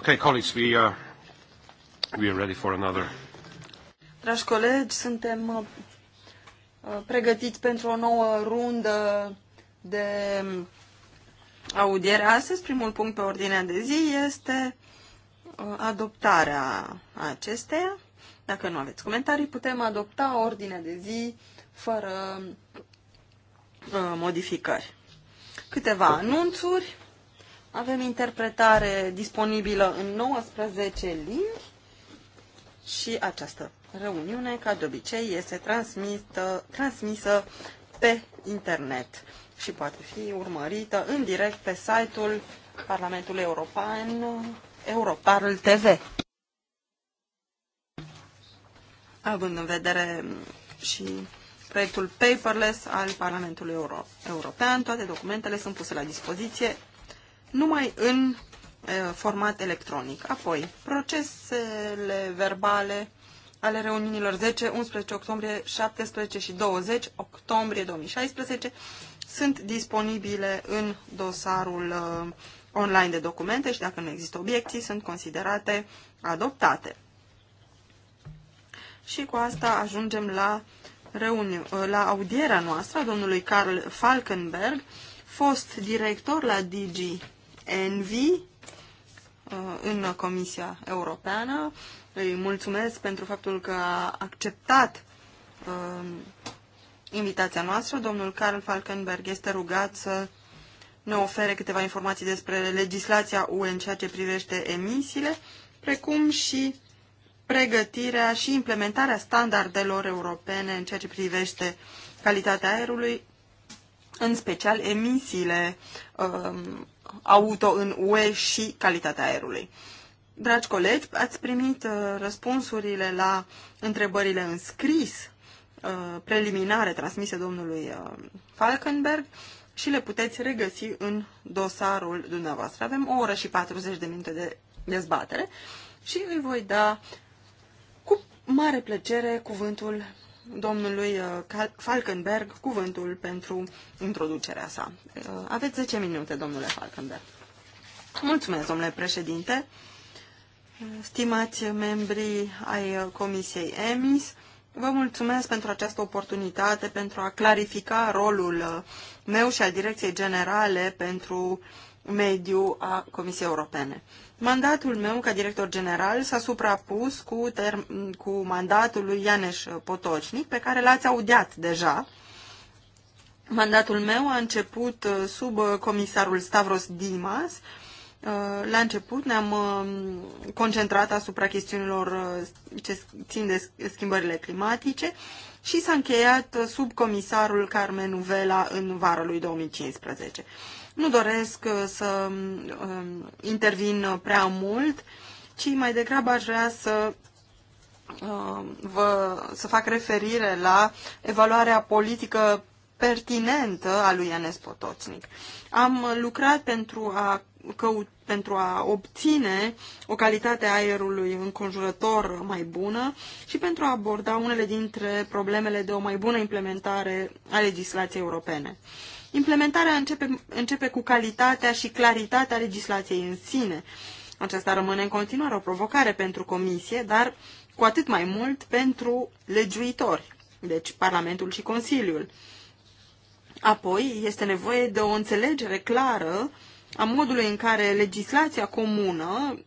Okay, colleagues, we, uh, we are ready for another. Dragi colegi, suntem uh, pregătiți pentru o nouă rundă de uh, audiere astăzi. Primul punct pe ordinea de zi este adoptarea acesteia. Dacă nu aveți comentarii, putem adopta ordinea de zi fără modificări. Câteva anunțuri avem interpretare disponibilă în 19 limbi și această reuniune, ca de obicei, este transmisă pe internet și poate fi urmărită în direct pe site-ul Parlamentului European, Europarl TV. Având în vedere mm, și proiectul paperless al Parlamentului Euro European, toate documentele sunt puse la dispoziție numai în format electronic. Apoi, procesele verbale ale reuniunilor 10, 11 octombrie, 17 și 20 octombrie 2016 sunt disponibile în dosarul online de documente și dacă nu există obiecții, sunt considerate adoptate. Și cu asta ajungem la, la audierea noastră a domnului Carl Falkenberg, fost director la DG Envi uh, în Comisia Europeană. Îi mulțumesc pentru faptul că a acceptat uh, invitația noastră. Domnul Karl Falkenberg este rugat să ne ofere câteva informații despre legislația UE în ceea ce privește emisiile, precum și pregătirea și implementarea standardelor europene în ceea ce privește calitatea aerului, în special emisiile um, auto în UE și calitatea aerului. Dragi colegi, ați primit uh, răspunsurile la întrebările în scris uh, preliminare transmise domnului uh, Falkenberg și le puteți regăsi în dosarul dumneavoastră. Avem o oră și 40 de minute de dezbatere și îi voi da cu mare plăcere cuvântul domnului uh, Falkenberg cuvântul pentru introducerea sa. Uh, aveți 10 minute, domnule Falkenberg. Mulțumesc, domnule președinte. Uh, stimați membrii ai Comisiei EMIS, vă mulțumesc pentru această oportunitate pentru a clarifica rolul meu și al Direcției Generale pentru Mediu a Comisiei Europene. Mandatul meu ca director general s-a suprapus cu, term- cu mandatul lui Ianeș Potocnic, pe care l-ați audiat deja. Mandatul meu a început uh, sub uh, comisarul Stavros Dimas. Uh, la început ne-am concentrat asupra chestiunilor ce țin de schimbările climatice și s-a încheiat sub comisarul Carmen Uvela în vara lui 2015. Nu doresc uh, să um, intervin uh, prea mult, ci mai degrabă aș vrea să um, vă, să fac referire la evaluarea politică pertinentă a lui Ianes Potoțnic. Am lucrat pentru a, căut, pentru a obține o calitate a aerului înconjurător mai bună și pentru a aborda unele dintre problemele de o mai bună implementare a legislației europene. Implementarea începe, începe cu calitatea și claritatea legislației în sine. Aceasta rămâne în continuare o provocare pentru Comisie, dar cu atât mai mult pentru legiuitori, deci Parlamentul și Consiliul. Apoi, este nevoie de o înțelegere clară a modului în care legislația comună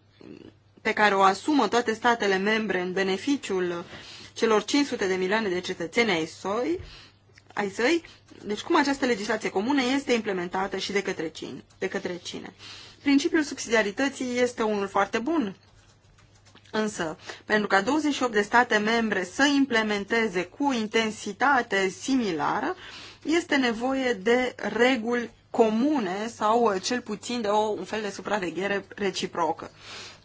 pe care o asumă toate statele membre în beneficiul celor 500 de milioane de cetățeni ai, soi, ai săi deci cum această legislație comună este implementată și de către cine? De către cine? Principiul subsidiarității este unul foarte bun, Însă, pentru ca 28 de state membre să implementeze cu intensitate similară, este nevoie de reguli comune sau uh, cel puțin de o, un fel de supraveghere reciprocă.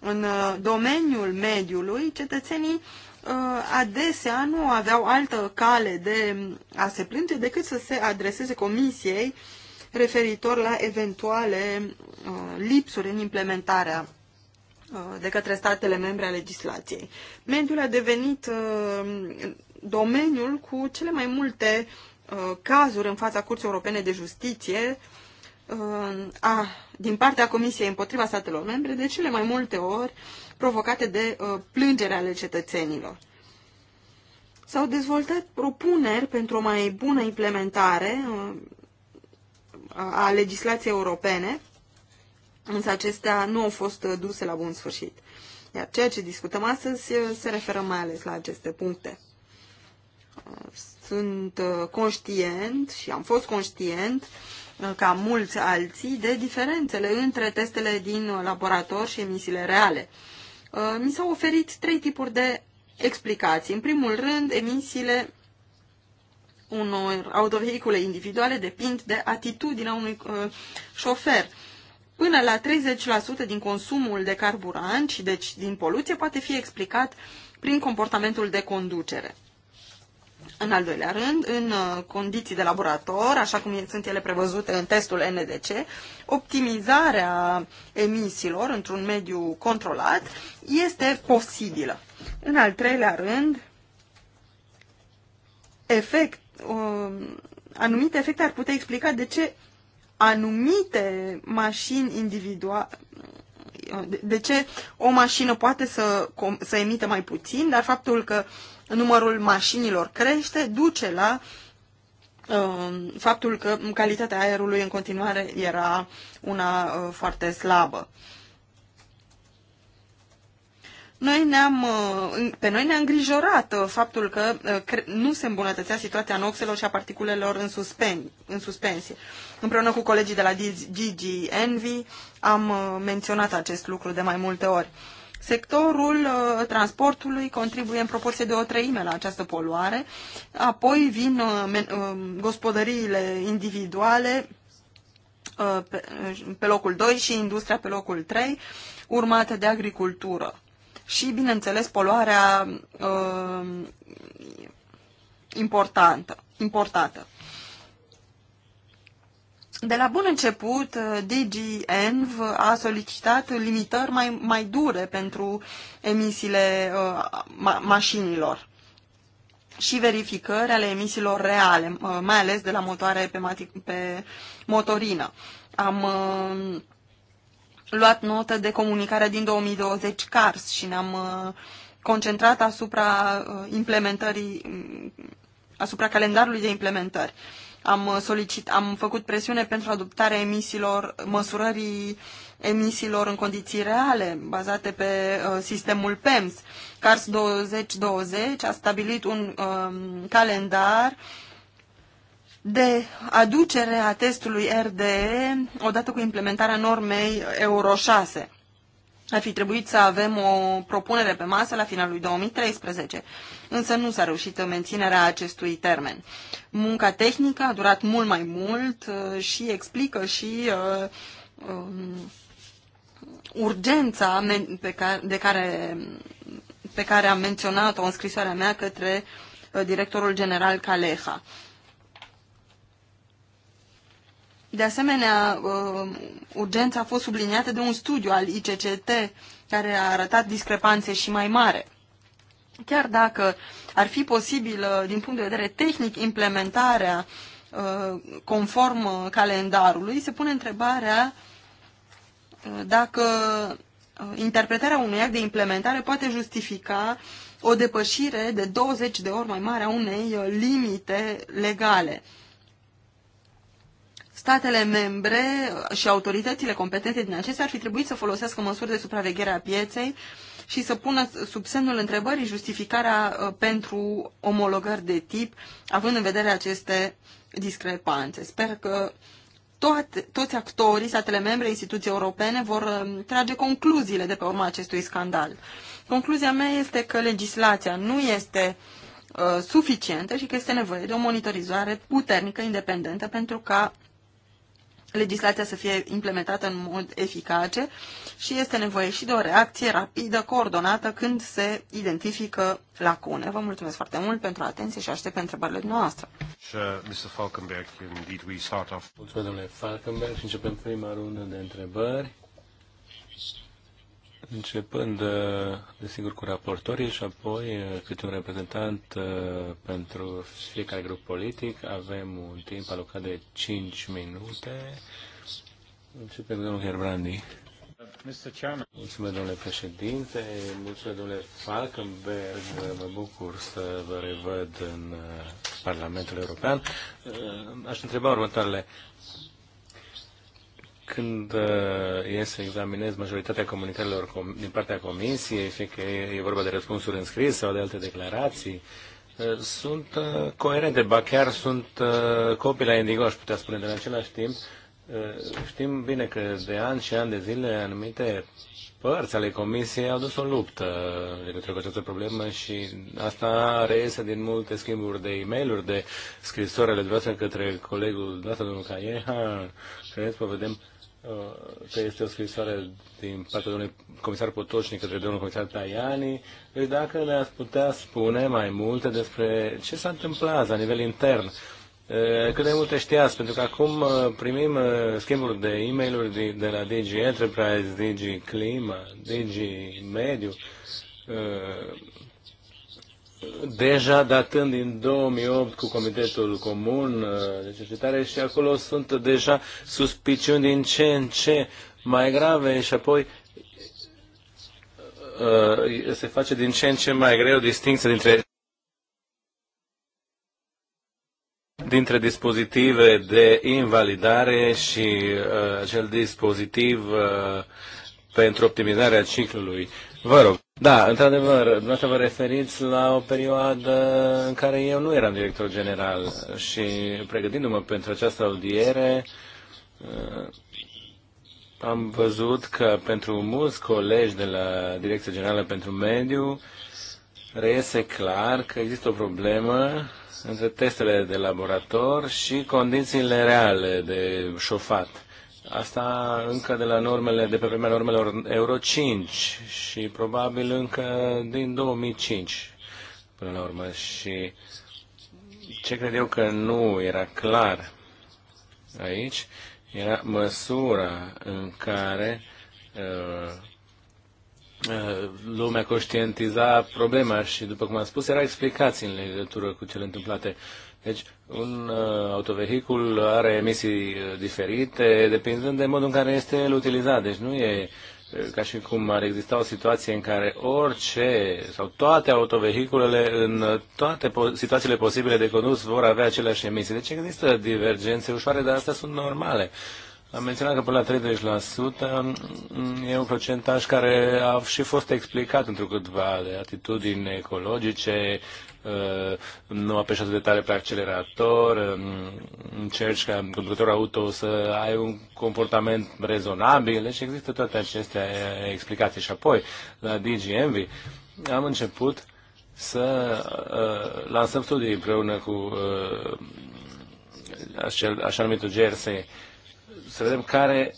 În uh, domeniul mediului, cetățenii Uh, adesea nu aveau altă cale de a se plânge decât să se adreseze comisiei referitor la eventuale uh, lipsuri în implementarea uh, de către statele membre a legislației. Mediul a devenit domeniul cu cele mai multe cazuri în fața Curții Europene de Justiție a, din partea Comisiei împotriva statelor membre, de cele mai multe ori provocate de uh, plângere ale cetățenilor. S-au dezvoltat propuneri pentru o mai bună implementare uh, a legislației europene, însă acestea nu au fost uh, duse la bun sfârșit. Iar ceea ce discutăm astăzi se referă mai ales la aceste puncte. Sunt conștient și am fost conștient ca mulți alții de diferențele între testele din laborator și emisiile reale. Uh, mi s-au oferit trei tipuri de explicații. În primul rând, emisiile unor autovehicule individuale depind de atitudinea unui uh, șofer. Până la 30% din consumul de carburant și deci din poluție poate fi explicat prin comportamentul de conducere. În al doilea rând, în uh, condiții de laborator, așa cum sunt ele prevăzute în testul NDC, optimizarea emisiilor într-un mediu controlat este posibilă. În al treilea rând, efect, uh, anumite efecte ar putea explica de ce anumite mașini individuale, de ce o mașină poate să, să emite mai puțin, dar faptul că numărul mașinilor crește duce la uh, faptul că calitatea aerului în continuare era una uh, foarte slabă. Noi ne-am, uh, pe noi ne-a îngrijorat uh, faptul că uh, nu se îmbunătățea situația noxelor și a particulelor în, suspen, în suspensie. Împreună cu colegii de la Gigi Envy am menționat acest lucru de mai multe ori. Sectorul transportului contribuie în proporție de o treime la această poluare, apoi vin gospodăriile individuale pe locul 2 și industria pe locul 3, urmată de agricultură și, bineînțeles, poluarea uh, importantă, importată. De la bun început, uh, DGNV a solicitat limitări mai, mai dure pentru emisiile uh, ma mașinilor și verificări ale emisiilor reale, uh, mai ales de la motoare pe, pe motorină. Am uh, luat notă de comunicarea din 2020 CARS și ne-am uh, concentrat asupra uh, implementării, mm, asupra calendarului de implementări. Am, uh, solicit, am făcut presiune pentru adoptarea emisiilor, măsurării emisiilor în condiții reale, bazate pe uh, sistemul PEMS. CARS 2020 a stabilit un um, calendar uh, de aducere a testului RDE odată cu implementarea normei Euro 6. Ar fi trebuit să avem o propunere pe masă la finalul 2013, însă nu s-a reușit menținerea acestui termen. Munca tehnică a durat mult mai mult uh, și explică și uh, um, urgența pe care, de care, pe care am menționat-o în scrisoarea mea către uh, directorul general Caleha. De asemenea, uh, urgența a fost subliniată de un studiu al ICCT care a arătat discrepanțe și mai mare. Chiar dacă ar fi posibil, uh, din punct de vedere tehnic, implementarea uh, conform calendarului, se pune întrebarea dacă interpretarea unui act de implementare poate justifica o depășire de 20 de ori mai mare a unei limite legale statele membre și autoritățile competente din acestea ar fi trebuit să folosească măsuri de supraveghere a pieței și să pună sub semnul întrebării justificarea uh, pentru omologări de tip, având în vedere aceste discrepanțe. Sper că toate, toți actorii, statele membre, instituții europene vor um, trage concluziile de pe urma acestui scandal. Concluzia mea este că legislația nu este uh, suficientă și că este nevoie de o monitorizare puternică, independentă, pentru ca legislația să fie implementată în mod eficace și este nevoie și de o reacție rapidă, coordonată, când se identifică lacune. Vă mulțumesc foarte mult pentru atenție și aștept pe întrebările noastre. Uh, mulțumesc, domnule Falkenberg, și începem prima rundă de întrebări. Începând, uh, desigur, cu raportorii și apoi uh, câte un reprezentant uh, pentru fiecare grup politic. Avem un timp alocat de 5 minute. Începem, domnul Herbrandi. Mulțumesc, domnule președinte, mulțumesc, domnule Falkenberg, mă bucur să vă revăd în Parlamentul European. Aș întreba următoarele când uh, e să examinez majoritatea comunicărilor din partea Comisiei, fie că e vorba de răspunsuri în scris sau de alte declarații, uh, sunt uh, coerente, ba chiar sunt copii la Indigo, aș putea spune, de la același timp știm bine că de ani și ani de zile anumite părți ale Comisiei au dus o luptă legătură cu această problemă și asta reiese din multe schimburi de e mail de scrisoarele ale dumneavoastră către colegul dumneavoastră, domnul Caieha, credeți, vedem Uh, că este o scrisoare din partea domnului comisar Potocnic către domnul comisar Tajani. Deci dacă ne-ați putea spune mai multe despre ce s-a întâmplat la nivel intern, uh, cât de multe știați, pentru că acum uh, primim schimburi de e mail de la Digi Enterprise, Digi Clima, Digi Mediu, deja datând din 2008 cu Comitetul Comun uh, de Cercetare și acolo sunt deja suspiciuni din ce în ce mai grave și apoi uh, se face din ce în ce mai greu distinția dintre dintre dispozitive de invalidare și uh, acel dispozitiv uh, pentru optimizarea ciclului. Vă rog. Da, într-adevăr, dumneavoastră vă referiți la o perioadă în care eu nu eram director general și pregătindu-mă pentru această audiere, uh, am văzut că pentru mulți colegi de la Direcția Generală pentru Mediu reiese clar că există o problemă între testele de laborator și condițiile reale de șofat. Asta încă de la normele, de pe vremea normelor Euro 5 și probabil încă din 2005 până la urmă. Și ce cred eu că nu era clar aici era măsura în care uh, uh, lumea conștientiza problema și, după cum am spus, era explicații în legătură cu cele întâmplate. Deci, un uh, autovehicul are emisii uh, diferite, depinzând de modul în care este el utilizat. Deci nu e uh, ca și cum ar exista o situație în care orice sau toate autovehiculele în toate situațiile posibile de condus vor avea aceleași emisii. Deci există divergențe ușoare, dar astea sunt normale. Uh, am menționat că până la 30% e un procentaj care a și fost explicat într-o câtva de atitudini ecologice, uh, noua peșată de tare pe accelerator, um, încerci ca conducător auto să ai un comportament rezonabil, deci există toate aceste explicații. Și apoi, la DGMV, am început să uh, lansăm studii împreună cu uh, așa numitul GRC, să vedem care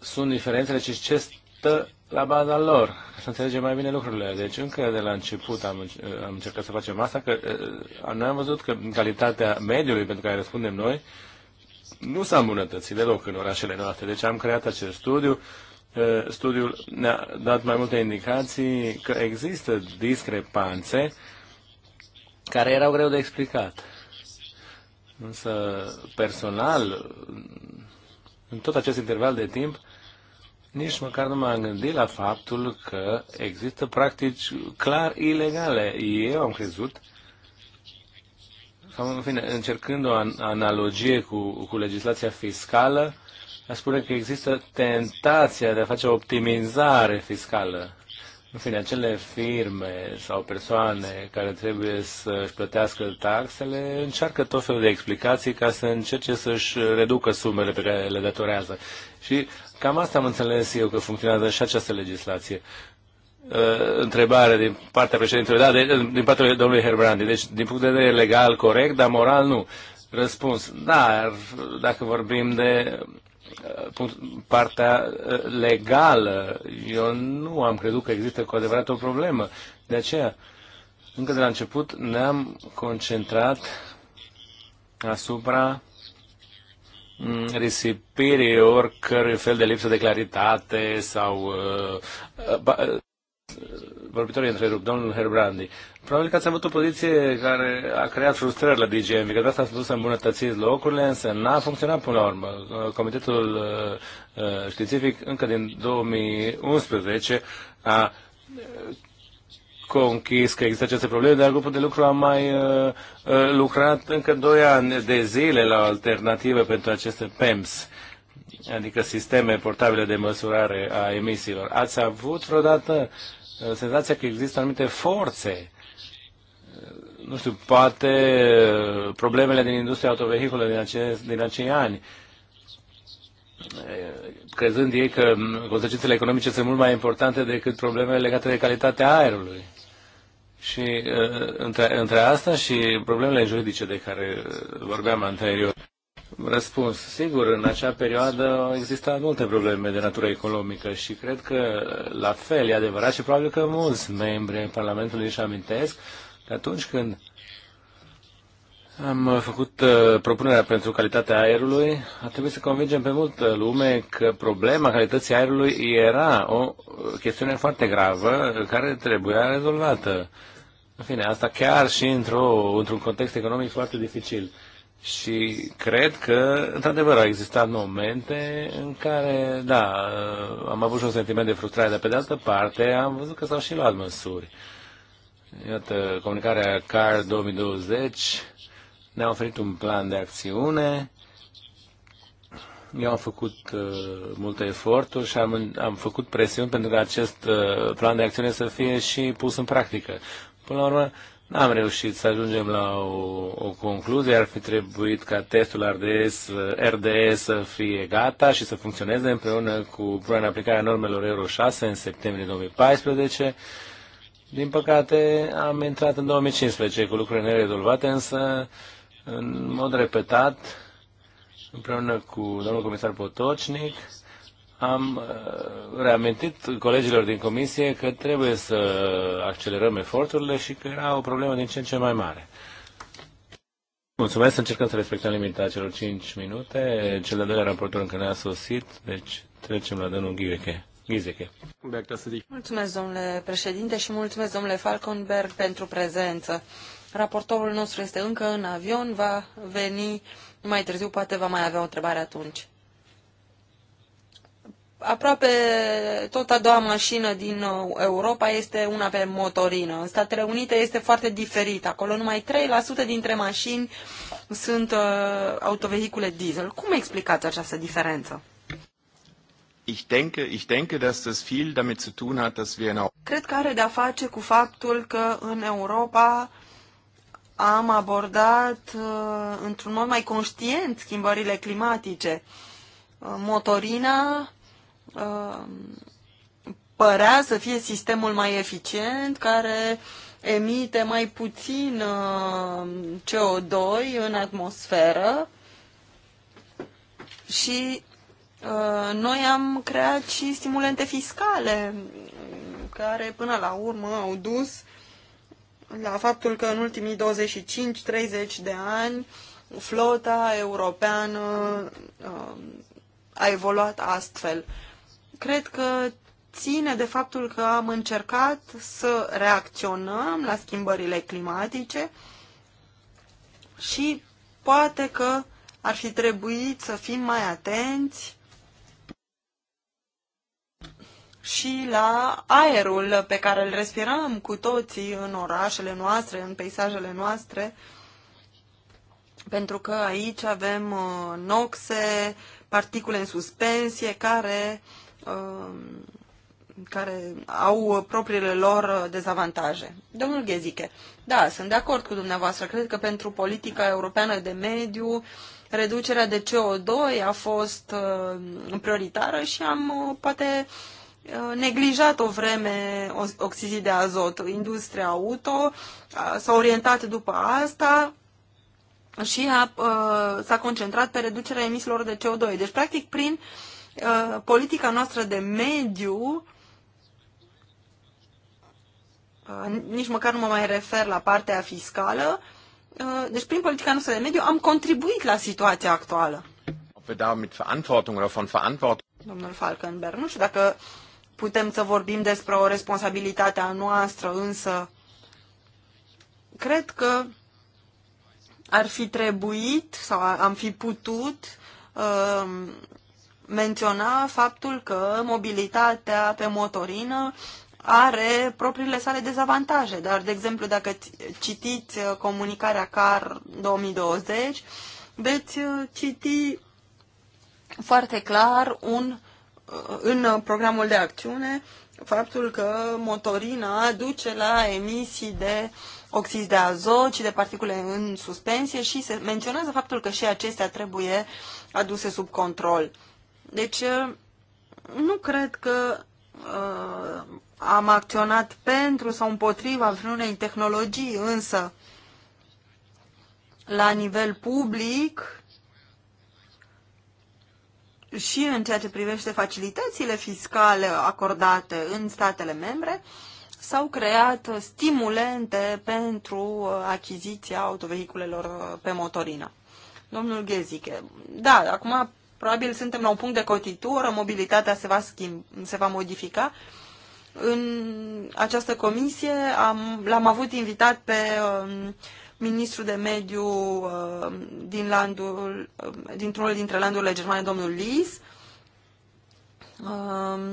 sunt diferențele și ce stă la baza lor, ca să înțelegem mai bine lucrurile. Deci încă de la început am, am încercat să facem asta, că eh, noi am văzut că calitatea mediului pentru care răspundem noi nu s-a îmbunătățit deloc în orașele noastre. Deci am creat acest studiu. Eh, studiul ne-a dat mai multe indicații că există discrepanțe care erau greu de explicat. Însă, personal, în tot acest interval de timp, nici măcar nu m-am gândit la faptul că există practici clar ilegale. Eu am crezut, sau în fine, încercând o analogie cu, cu legislația fiscală, a spune că există tentația de a face optimizare fiscală. În fine, acele firme sau persoane care trebuie să-și plătească taxele încearcă tot felul de explicații ca să încerce să-și reducă sumele pe care le datorează. Și cam asta am înțeles eu că funcționează și această legislație. Uh, întrebare din partea președintelui, da, de, din partea domnului Herbrandi. Deci, din punct de vedere legal, corect, dar moral, nu. Răspuns, da, dacă vorbim de partea ă, legală. Eu nu am crezut că există cu adevărat o problemă. De aceea, încă de la început, ne-am concentrat asupra mm, risipirii oricărui fel de lipsă de claritate sau uh, vorbitorii întrerup, domnul Herbrandi. Probabil că ați avut o poziție care a creat frustrări la DGM, că de asta s-a dus să îmbunătățiți locurile, însă n-a funcționat până la urmă. Comitetul uh, uh, științific încă din 2011 a uh, conchis că există aceste probleme, dar grupul de lucru a mai uh, lucrat încă 2 ani de zile la alternative pentru aceste PEMS, adică sisteme portabile de măsurare a emisiilor. Ați avut vreodată uh, Uh, senzația că există anumite forțe. Uh, nu știu, poate uh, problemele din industria autovehicule din, acest, din acei ani, crezând ei că um, consecințele economice sunt mult mai importante decât problemele legate de calitatea aerului. Și între, între asta și problemele juridice de care vorbeam anterior. Răspuns. Sigur, în acea perioadă exista multe probleme de natură economică și cred că la fel e adevărat și probabil că mulți membri în Parlamentului își amintesc că atunci când am făcut uh, propunerea pentru calitatea aerului, a trebuit să convingem pe multă lume că problema calității aerului era o chestiune foarte gravă care trebuia rezolvată. În fine, asta chiar și într-un într context economic foarte dificil. Și cred că, într-adevăr, au existat momente în care, da, am avut și un sentiment de frustrare, dar pe de altă parte am văzut că s-au și luat măsuri. Iată, comunicarea CAR 2020 ne-a oferit un plan de acțiune. Eu am făcut uh, multe eforturi și am, am făcut presiuni pentru că acest uh, plan de acțiune să fie și pus în practică. Până la urmă, uh, N-am reușit să ajungem la o, o concluzie, ar fi trebuit ca testul RDS, RDS să fie gata și să funcționeze împreună cu în aplicarea normelor Euro 6 în septembrie 2014. Din păcate, am intrat în 2015 cu lucruri nerezolvate, însă, în mod repetat, împreună cu domnul comisar Potocnic, am uh, reamintit colegilor din comisie că trebuie să accelerăm eforturile și că era o problemă din ce în ce mai mare. Mulțumesc, încercăm să respectăm limita celor 5 minute. Cel de-al doilea raportor încă ne-a sosit, deci trecem la domnul Ghiveche. Ghizeche. Mulțumesc, domnule președinte, și mulțumesc, domnule Falconberg, pentru prezență. Raportorul nostru este încă în avion, va veni mai târziu, poate va mai avea o întrebare atunci aproape tot a doua mașină din uh, Europa este una pe motorină. În Statele Unite este foarte diferit. Acolo numai 3% dintre mașini sunt uh, autovehicule diesel. Cum explicați această diferență? Ich denke, ich denke, dass das viel damit zu tun hat, dass wir in Cred că are de-a face cu faptul că în Europa am abordat uh, într-un mod mai conștient schimbările climatice. Uh, motorina părea să fie sistemul mai eficient, care emite mai puțin uh, CO2 în atmosferă și uh, noi am creat și stimulente fiscale care până la urmă au dus la faptul că în ultimii 25-30 de ani flota europeană uh, a evoluat astfel cred că ține de faptul că am încercat să reacționăm la schimbările climatice și poate că ar fi trebuit să fim mai atenți și la aerul pe care îl respirăm cu toții în orașele noastre, în peisajele noastre, pentru că aici avem uh, noxe, particule în suspensie care Um, care au propriile lor uh, dezavantaje. Domnul Ghezike, da, sunt de acord cu dumneavoastră. Cred că pentru politica europeană de mediu, reducerea de CO2 a fost uh, prioritară și am uh, poate neglijat o vreme oxizii de azot. Industria auto s-a orientat după asta și a, s-a concentrat pe reducerea emisiilor de CO2. Deci, practic, prin uh, Uh, politica noastră de mediu, uh, nici măcar nu mă mai refer la partea fiscală, uh, deci prin politica noastră de mediu am contribuit la situația actuală. Da Domnul Falkenberg, nu știu dacă putem să vorbim despre o responsabilitate a noastră, însă cred că ar fi trebuit sau am fi putut menționa faptul că mobilitatea pe motorină are propriile sale dezavantaje, dar, de exemplu, dacă citiți uh, comunicarea CAR 2020, veți uh, citi foarte clar un, uh, în programul de acțiune faptul că motorina duce la emisii de oxid de azot și de particule în suspensie și se menționează faptul că și acestea trebuie aduse sub control. Deci, uh, nu cred că uh, am acționat pentru sau împotriva vreunei tehnologii, însă la nivel public și în ceea ce privește facilitățile fiscale acordate în statele membre, s-au creat stimulente pentru uh, achiziția autovehiculelor uh, pe motorină. Domnul Ghezike, da, acum Probabil suntem la un punct de cotitură, mobilitatea se va, schimb, se va modifica. În această comisie am, l-am avut invitat pe uh, ministrul de mediu uh, din landul, uh, dintr-unul dintre landurile germane, domnul Lis. Uh,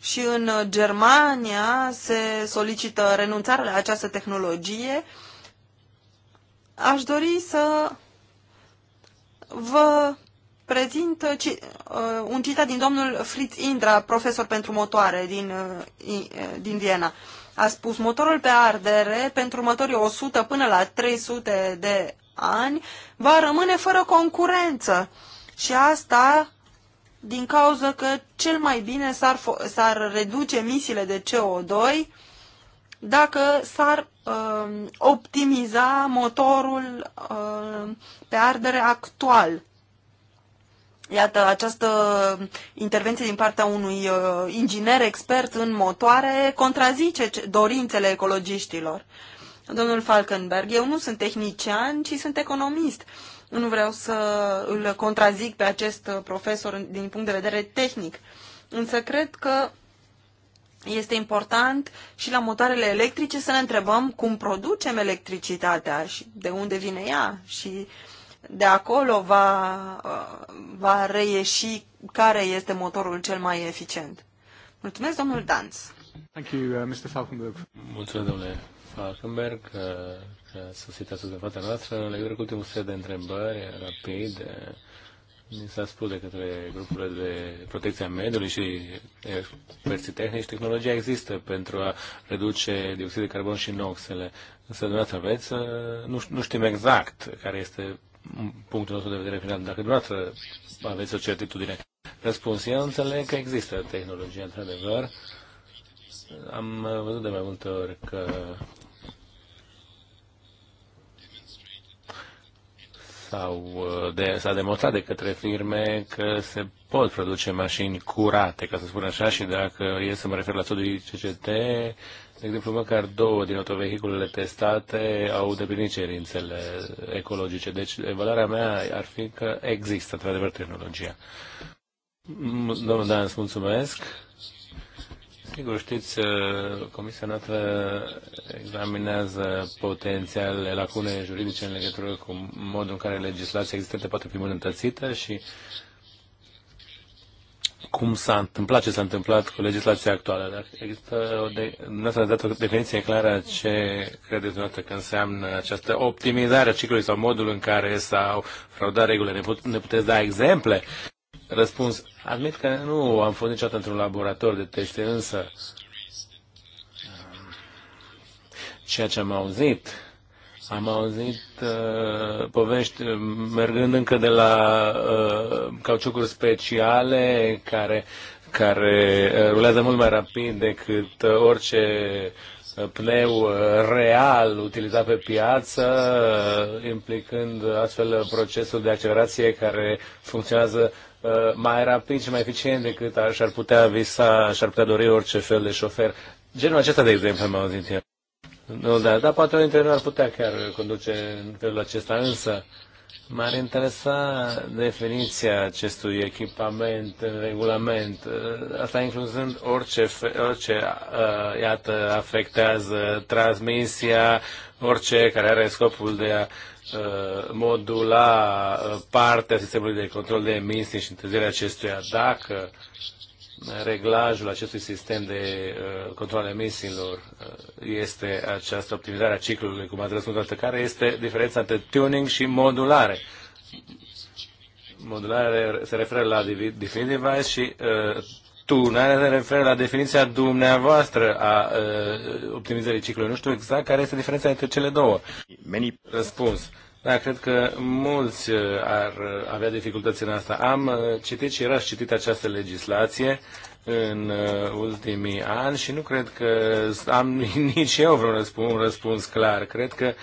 și în Germania se solicită renunțarea la această tehnologie. Aș dori să vă prezint uh, uh, un citat din domnul Fritz Indra, profesor pentru motoare din, uh, din Viena. A spus, motorul pe ardere pentru următorii 100 până la 300 de ani va rămâne fără concurență. Și asta din cauza că cel mai bine s-ar, s-ar reduce emisiile de CO2 dacă s-ar uh, optimiza motorul uh, pe ardere actual Iată, această intervenție din partea unui uh, inginer expert în motoare contrazice dorințele ecologiștilor. Domnul Falkenberg, eu nu sunt tehnician, ci sunt economist. Nu vreau să îl contrazic pe acest profesor din punct de vedere tehnic. Însă cred că este important și la motoarele electrice să ne întrebăm cum producem electricitatea și de unde vine ea și uh, de acolo va, va reieși care este motorul cel mai eficient. Mulțumesc, domnul Danț. Thank you, uh, Mr. Falkenberg. Mulțumesc, domnule Falkenberg, că, că sosit astăzi în fața noastră. În legătură cu ultimul set de întrebări, rapid, mi uh, s-a spus de către grupurile de protecție a mediului și experții tehnici, tehnologia există pentru a reduce dioxid de carbon și noxele. Însă, dumneavoastră, aveți, uh, nu, nu știm exact care este punctul nostru de vedere final. Dacă dumneavoastră aveți o certitudine, răspuns, eu înțeleg că există tehnologie, într-adevăr. Am văzut de mai multe ori că sau uh, de, s-a demonstrat de către firme că se pot produce mașini curate, ca să spun așa, și dacă e să mă refer la studiul CCT, de exemplu, măcar două din autovehiculele testate au deplinit cerințele ecologice. Deci, evaluarea mea ar fi că există, într-adevăr, tehnologia. Domnul Dan, îți mulțumesc. Sigur, știți, uh, Comisia noastră examinează potențiale lacune juridice în legătură cu modul în care legislația existentă poate fi îmbunătățită și cum s-a întâmplat, ce s-a întâmplat cu legislația actuală. Dar există o, de, a dat o definiție clară a ce credeți dumneavoastră că înseamnă această optimizare a ciclului sau modul în care s-au fraudat regulile. Ne, put, ne puteți da exemple? Răspuns, admit că nu am fost niciodată într-un laborator de teste, însă ceea ce am auzit, am auzit uh, povești uh, mergând încă de la uh, cauciucuri speciale care, care uh, rulează mult mai rapid decât uh, orice pneu real utilizat pe piață, implicând astfel procesul de accelerație care funcționează Uh, mai rapid și mai eficient decât și-ar putea visa, și-ar putea dori orice fel de șofer. Genul acesta, de exemplu, am auzit eu. Nu, da, dar poate unul dintre noi ar putea chiar conduce în felul acesta, însă M-ar interesa definiția acestui echipament în regulament, asta incluzând orice, orice uh, iată, afectează transmisia, orice care are scopul de a uh, modula uh, partea sistemului de control de emisii și întârzierea acestuia. Dacă reglajul acestui sistem de uh, control emisiilor uh, este această optimizare a ciclului, cum ați răspuns toată, care este diferența între tuning și modulare. Modulare se referă la definit device și uh, tunare se referă la definiția dumneavoastră a uh, optimizării ciclului. Nu știu exact care este diferența între cele două. Răspuns. Uh, da, cred că mulți uh, ar uh, avea dificultăți în asta. Am uh, citit și era citit această legislație în ultimii ani și nu cred că am nici eu vreun răspuns, un răspuns clar. Cred că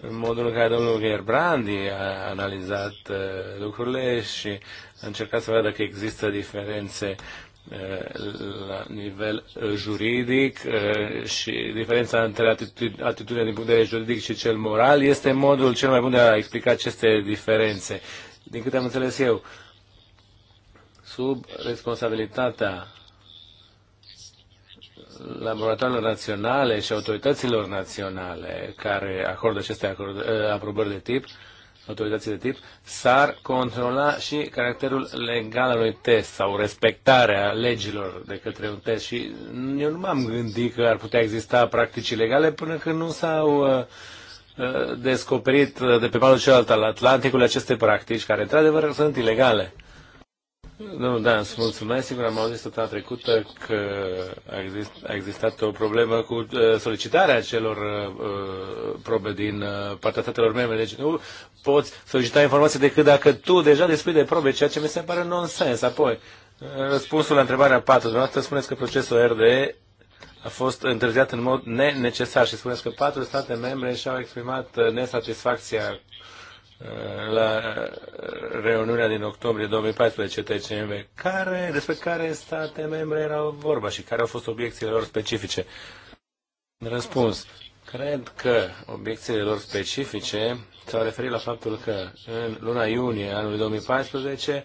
în modul în care domnul Gerbrandi a analizat lucrurile și a încercat să vadă că există diferențe la nivel uh, juridic uh, și diferența între atitudinea din punct de vedere juridic și cel moral este modul cel mai bun de a explica aceste diferențe. Din câte am înțeles eu, sub responsabilitatea laboratoarelor naționale și autorităților naționale care acordă aceste acord, uh, aprobări de tip, uh, autorizații de tip, s-ar controla și caracterul legal al unui test sau respectarea legilor de către un test. Și eu nu m-am gândit că ar putea exista practici legale până când nu s-au uh, uh, descoperit de pe malul celălalt al Atlanticului aceste practici, care într-adevăr sunt ilegale. Domnul Dan, mulțumesc. Sigur, am auzit săptămâna trecută că a, exist, a existat o problemă cu uh, solicitarea celor uh, probe din uh, partea statelor membre. Deci nu poți solicita informații decât dacă tu deja despui de probe, ceea ce mi se pare nonsens. Apoi, uh, răspunsul la întrebarea 4. Dumneavoastră spuneți că procesul RDE a fost întârziat în mod nenecesar și spuneți că patru state membre și-au exprimat uh, nesatisfacția la uh, reuniunea din octombrie 2014 TCMV, care, despre care state membre erau vorba și care au fost obiecțiile lor specifice. Răspuns. Cred că obiecțiile lor specifice s-au referit la faptul că în luna iunie anului 2014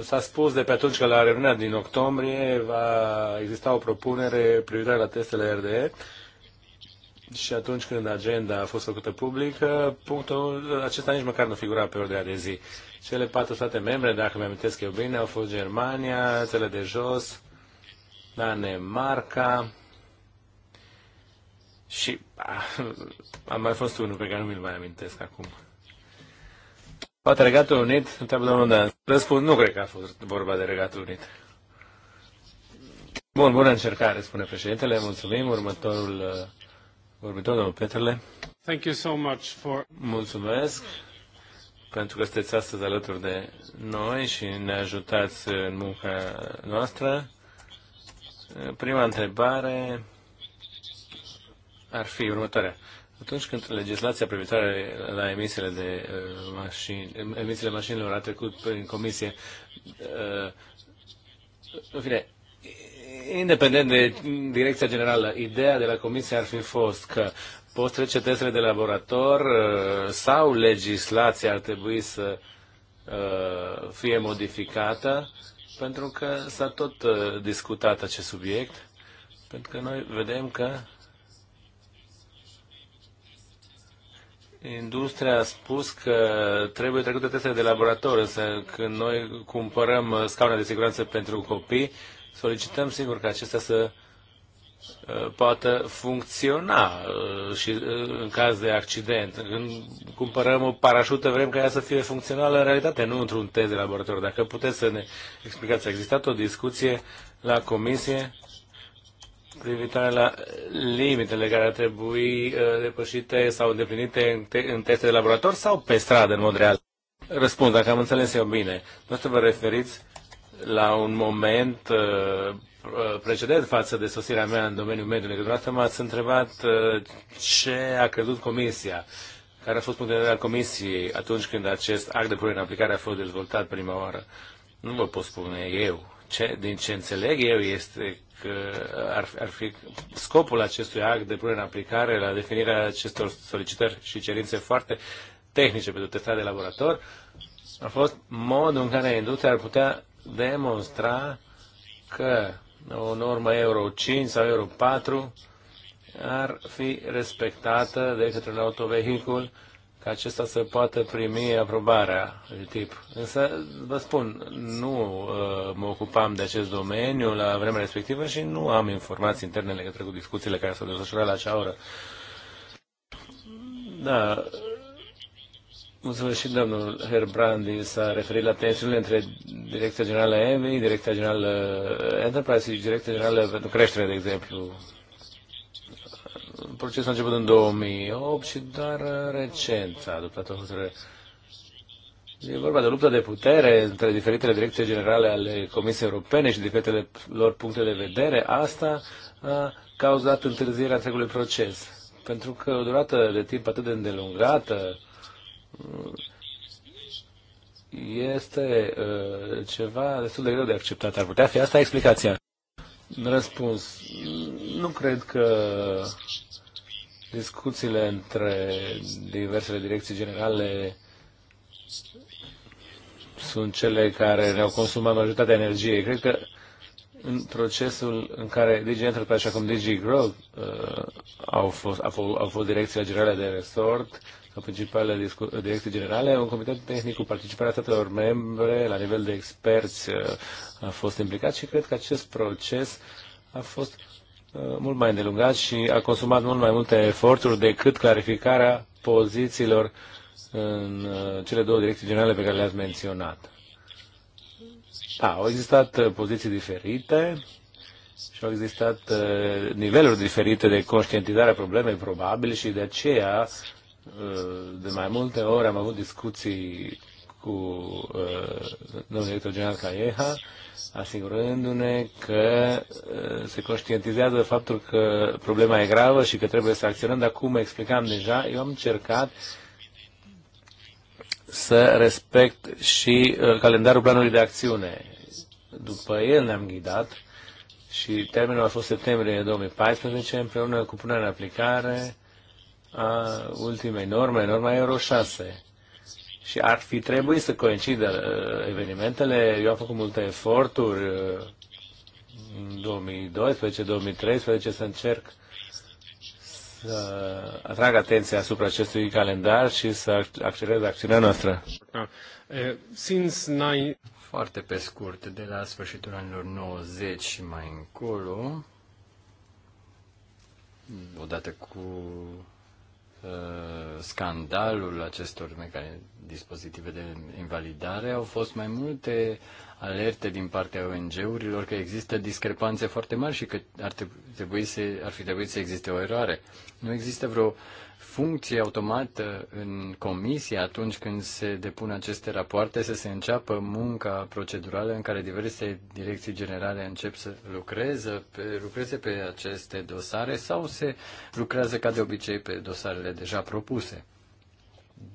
s-a spus de pe atunci că la reuniunea din octombrie va exista o propunere privitoare la testele RDE și atunci când agenda a fost făcută publică, punctul acesta nici măcar nu figura pe ordinea de zi. Cele patru state membre, dacă mi amintesc eu bine, au fost Germania, țele de jos, Danemarca și ah, a, mai fost unul pe care nu mi-l mai amintesc acum. Poate Regatul Unit? Întreabă domnul Dan. Răspund, nu cred că a fost vorba de Regatul Unit. Bun, bună încercare, spune președintele. Mulțumim. Următorul uh, Următorul, domnul Petrele. Thank you so much for... Mulțumesc pentru că sunteți astăzi alături de noi și ne ajutați în munca noastră. Prima întrebare ar fi următoarea. Atunci când legislația privitoare la emisiile, de uh, mașini, emisiile mașinilor a trecut prin comisie, uh, în fine, independent de direcția generală, ideea de la comisie ar fi fost că poți trece testele de laborator uh, sau legislația ar trebui să uh, fie modificată, pentru că s-a tot uh, discutat acest subiect, pentru că noi vedem că Industria a spus că trebuie trecute testele de laborator, însă când noi cumpărăm scaune de siguranță pentru copii, solicităm sigur ca acestea să uh, poată funcționa uh, și uh, în caz de accident. Când cumpărăm o parașută, vrem ca ea să fie funcțională în realitate, nu într-un test de laborator. Dacă puteți să ne explicați, a existat o discuție la comisie privitoare la limitele care ar trebui depășite sau îndeplinite în, în teste de laborator sau pe stradă, în mod real? Răspund, dacă am înțeles eu bine. Nu să vă referiți la un moment uh, uh, precedent față de sosirea mea în domeniul mediului. Dumneavoastră m-ați întrebat uh, ce a crezut Comisia, care a fost punctul de vedere al Comisiei atunci când acest act de punere în aplicare a fost dezvoltat prima oară. Nu vă pot spune eu. Ce, din ce înțeleg eu este că ar, ar fi scopul acestui act de punere în aplicare la definirea acestor solicitări și cerințe foarte tehnice pentru testarea de laborator a fost modul în care industria ar putea demonstra că o normă Euro 5 sau Euro 4 ar fi respectată de către un autovehicul ca acesta să poată primi aprobarea de tip. Însă, vă spun, nu uh, mă ocupam de acest domeniu la vremea respectivă și nu am informații interne legătură cu discuțiile care s-au desfășurat la acea oră. Da, Mulțumesc și domnul Herbrandi s-a referit la tensiunile între Direcția Generală EMI, Direcția Generală Enterprise și Direcția Generală pentru Creștere, de exemplu. Procesul a început în 2008 și doar recent s-a adoptat o hotărâre. E vorba de luptă de putere între diferitele direcții generale ale Comisiei Europene și diferitele lor puncte de vedere. Asta a cauzat întârzierea întregului proces. Pentru că o durată de timp atât de îndelungată, este uh, ceva destul de greu de acceptat. Ar putea fi asta explicația. Răspuns. Nu cred că discuțiile între diversele direcții generale sunt cele care ne-au consumat majoritatea energiei. Cred că în procesul în care Digi Enterprise așa cum Digi Growth uh, au, fost, au, fost, au fost direcțiile generale de resort, la principalele direcții generale, un comitet tehnic cu participarea statelor membre la nivel de experți uh, a fost implicat și cred că acest proces a fost uh, mult mai îndelungat și a consumat mult mai multe eforturi decât clarificarea pozițiilor în uh, cele două direcții generale pe care le-ați menționat. Da, au existat poziții diferite și au existat niveluri diferite de conștientizare a problemei, probabil, și de aceea Eh, de mai multe ori am avut discuții cu eh, domnul director general Caieha, asigurându-ne că eh, se conștientizează faptul că problema e gravă și că trebuie să acționăm, dar cum explicam deja, eu am încercat să respect și calendarul planului de acțiune. După el ne-am ghidat și termenul a fost septembrie 2014 împreună cu punerea în aplicare a ultimei norme, norma Euro 6. Și ar fi trebuit să coincidă uh, evenimentele. Eu am făcut multe eforturi uh, în 2012-2013 să încerc să atrag atenția asupra acestui calendar și să accelerez acțiunea noastră. Eh, since Foarte pe scurt, de la sfârșitul anilor 90 și mai încolo, odată cu Uh, scandalul acestor dispozitive de invalidare au fost mai multe alerte din partea ONG-urilor că există discrepanțe foarte mari și că ar trebui să, ar fi trebuit să existe o eroare. Nu există vreo funcție automată în comisie atunci când se depun aceste rapoarte, să se înceapă munca procedurală în care diverse direcții generale încep să lucreze pe, lucreze pe aceste dosare sau se lucrează ca de obicei pe dosarele deja propuse.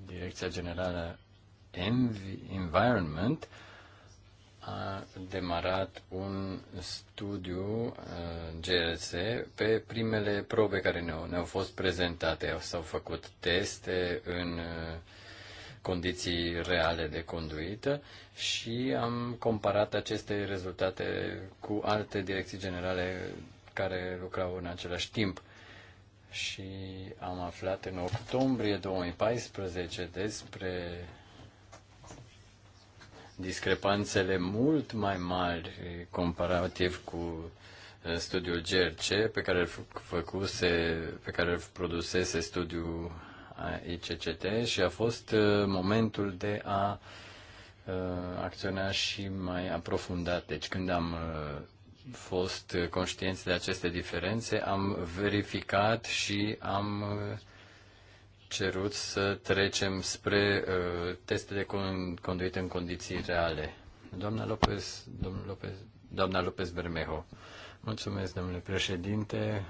Direcția Generală Environment a demarat un studiu uh, GRC pe primele probe care ne-au, ne-au fost prezentate. S-au făcut teste în uh, condiții reale de conduită și am comparat aceste rezultate cu alte direcții generale care lucrau în același timp. Și am aflat în octombrie 2014 despre discrepanțele mult mai mari eh, comparativ cu eh, studiul GRC pe care îl făcuse, pe care îl produsese studiul eh, ICCT și a fost momentul de a acționa și mai aprofundat. Deci când am fost conștienți de aceste diferențe, am verificat și am cerut să trecem spre uh, teste de conduit în condiții reale. Doamna Lopez, domnul Lopez, doamna Lopez Bermejo. Mulțumesc, domnule președinte.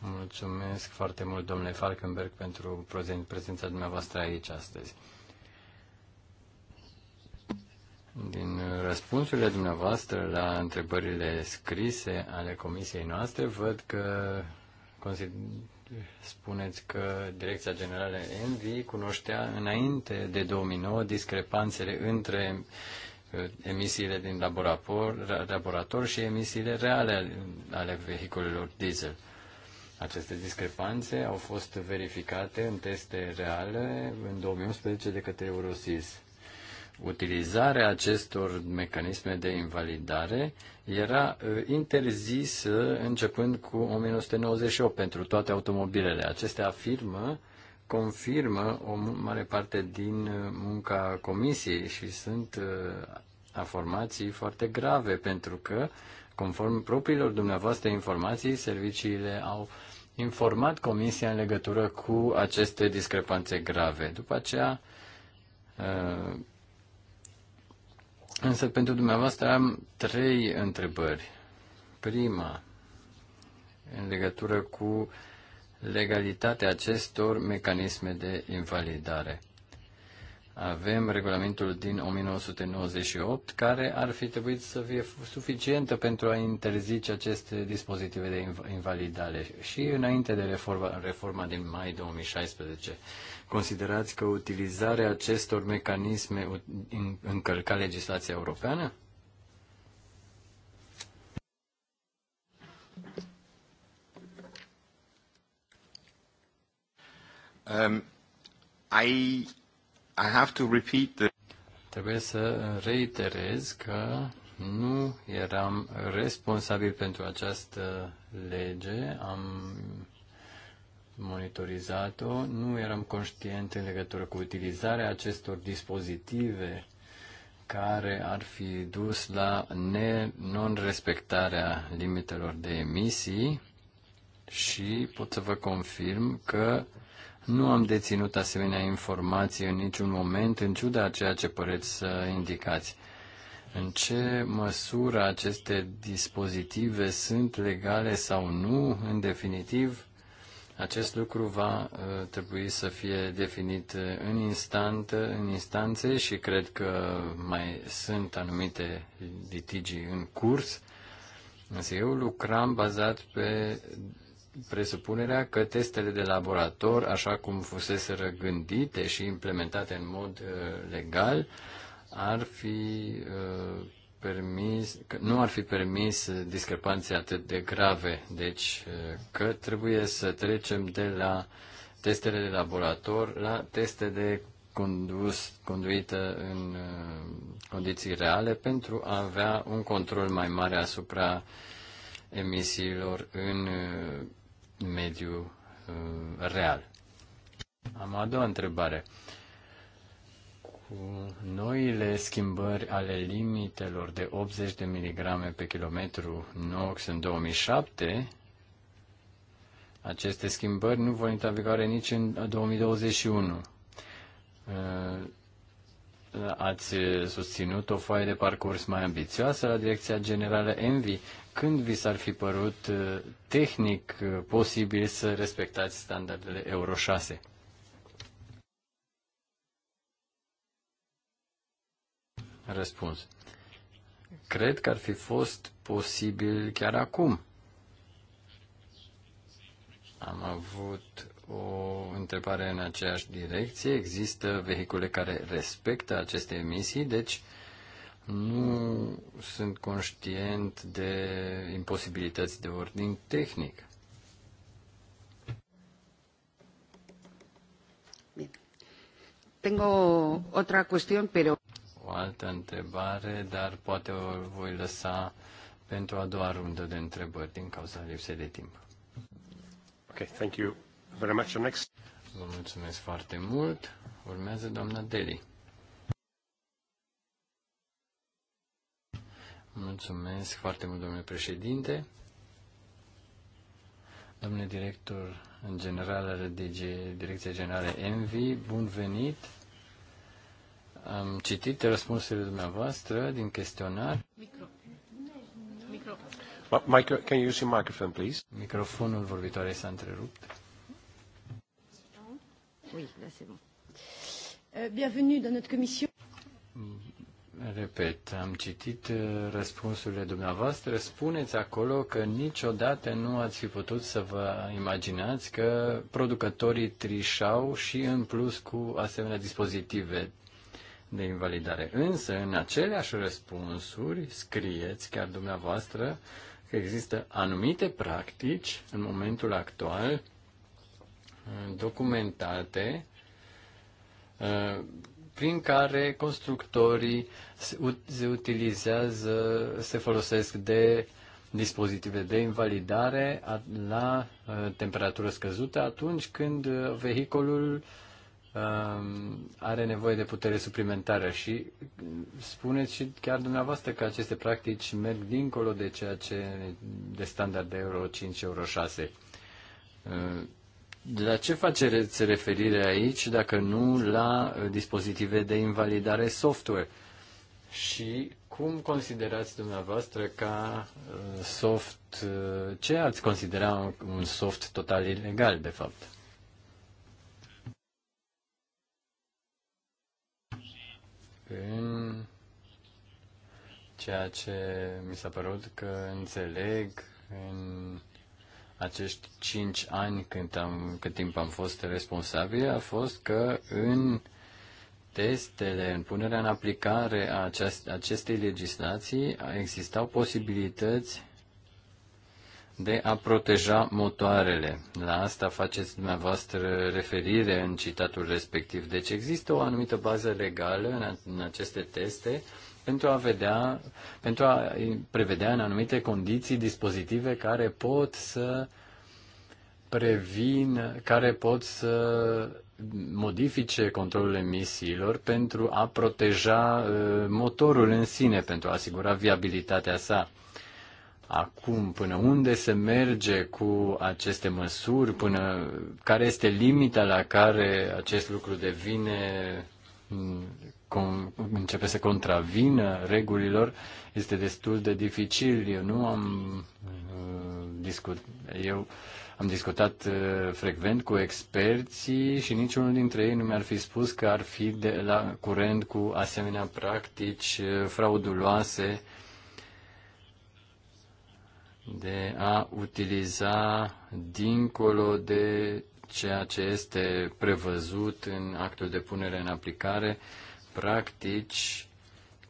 Mulțumesc foarte mult, domnule Falkenberg, pentru prezența dumneavoastră aici astăzi. Din răspunsurile dumneavoastră la întrebările scrise ale comisiei noastre, văd că spuneți că Direcția Generală Envi cunoștea înainte de 2009 discrepanțele între uh, emisiile din laborator, laborator și emisiile reale ale vehiculelor diesel. Aceste discrepanțe au fost verificate în teste reale în 2011 de către Eurosis utilizarea acestor mecanisme de invalidare era uh, interzisă începând cu 1998 pentru toate automobilele. Acestea afirmă, confirmă o mare parte din uh, munca comisiei și sunt uh, informații foarte grave pentru că, conform propriilor dumneavoastră informații, serviciile au informat comisia în legătură cu aceste discrepanțe grave. După aceea, Însă pentru dumneavoastră am trei întrebări. Prima, în legătură cu legalitatea acestor mecanisme de invalidare. Avem regulamentul din 1998 care ar fi trebuit să fie suficientă pentru a interzice aceste dispozitive de invalidare și înainte de reforma, reforma din mai 2016. Considerați că utilizarea acestor mecanisme încălca legislația europeană? Um, I, I have to repeat the... Trebuie să reiterez că nu eram responsabil pentru această lege. Am monitorizat-o, nu eram conștient în legătură cu utilizarea acestor dispozitive care ar fi dus la non-respectarea limitelor de emisii și pot să vă confirm că nu am deținut asemenea informații în niciun moment, în ciuda a ceea ce păreți să indicați. În ce măsură aceste dispozitive sunt legale sau nu, în definitiv, acest lucru va uh, trebui să fie definit uh, în, instant, uh, în instanțe și cred că mai sunt anumite litigii în curs. Însă eu lucram bazat pe presupunerea că testele de laborator, așa cum fusese gândite și implementate în mod legal, ar fi permis, că nu ar fi permis uh, discrepanțe atât de grave, deci uh, că trebuie să trecem de la testele de laborator la teste de condus, conduită în uh, condiții reale pentru a avea un control mai mare asupra emisiilor în mediul real. Am a doua întrebare cu noile schimbări ale limitelor de 80 de miligrame pe kilometru NOx în 2007, aceste schimbări nu vor intra în vigoare nici în 2021. Uh, ați susținut o foaie de parcurs mai ambițioasă la Direcția Generală Envi. Când vi s-ar fi părut uh, tehnic uh, posibil să respectați standardele Euro 6? Răspuns. Cred că ar fi fost posibil chiar acum. Am avut o întrebare în aceeași direcție. Există vehicule care respectă aceste emisii, deci nu sunt conștient de imposibilități de ordin tehnic. Tengo otra cuestión, pero o altă întrebare, dar poate o voi lăsa pentru a doua rundă de întrebări din cauza lipsei de timp. Okay, thank you very much. Next. Vă mulțumesc foarte mult. Urmează doamna Deli. Mulțumesc foarte mult, domnule președinte. Domnule director în general al DG, Direcția Generală Envi, bun venit am citit răspunsurile dumneavoastră din chestionar. Micro. Micro. can you use your microphone, please? Microfonul vorbitoare s-a întrerupt. Oui, là c'est bon. Euh, bienvenue dans notre commission. Mm, repet, am citit uh, răspunsurile dumneavoastră. Spuneți acolo că niciodată nu ați fi putut să vă imaginați că producătorii trișau și în plus cu asemenea dispozitive de invalidare. Însă, în aceleași răspunsuri, scrieți chiar dumneavoastră că există anumite practici în momentul actual uh, documentate uh, prin care constructorii se utilizează, se folosesc de dispozitive de invalidare la uh, temperatură scăzută atunci când vehiculul Um, are nevoie de putere suplimentară și spuneți și chiar dumneavoastră că aceste practici merg dincolo de ceea ce de standard de euro 5, euro 6. Uh, la ce faceți referire aici dacă nu la dispozitive de invalidare software? Și cum considerați dumneavoastră ca uh, soft, uh, ce ați considera un soft total ilegal, de fapt? în ceea ce mi s-a părut că înțeleg în acești cinci ani când am, cât timp am fost responsabil a fost că în testele, în punerea în aplicare a aceast, acestei legislații existau posibilități de a proteja motoarele. La asta faceți dumneavoastră referire în citatul respectiv. Deci există o anumită bază legală în, aceste teste pentru a vedea, pentru a prevedea în anumite condiții dispozitive care pot să previn, care pot să modifice controlul emisiilor pentru a proteja uh, motorul în sine, pentru a asigura viabilitatea sa acum, până unde se merge cu aceste măsuri, până care este limita la care acest lucru devine începe să contravină regulilor, este destul de dificil. Eu nu am uh, discutat, eu am discutat uh, frecvent cu experții și niciunul dintre ei nu mi-ar fi spus că ar fi de la curent cu asemenea practici uh, frauduloase de a utiliza dincolo de ceea ce este prevăzut în actul de punere în aplicare practici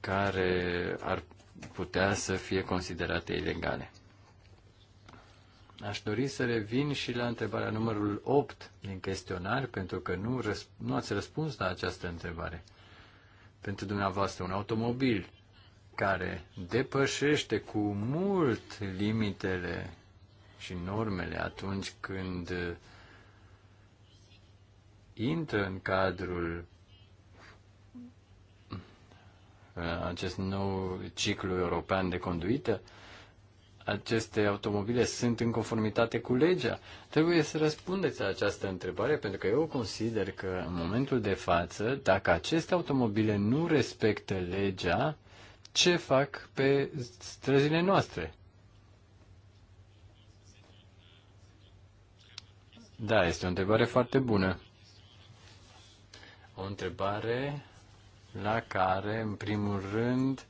care ar putea să fie considerate ilegale. Aș dori să revin și la întrebarea numărul 8 din chestionar, pentru că nu, răsp- nu ați răspuns la această întrebare. Pentru dumneavoastră, un automobil care depășește cu mult limitele și normele atunci când intră în cadrul uh, acest nou ciclu european de conduită, aceste automobile sunt în conformitate cu legea? Trebuie să răspundeți la această întrebare, pentru că eu consider că în momentul de față, dacă aceste automobile nu respectă legea, ce fac pe străzile noastre. Da, este o întrebare foarte bună. O întrebare la care, în primul rând,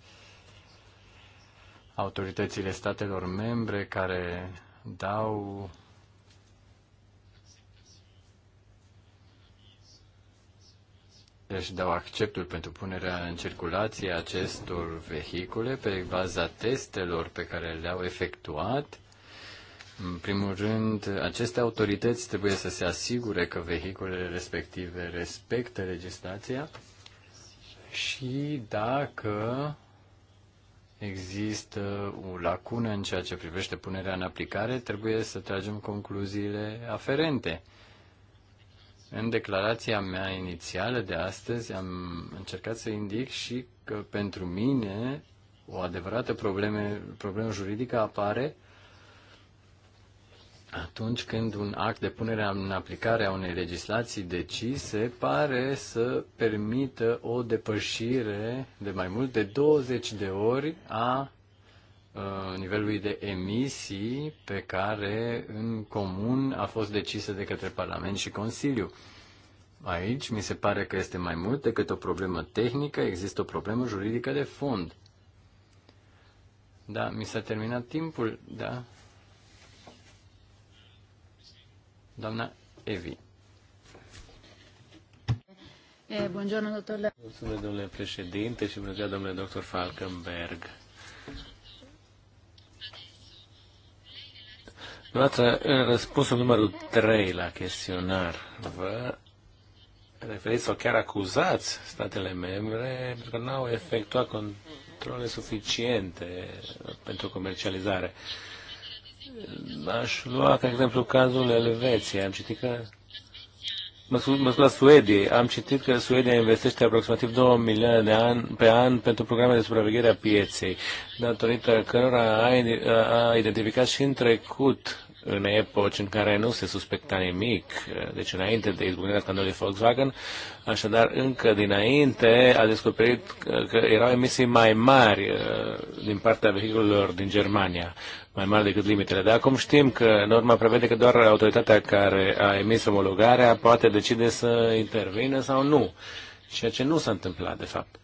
autoritățile statelor membre care dau își dau acceptul pentru punerea în circulație acestor vehicule pe baza testelor pe care le-au efectuat. În primul rând, aceste autorități trebuie să se asigure că vehiculele respective respectă legislația și dacă există o lacună în ceea ce privește punerea în aplicare, trebuie să tragem concluziile aferente. În declarația mea inițială de astăzi am încercat să indic și că pentru mine o adevărată probleme, problemă juridică apare atunci când un act de punere în aplicare a unei legislații decise pare să permită o depășire de mai mult de 20 de ori a Uh, nivelului de emisii pe care în comun a fost decisă de către Parlament și Consiliu. Aici mi se pare că este mai mult decât o problemă tehnică, există o problemă juridică de fond. Da, mi s-a terminat timpul, da? Doamna Evi. Eh, bună ziua, domnule președinte și bună ziua, domnule doctor Falkenberg. Dumneavoastră, în răspunsul numărul 3 la chestionar, vă referiți sau chiar acuzați statele membre pentru că nu au efectuat controle suficiente pentru comercializare. Aș lua, ca exemplu, cazul Elveției. Am citit că mă scuzați, Suedia. Am citit că Suedia investește aproximativ 2 milioane de ani pe an pentru programe de supraveghere a pieței, datorită cărora a, a identificat și în trecut în epoci în care nu se suspecta nimic, deci înainte de izbucnirea scandalului Volkswagen, așadar încă dinainte a descoperit că erau emisii mai mari uh, din partea vehiculelor din Germania mai mari decât limitele. Dar acum știm că norma prevede că doar autoritatea care a emis omologarea poate decide să intervină sau nu, ceea ce nu s-a întâmplat, de fapt.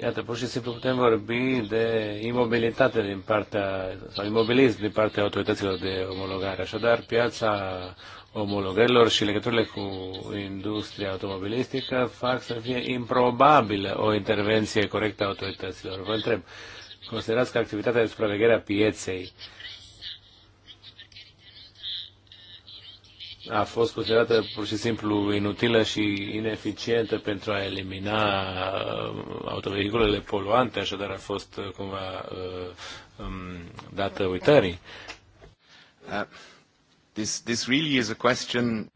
Iată, pur și simplu putem vorbi de imobilitate din partea, sau imobilism din partea autorităților de omologare. Așadar, piața omologărilor și legăturile cu industria automobilistică fac să fie improbabilă o intervenție corectă a autorităților. Vă întreb, considerați că activitatea de supraveghere a pieței a fost considerată pur și simplu inutilă și ineficientă pentru a elimina uh, autovehiculele poluante, așadar a fost uh, cumva uh, um, dată uitării. this, this really is a question...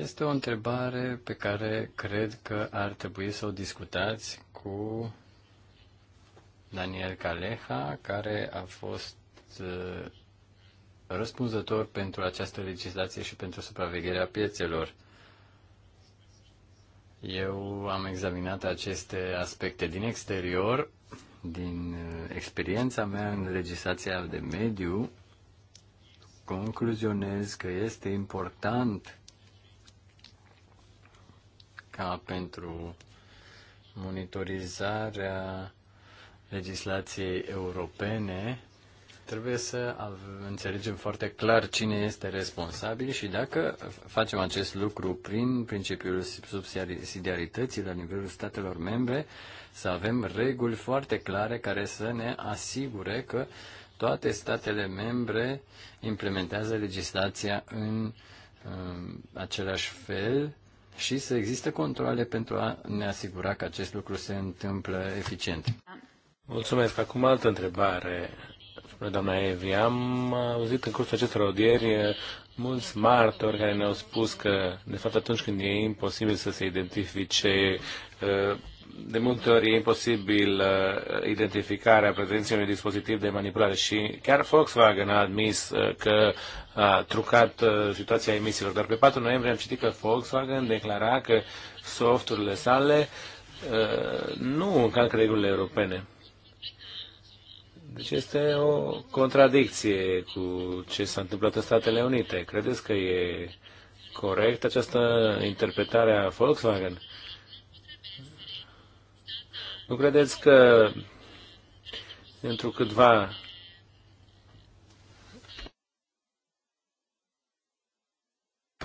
Este o întrebare pe care cred că ar trebui să o discutați cu Daniel Caleha, care a fost uh, răspunzător pentru această legislație și pentru supravegherea piețelor. Eu am examinat aceste aspecte din exterior, din uh, experiența mea în legislația de mediu, concluzionez că este important ca pentru monitorizarea legislației europene, trebuie să înțelegem foarte clar cine este responsabil și dacă facem acest lucru prin principiul subsidiarității la nivelul statelor membre, să avem reguli foarte clare care să ne asigure că toate statele membre implementează legislația în um, același fel și să existe controle pentru a ne asigura că acest lucru se întâmplă eficient. Mulțumesc. Acum altă întrebare. spre doamna Evi, am auzit în cursul acestor audieri eh, mulți martori care ne-au spus că, de fapt, atunci când e imposibil să se identifice eh, de multe ori e imposibil eh, identificarea prezenței unui dispozitiv de manipulare și chiar Volkswagen a admis că a trucat situația emisiilor. Dar pe 4 noiembrie am citit că Volkswagen declara că softurile sale nu încalcă regulile europene. Deci este o contradicție cu ce s-a întâmplat în Statele Unite. Credeți că e corect această interpretare a Volkswagen? Nu credeți că într-o câtva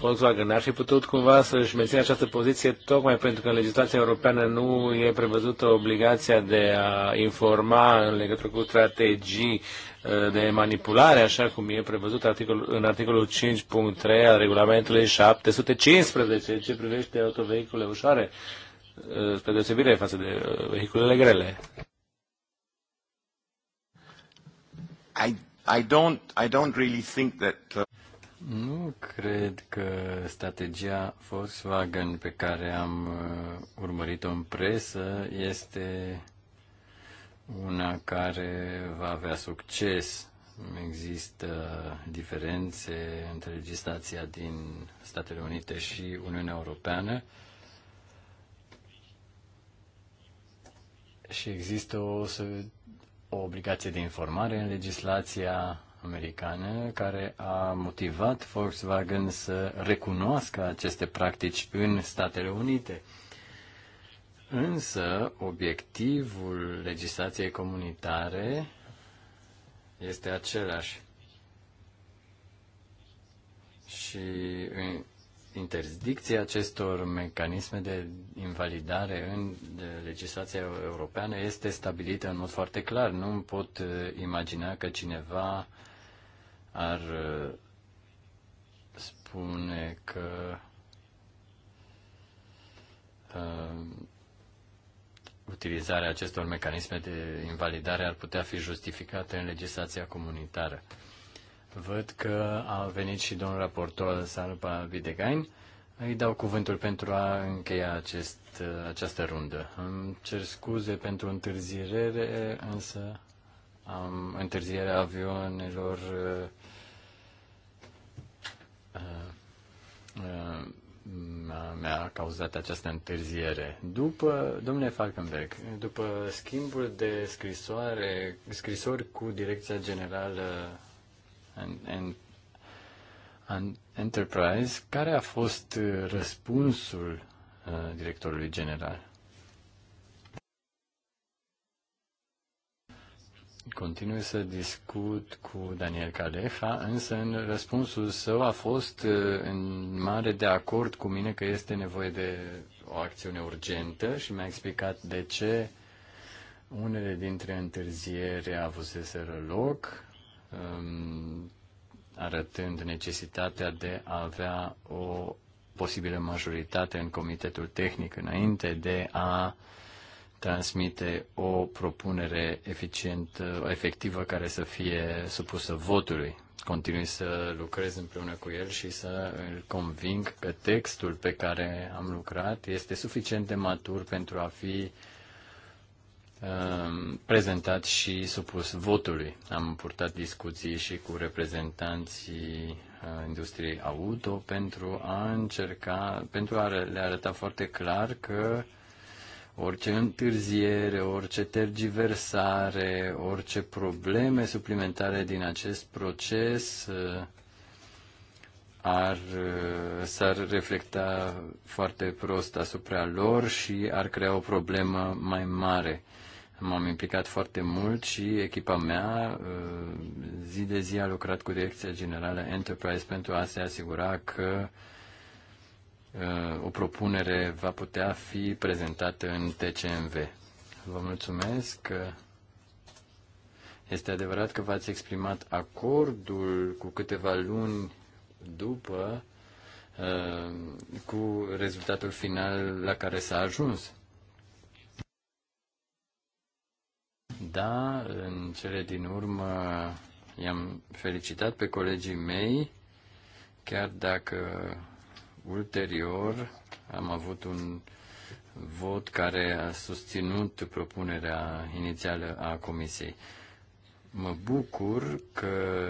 Volkswagen ar fi putut cumva să-și menține această poziție tocmai pentru că în legislația europeană nu e prevăzută obligația de a informa în legătură cu strategii uh, de manipulare, așa cum e prevăzut articol, în articolul 5.3 al regulamentului 715 ce privește autovehicule ușoare, uh, spre deosebire față de uh, vehiculele grele. I, I don't, I don't really think that, uh... Nu cred că strategia Volkswagen pe care am uh, urmărit-o în presă este una care va avea succes. Există diferențe între legislația din Statele Unite și Uniunea Europeană și există o, o obligație de informare în legislația americană care a motivat Volkswagen să recunoască aceste practici în Statele Unite. Însă, obiectivul legislației comunitare este același. Și interdicția acestor mecanisme de invalidare în legislația europeană este stabilită în mod foarte clar. Nu pot uh, imagina că cineva ar uh, spune că uh, utilizarea acestor mecanisme de invalidare ar putea fi justificată în legislația comunitară. Văd că a venit și domnul raportor Salpa Videgain. Îi dau cuvântul pentru a încheia acest, uh, această rundă. Îmi cer scuze pentru întârziere, însă am întârzierea avionelor uh, Uh, uh, uh, mi-a cauzat această întârziere. După, domnule Falkenberg, după schimbul de scrisoare, scrisori cu Direcția Generală and, and, and Enterprise, care a fost răspunsul uh, directorului general? continui să discut cu Daniel Calefa, însă în răspunsul său a fost uh, în mare de acord cu mine că este nevoie de o acțiune urgentă și mi-a explicat de ce unele dintre întârziere avuseseră loc, um, arătând necesitatea de a avea o posibilă majoritate în comitetul tehnic înainte de a uh, transmite o propunere eficientă, efectivă, care să fie supusă votului. Continui să lucrez împreună cu el și să îl conving că textul pe care am lucrat este suficient de matur pentru a fi um, prezentat și supus votului. Am purtat discuții și cu reprezentanții uh, industriei auto pentru a încerca, pentru a le arăta foarte clar că uh, Orice întârziere, orice tergiversare, orice probleme suplimentare din acest proces uh, ar, uh, s-ar reflecta foarte prost asupra lor și ar crea o problemă mai mare. M-am implicat foarte mult și echipa mea uh, zi de zi a lucrat cu Direcția Generală Enterprise pentru a se asigura că uh, Uh, o propunere va putea fi prezentată în TCMV. Vă mulțumesc. Este adevărat că v-ați exprimat acordul cu câteva luni după uh, cu rezultatul final la care s-a ajuns. Da, în cele din urmă i-am felicitat pe colegii mei, chiar dacă Ulterior am avut un vot care a susținut propunerea inițială a Comisiei. Mă bucur că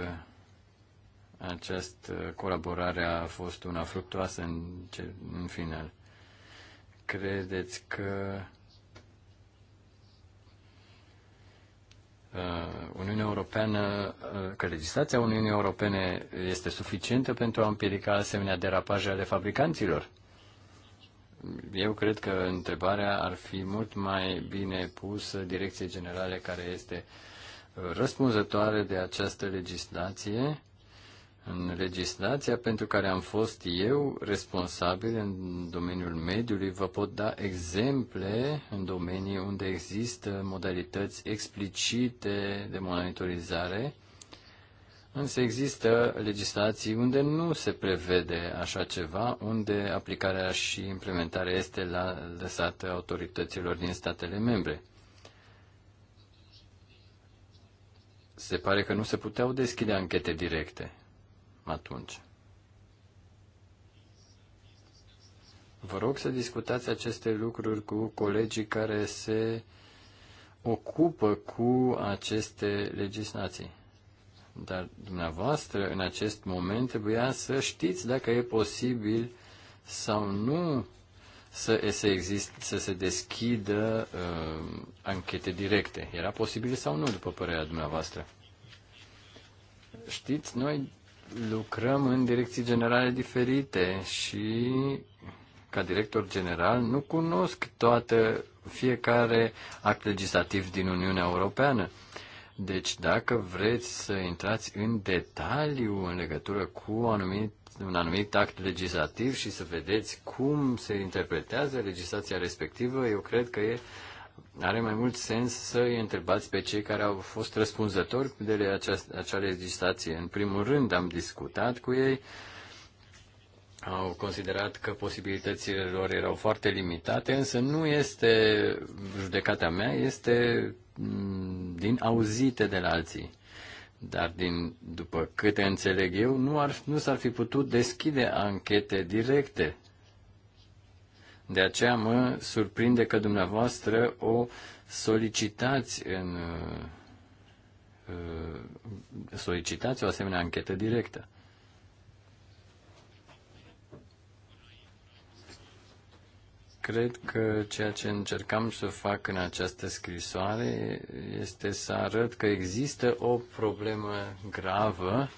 această colaborare a fost una fructuoasă în, în final. Credeți că Uh, Uniunea Europeană, uh, că legislația Uniunii Europene este suficientă pentru a împiedica asemenea derapaje ale fabricanților? Eu cred că întrebarea ar fi mult mai bine pusă Direcției Generale care este uh, răspunzătoare de această legislație în legislația pentru care am fost eu responsabil în domeniul mediului, vă pot da exemple în domenii unde există modalități explicite de monitorizare, însă există legislații unde nu se prevede așa ceva, unde aplicarea și implementarea este la, lăsată autorităților din statele membre. Se pare că nu se puteau deschide anchete directe atunci. Vă rog să discutați aceste lucruri cu colegii care se ocupă cu aceste legislații. Dar dumneavoastră, în acest moment, trebuia să știți dacă e posibil sau nu să, să, exist, să se deschidă uh, anchete directe. Era posibil sau nu, după părerea dumneavoastră? Știți, noi lucrăm în direcții generale diferite și ca director general nu cunosc toată fiecare act legislativ din Uniunea Europeană. Deci dacă vreți să intrați în detaliu în legătură cu anumit, un anumit act legislativ și să vedeți cum se interpretează legislația respectivă, eu cred că e uh, are mai mult sens să îi întrebați pe cei care au fost răspunzători de această, acea legislație. În primul rând am discutat cu ei, au considerat că posibilitățile lor erau foarte limitate, însă nu este judecata mea, este mm, din auzite de la alții. Dar din, după câte înțeleg eu, nu, ar, nu s-ar fi putut deschide anchete directe de aceea mă surprinde că dumneavoastră o solicitați în uh, uh, solicitați o asemenea anchetă directă. Cred că ceea ce încercam să fac în această scrisoare este să arăt că există o problemă gravă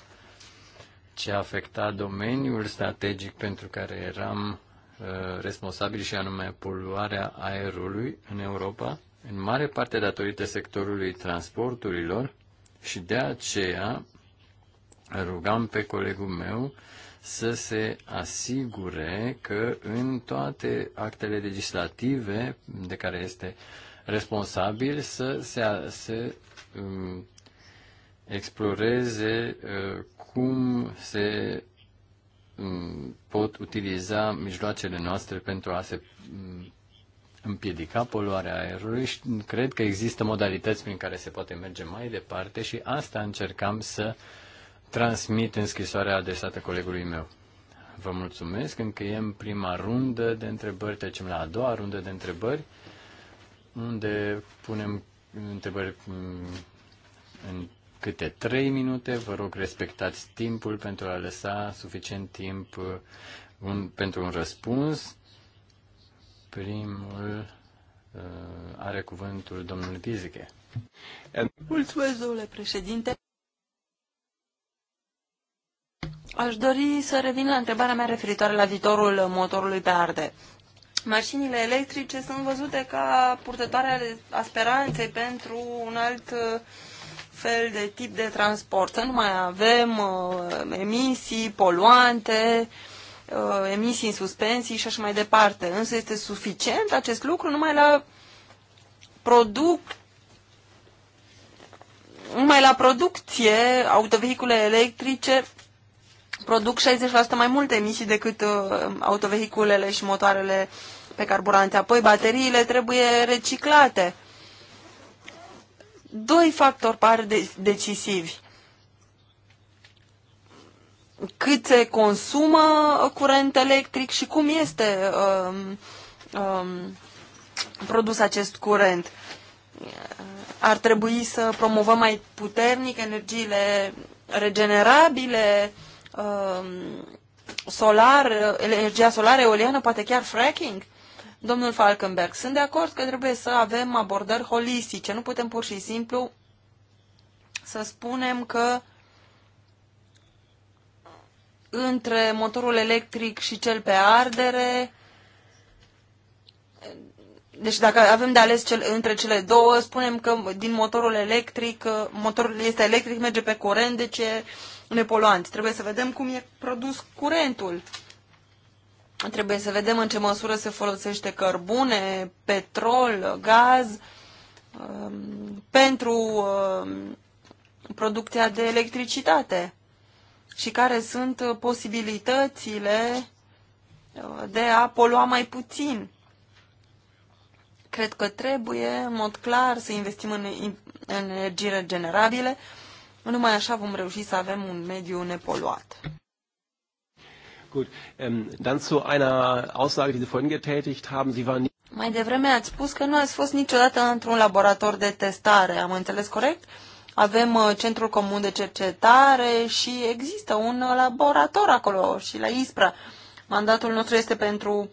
ce afecta domeniul strategic pentru care eram Uh, responsabili și anume poluarea aerului în Europa, în mare parte datorită sectorului transporturilor și de aceea rugam pe colegul meu să se asigure că în toate actele legislative de care este responsabil să se, se um, exploreze uh, cum se Mm, pot utiliza mijloacele noastre pentru a se mm, împiedica poluarea aerului și cred că există modalități prin care se poate merge mai departe și asta încercam să transmit în scrisoarea adresată colegului meu. Vă mulțumesc, încheiem prima rundă de întrebări, trecem la a doua rundă de întrebări, unde punem întrebări mm, în câte 3 minute. Vă rog, respectați timpul pentru a lăsa suficient timp uh, un, pentru un răspuns. Primul uh, are cuvântul domnul Pizike. Mulțumesc, domnule președinte. Aș dori să revin la întrebarea mea referitoare la viitorul motorului pe arde. Mașinile electrice sunt văzute ca purtătoare a speranței pentru un alt uh, fel de tip de transport, să nu mai avem uh, emisii poluante, uh, emisii în suspensii și așa mai departe. Însă este suficient acest lucru numai la produc numai la producție, autovehicule electrice produc 60% mai multe emisii decât uh, autovehiculele și motoarele pe carburante. Apoi bateriile trebuie reciclate doi factori par de- decisivi. Cât se consumă curent electric și cum este um, um, produs acest curent. Ar trebui să promovăm mai puternic energiile regenerabile, um, solar, energia solară, eoliană, poate chiar fracking? Domnul Falkenberg, sunt de acord că trebuie să avem abordări holistice. Nu putem pur și simplu să spunem că între motorul electric și cel pe ardere, deci dacă avem de ales cel, între cele două, spunem că din motorul electric, motorul este electric, merge pe curent, deci e nepoluant. Trebuie să vedem cum e produs curentul. Trebuie să vedem în ce măsură se folosește cărbune, petrol, gaz um, pentru um, producția de electricitate și care sunt posibilitățile uh, de a polua mai puțin. Cred că trebuie, în mod clar, să investim în, energii regenerabile. Numai așa vom reuși să avem un mediu nepoluat. Gut, ähm, dann zu einer Aussage, die Sie vorhin getätigt haben. Sie waren Mai devreme ați spus că nu ați fost niciodată într-un laborator de testare. Am înțeles corect? Avem uh, Centrul Comun de Cercetare și există un uh, laborator acolo și la ISPRA. Mandatul nostru este pentru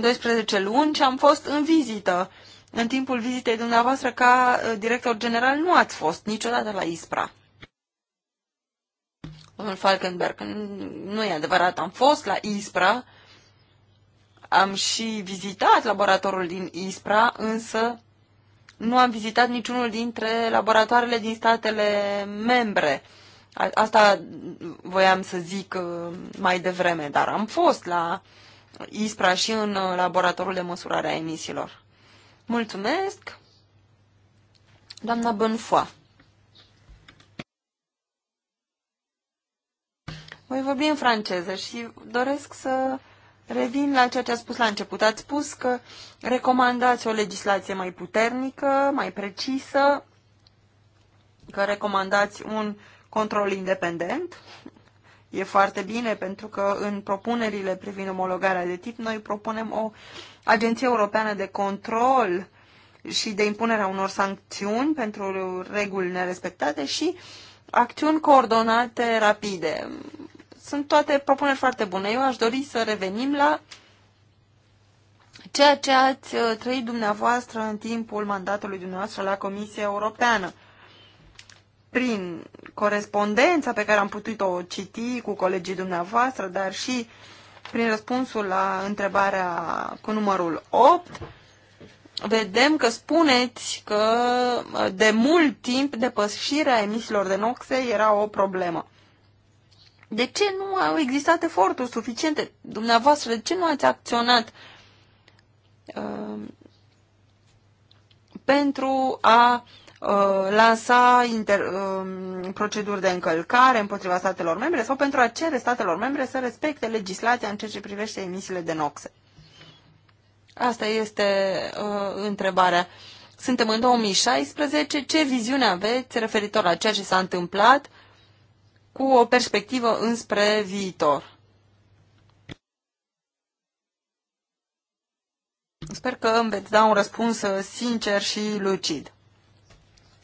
12 luni și am fost în vizită. În timpul vizitei dumneavoastră ca uh, director general nu ați fost niciodată la ISPRA domnul Falkenberg. Nu e adevărat, am fost la ISPRA, am și vizitat laboratorul din ISPRA, însă nu am vizitat niciunul dintre laboratoarele din statele membre. Asta voiam să zic uh, mai devreme, dar am fost la ISPRA și în uh, laboratorul de măsurare a emisiilor. Mulțumesc, doamna Bânfoa. Voi vorbi în franceză și doresc să revin la ceea ce a spus la început. Ați spus că recomandați o legislație mai puternică, mai precisă, că recomandați un control independent. E foarte bine pentru că în propunerile privind omologarea de tip noi propunem o agenție europeană de control și de impunerea unor sancțiuni pentru reguli nerespectate și acțiuni coordonate rapide. Sunt toate propuneri foarte bune. Eu aș dori să revenim la ceea ce ați uh, trăit dumneavoastră în timpul mandatului dumneavoastră la Comisia Europeană. Prin corespondența pe care am putut-o citi cu colegii dumneavoastră, dar și prin răspunsul la întrebarea cu numărul 8, vedem că spuneți că uh, de mult timp depășirea emisiilor de noxe era o problemă. De ce nu au existat eforturi suficiente? Dumneavoastră, de ce nu ați acționat uh, pentru a uh, lansa inter, uh, proceduri de încălcare împotriva statelor membre sau pentru a cere statelor membre să respecte legislația în ceea ce privește emisiile de noxe? Asta este uh, întrebarea. Suntem în 2016. Ce viziune aveți referitor la ceea ce s-a întâmplat? cu o perspectivă înspre viitor. Sper că îmi veți da un răspuns uh, sincer și lucid.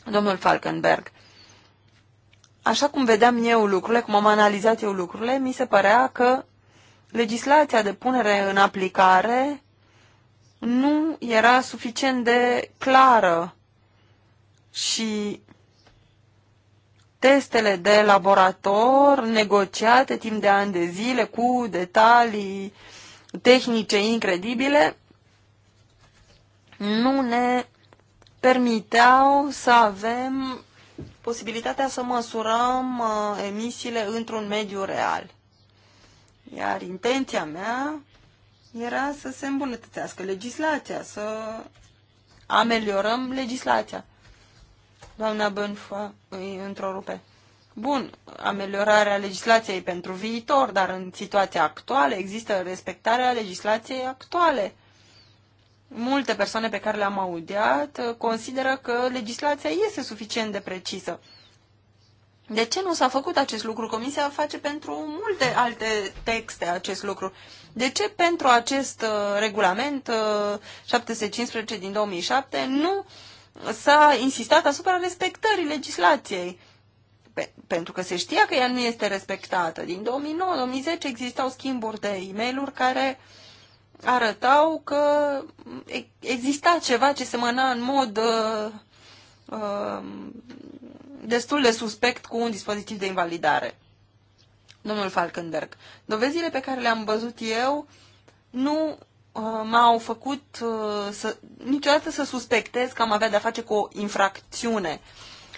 Domnul Falkenberg, așa cum vedeam eu lucrurile, cum am analizat eu lucrurile, mi se părea că legislația de punere în aplicare nu era suficient de clară și testele de laborator negociate timp de ani de zile cu detalii tehnice incredibile nu ne permiteau să avem posibilitatea să măsurăm uh, emisiile într-un mediu real. Iar intenția mea era să se îmbunătățească legislația, să ameliorăm legislația. Doamna Bânfa îi întrorupe. Bun, ameliorarea legislației pentru viitor, dar în situația actuală există respectarea legislației actuale. Multe persoane pe care le-am audiat uh, consideră că legislația este suficient de precisă. De ce nu s-a făcut acest lucru? Comisia face pentru multe alte texte acest lucru. De ce pentru acest uh, regulament 715 uh, din 2007 nu s-a insistat asupra respectării legislației. Pe, pentru că se știa că ea nu este respectată. Din 2009-2010 existau schimburi de e mail care arătau că exista ceva ce semăna în mod uh, uh, destul de suspect cu un dispozitiv de invalidare. Domnul Falkenberg, dovezile pe care le-am văzut eu nu Uh, m-au făcut uh, să, niciodată să suspectez că am avea de-a face cu o infracțiune.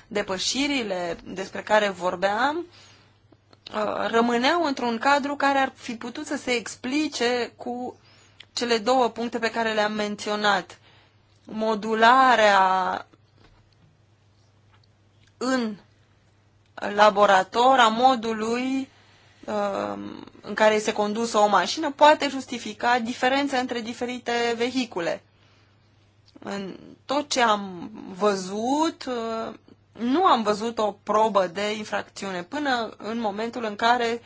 Depășirile despre care vorbeam uh, rămâneau într-un cadru care ar fi putut să se explice cu cele două puncte pe care le-am menționat. Modularea în laborator a modului în care este condusă o mașină poate justifica diferența între diferite vehicule. În tot ce am văzut, uh, nu am văzut o probă de infracțiune până în momentul în care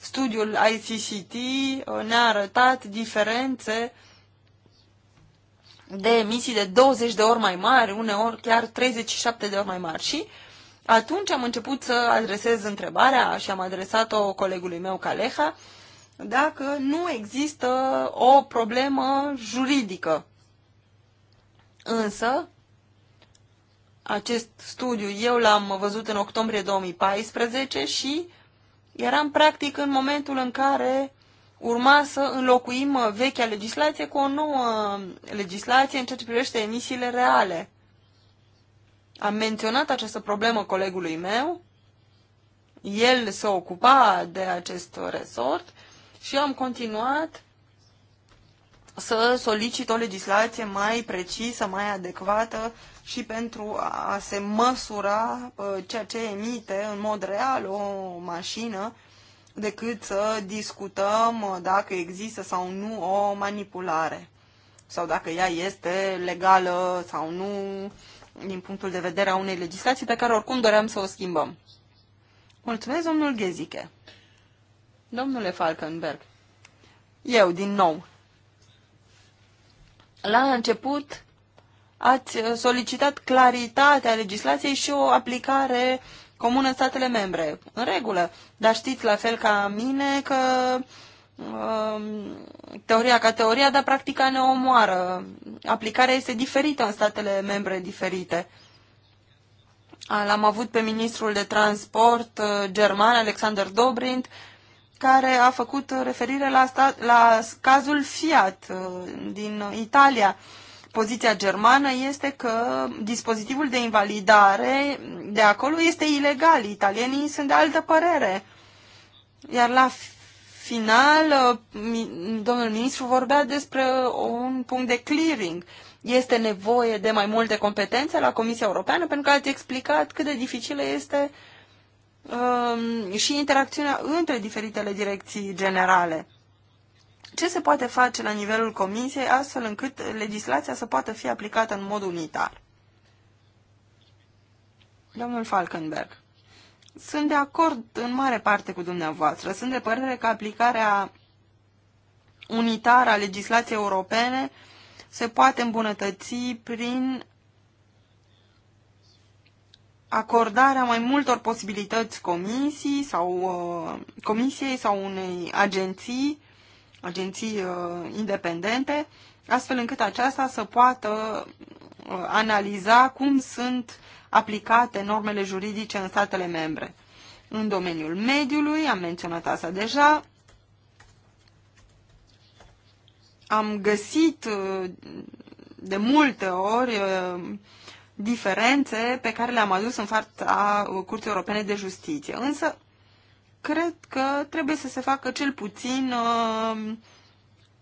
studiul ICCT uh, ne-a arătat diferențe de emisii de 20 de ori mai mari, uneori chiar 37 de ori mai mari și uh, atunci am început să adresez întrebarea și am adresat-o colegului meu, Caleha, dacă nu există o problemă juridică. Însă, acest studiu eu l-am văzut în octombrie 2014 și eram practic în momentul în care urma să înlocuim vechea legislație cu o nouă legislație în ceea ce privește emisiile reale. Am menționat această problemă colegului meu, el se ocupa de acest resort și am continuat să solicit o legislație mai precisă, mai adecvată și pentru a se măsura uh, ceea ce emite în mod real o mașină decât să discutăm dacă există sau nu o manipulare sau dacă ea este legală sau nu din punctul de vedere a unei legislații pe care oricum doream să o schimbăm. Mulțumesc, domnul Ghezike. Domnule Falkenberg, eu din nou. La început ați solicitat claritatea legislației și o aplicare comună în statele membre. În regulă, dar știți la fel ca mine că Um, teoria ca teoria, dar practica ne omoară. Aplicarea este diferită în statele membre diferite. L-am avut pe ministrul de transport uh, german, Alexander Dobrindt, care a făcut referire la, stat, la cazul Fiat uh, din Italia. Poziția germană este că dispozitivul de invalidare de acolo este ilegal. Italienii sunt de altă părere. Iar la final, uh, domnul ministru vorbea despre uh, un punct de clearing. Este nevoie de mai multe competențe la Comisia Europeană pentru că ați explicat cât de dificilă este um, și interacțiunea între diferitele direcții generale. Ce se poate face la nivelul Comisiei astfel încât legislația să poată fi aplicată în mod unitar? Domnul Falkenberg sunt de acord în mare parte cu dumneavoastră. Sunt de părere că aplicarea unitară a legislației europene se poate îmbunătăți prin acordarea mai multor posibilități comisii sau uh, comisiei sau unei agenții, agenții uh, independente, astfel încât aceasta să poată uh, analiza cum sunt aplicate normele juridice în statele membre. În domeniul mediului, am menționat asta deja, am găsit uh, de multe ori uh, diferențe pe care le-am adus în fața uh, Curții Europene de Justiție. Însă, cred că trebuie să se facă cel puțin uh,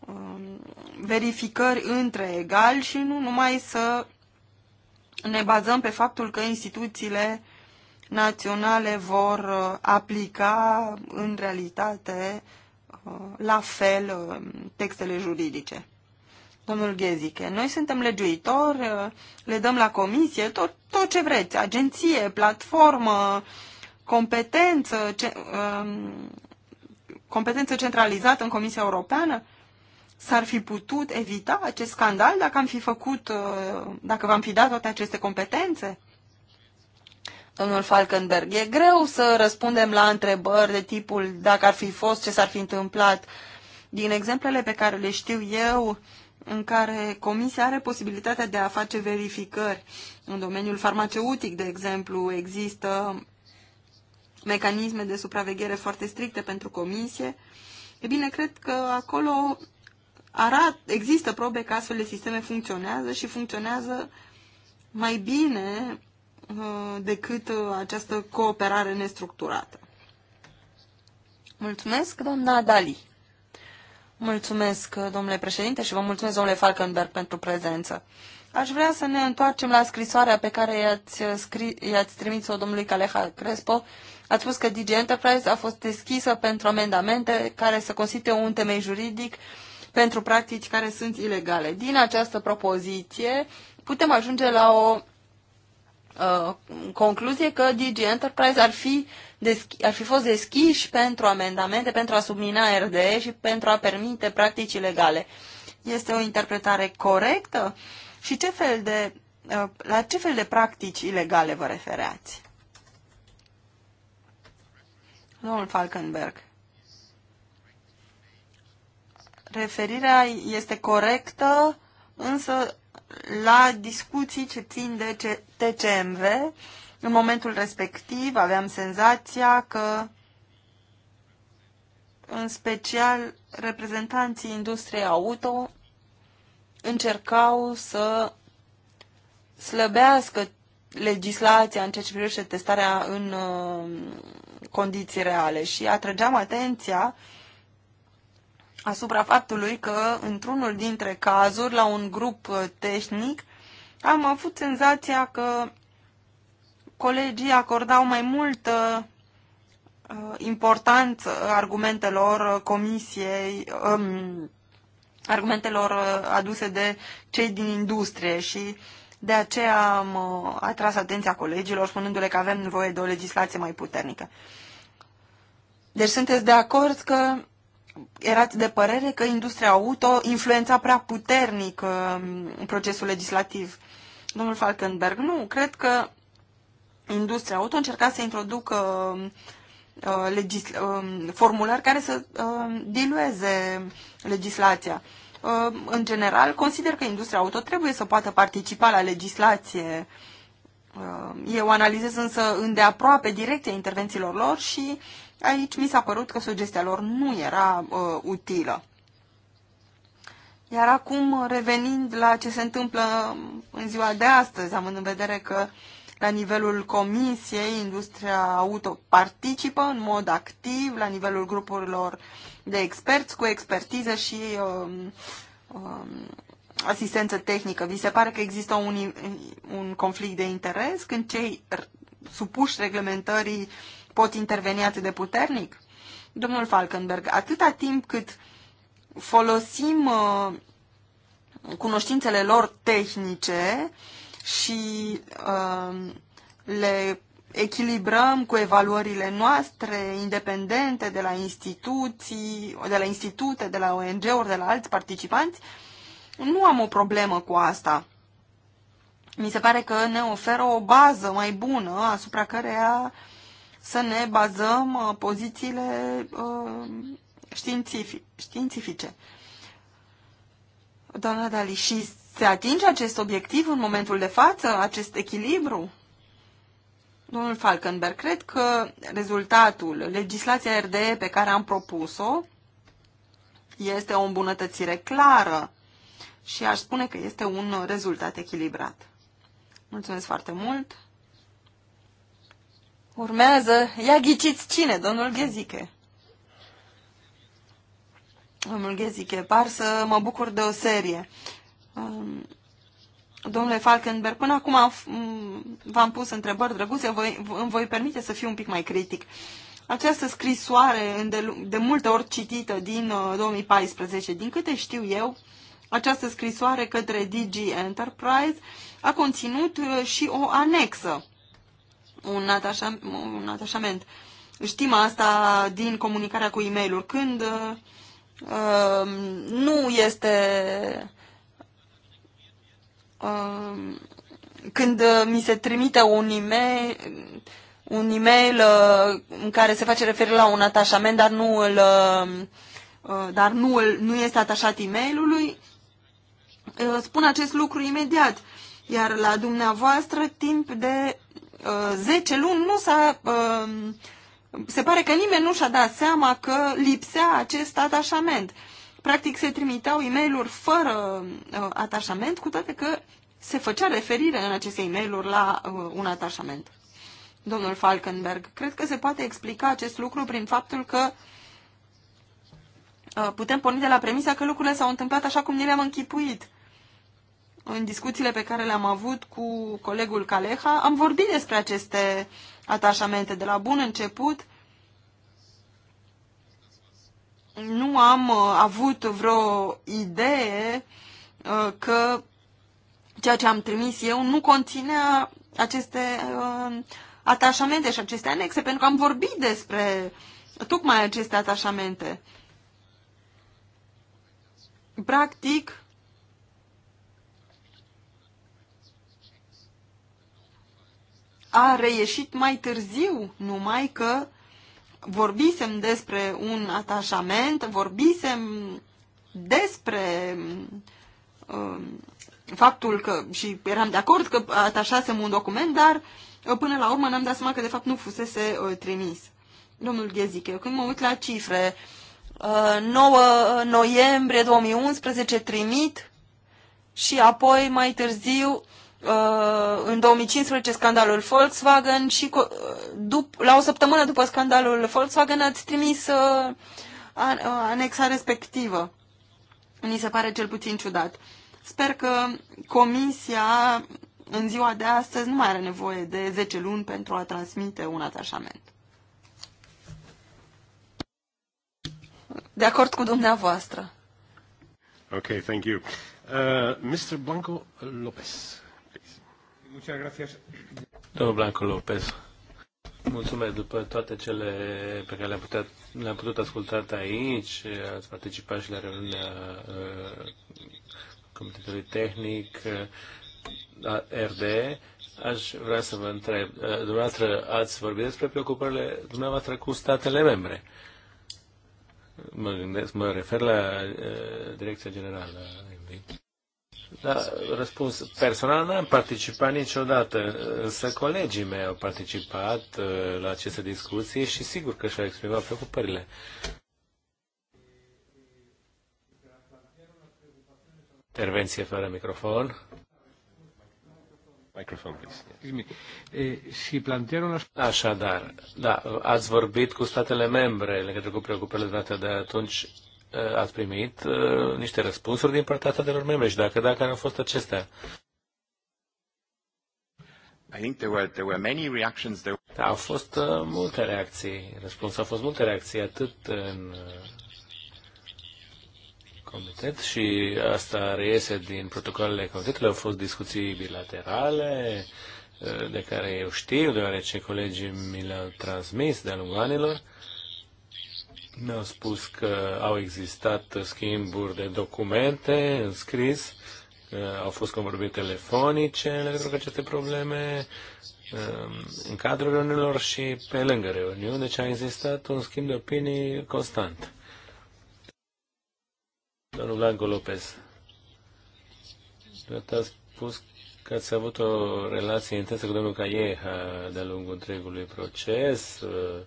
uh, verificări între egali și nu numai să ne bazăm pe faptul că instituțiile naționale vor uh, aplica în realitate uh, la fel uh, textele juridice. Domnul Ghezike, noi suntem legiuitori, le dăm la comisie tot, tot ce vreți, agenție, platformă, competență, ce, um, competență centralizată în Comisia Europeană, s-ar fi putut evita acest scandal dacă am fi făcut, uh, dacă v-am fi dat toate aceste competențe? Domnul Falkenberg, e greu să răspundem la întrebări de tipul dacă ar fi fost, ce s-ar fi întâmplat. Din exemplele pe care le știu eu, în care comisia are posibilitatea de a face verificări, în domeniul farmaceutic, de exemplu, există mecanisme de supraveghere foarte stricte pentru comisie, e bine, cred că acolo arat, există probe că astfel de sisteme funcționează și funcționează mai bine uh, decât uh, această cooperare nestructurată. Mulțumesc, doamna Dali. Mulțumesc, uh, domnule președinte, și vă mulțumesc, domnule Falkenberg, pentru prezență. Aș vrea să ne întoarcem la scrisoarea pe care i-ați, scri- trimis-o domnului Caleha Crespo. Ați spus că DG Enterprise a fost deschisă pentru amendamente care să constituie un temei juridic uh, pentru practici care sunt ilegale. Din această propoziție putem ajunge la o uh, concluzie că DG Enterprise ar fi, ar fi fost deschiși pentru amendamente, pentru a submina RDE și pentru a permite practici ilegale. Este o interpretare corectă? Și ce fel de, uh, la ce fel de practici ilegale vă refereați? Domnul Falkenberg referirea este corectă, însă la discuții ce țin de TCMV, în momentul respectiv aveam senzația că în special reprezentanții industriei auto încercau să slăbească legislația în ceea ce privește testarea în uh, condiții reale și atrăgeam atenția uh, asupra faptului că, într-unul dintre cazuri, la un grup uh, tehnic, am avut senzația că colegii acordau mai multă uh, importanță argumentelor uh, comisiei, um, argumentelor aduse de cei din industrie și de aceea am atras atenția colegilor spunându-le că avem nevoie de o legislație mai puternică. Deci sunteți de acord că erați de părere că industria auto influența prea puternic uh, procesul legislativ. Domnul Falkenberg, nu, cred că industria auto încerca să introducă uh, uh, legis, formulări care să dilueze legislația. În general, consider că industria auto trebuie să poată participa la legislație. Eu analizez însă îndeaproape direcția intervențiilor lor și uh, Aici mi s-a părut că sugestia lor nu era uh, utilă. Iar acum, revenind la ce se întâmplă în ziua de astăzi, având în vedere că la nivelul comisiei, industria auto participă în mod activ, la nivelul grupurilor de experți, cu expertiză și um, um, asistență tehnică. Vi se pare că există un, un conflict de interes când cei supuși reglementării uh, pot interveni atât de puternic? Domnul Falkenberg, atâta timp cât folosim uh, cunoștințele lor tehnice și uh, le echilibrăm cu evaluările noastre independente de la instituții, de la institute, de la ONG-uri, de la alți participanți, nu am o problemă cu asta. Mi se pare că ne oferă o bază mai bună asupra căreia uh, să ne bazăm uh, pozițiile uh, științific, științifice. Doamna Dali, și se atinge acest obiectiv în momentul de față, acest echilibru? Domnul Falkenberg, cred că rezultatul, legislația RDE pe care am propus-o, este o îmbunătățire clară și aș spune că este un rezultat echilibrat. Mulțumesc foarte mult! Urmează, ia ghiciți cine, domnul Gheziche. Domnul Gheziche, par să mă bucur de o serie. Um, domnule Falkenberg, până acum v-am pus întrebări drăguțe, voi, îmi voi permite să fiu un pic mai critic. Această scrisoare, de multe ori citită din 2014, uh, din câte știu eu, această scrisoare către DG Enterprise a conținut uh, și o anexă un, atașament, un atașament. Știm asta din comunicarea cu e-mail-uri. Când uh, nu este... Uh, când mi se trimite un e-mail, un e-mail uh, în care se face referire la un atașament, dar nu îl, uh, dar nu, îl, nu este atașat e-mailului, uh, spun acest lucru imediat. Iar la dumneavoastră, timp de 10 uh, luni nu s-a... Uh, se pare că nimeni nu și-a dat seama că lipsea acest atașament. Practic se trimiteau e mail fără uh, atașament, cu toate că se făcea referire în aceste e mail la un atașament. Domnul Falkenberg, cred că se poate explica acest lucru prin faptul că putem porni de la premisa că lucrurile s-au întâmplat așa cum ne le-am închipuit în discuțiile pe care le-am avut cu colegul Caleha, am vorbit despre aceste atașamente de la bun început. Nu am uh, avut vreo idee uh, că ceea ce am trimis eu nu conținea aceste uh, atașamente și aceste anexe, pentru că am vorbit despre tocmai aceste atașamente. Practic, a reieșit mai târziu, numai că vorbisem despre un atașament, vorbisem despre uh, faptul că, și eram de acord că atașasem un document, dar uh, până la urmă n-am dat seama că de fapt nu fusese uh, trimis. Domnul Ghezic, eu când mă uit la cifre, 9 uh, noiembrie 2011 trimit și apoi mai târziu Uh, în 2015 scandalul Volkswagen și uh, dup- la o săptămână după scandalul Volkswagen ați trimis uh, anexa respectivă. Mi se pare cel puțin ciudat. Sper că comisia în ziua de astăzi nu mai are nevoie de 10 luni pentru a transmite un atașament. De acord cu dumneavoastră. Ok, thank you. Uh, Mr. Blanco Lopez. Domnul Blanco Lopez. Mulțumesc după toate cele pe care le-am putut, le putut asculta aici. Ați participat și la reuniunea uh, Comitetului Tehnic uh, RD. Aș vrea să vă întreb, uh, dumneavoastră ați vorbit despre preocupările dumneavoastră cu statele membre. Mă gândesc, mă refer la uh, Direcția Generală. Da, răspuns personal, n-am participat niciodată, însă colegii mei au participat uh, la aceste discuții și sigur că și-au exprimat preocupările. Intervenție fără microfon. Microfon, please. Eh, Așadar, da, ați vorbit cu statele membre legătură cu preocupările date de atunci Uh, ați primit uh, niște răspunsuri din partea statelor membre și dacă dacă au fost acestea. I think there were, there were many reactions. There... Au fost uh, multe reacții. Răspunsul a fost multe reacții, atât în comitet și asta reiese din protocolele comitetului. Au fost discuții bilaterale de care eu știu, deoarece colegii mi le-au transmis de-a lungul anilor. Uh, mi-au spus că au existat schimburi de documente în scris, au fost convorbiri telefonice în legătură cu aceste probleme um, în cadrul reuniunilor și pe lângă reuniuni, deci a existat un schimb de opinii constant. Domnul Blanco Lopez, a spus că ați avut o relație intensă cu domnul Caieha de-a lungul întregului proces, uh,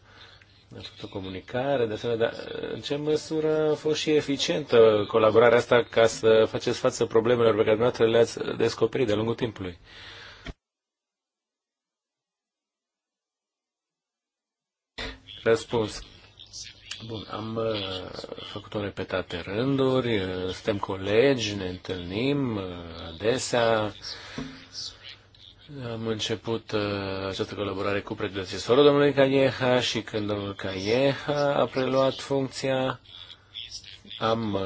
a făcut o comunicare, de asemenea, dar uh, în ce măsură a fost și eficientă colaborarea asta ca să faceți față problemelor pe care dumneavoastră le-ați descoperit de-a lungul timpului? Răspuns. Bun, am uh, făcut-o repetate rânduri, uh, suntem colegi, ne întâlnim adesea, am început uh, această colaborare cu predecesorul domnului Caieha și când domnul Caieha a preluat funcția, am uh,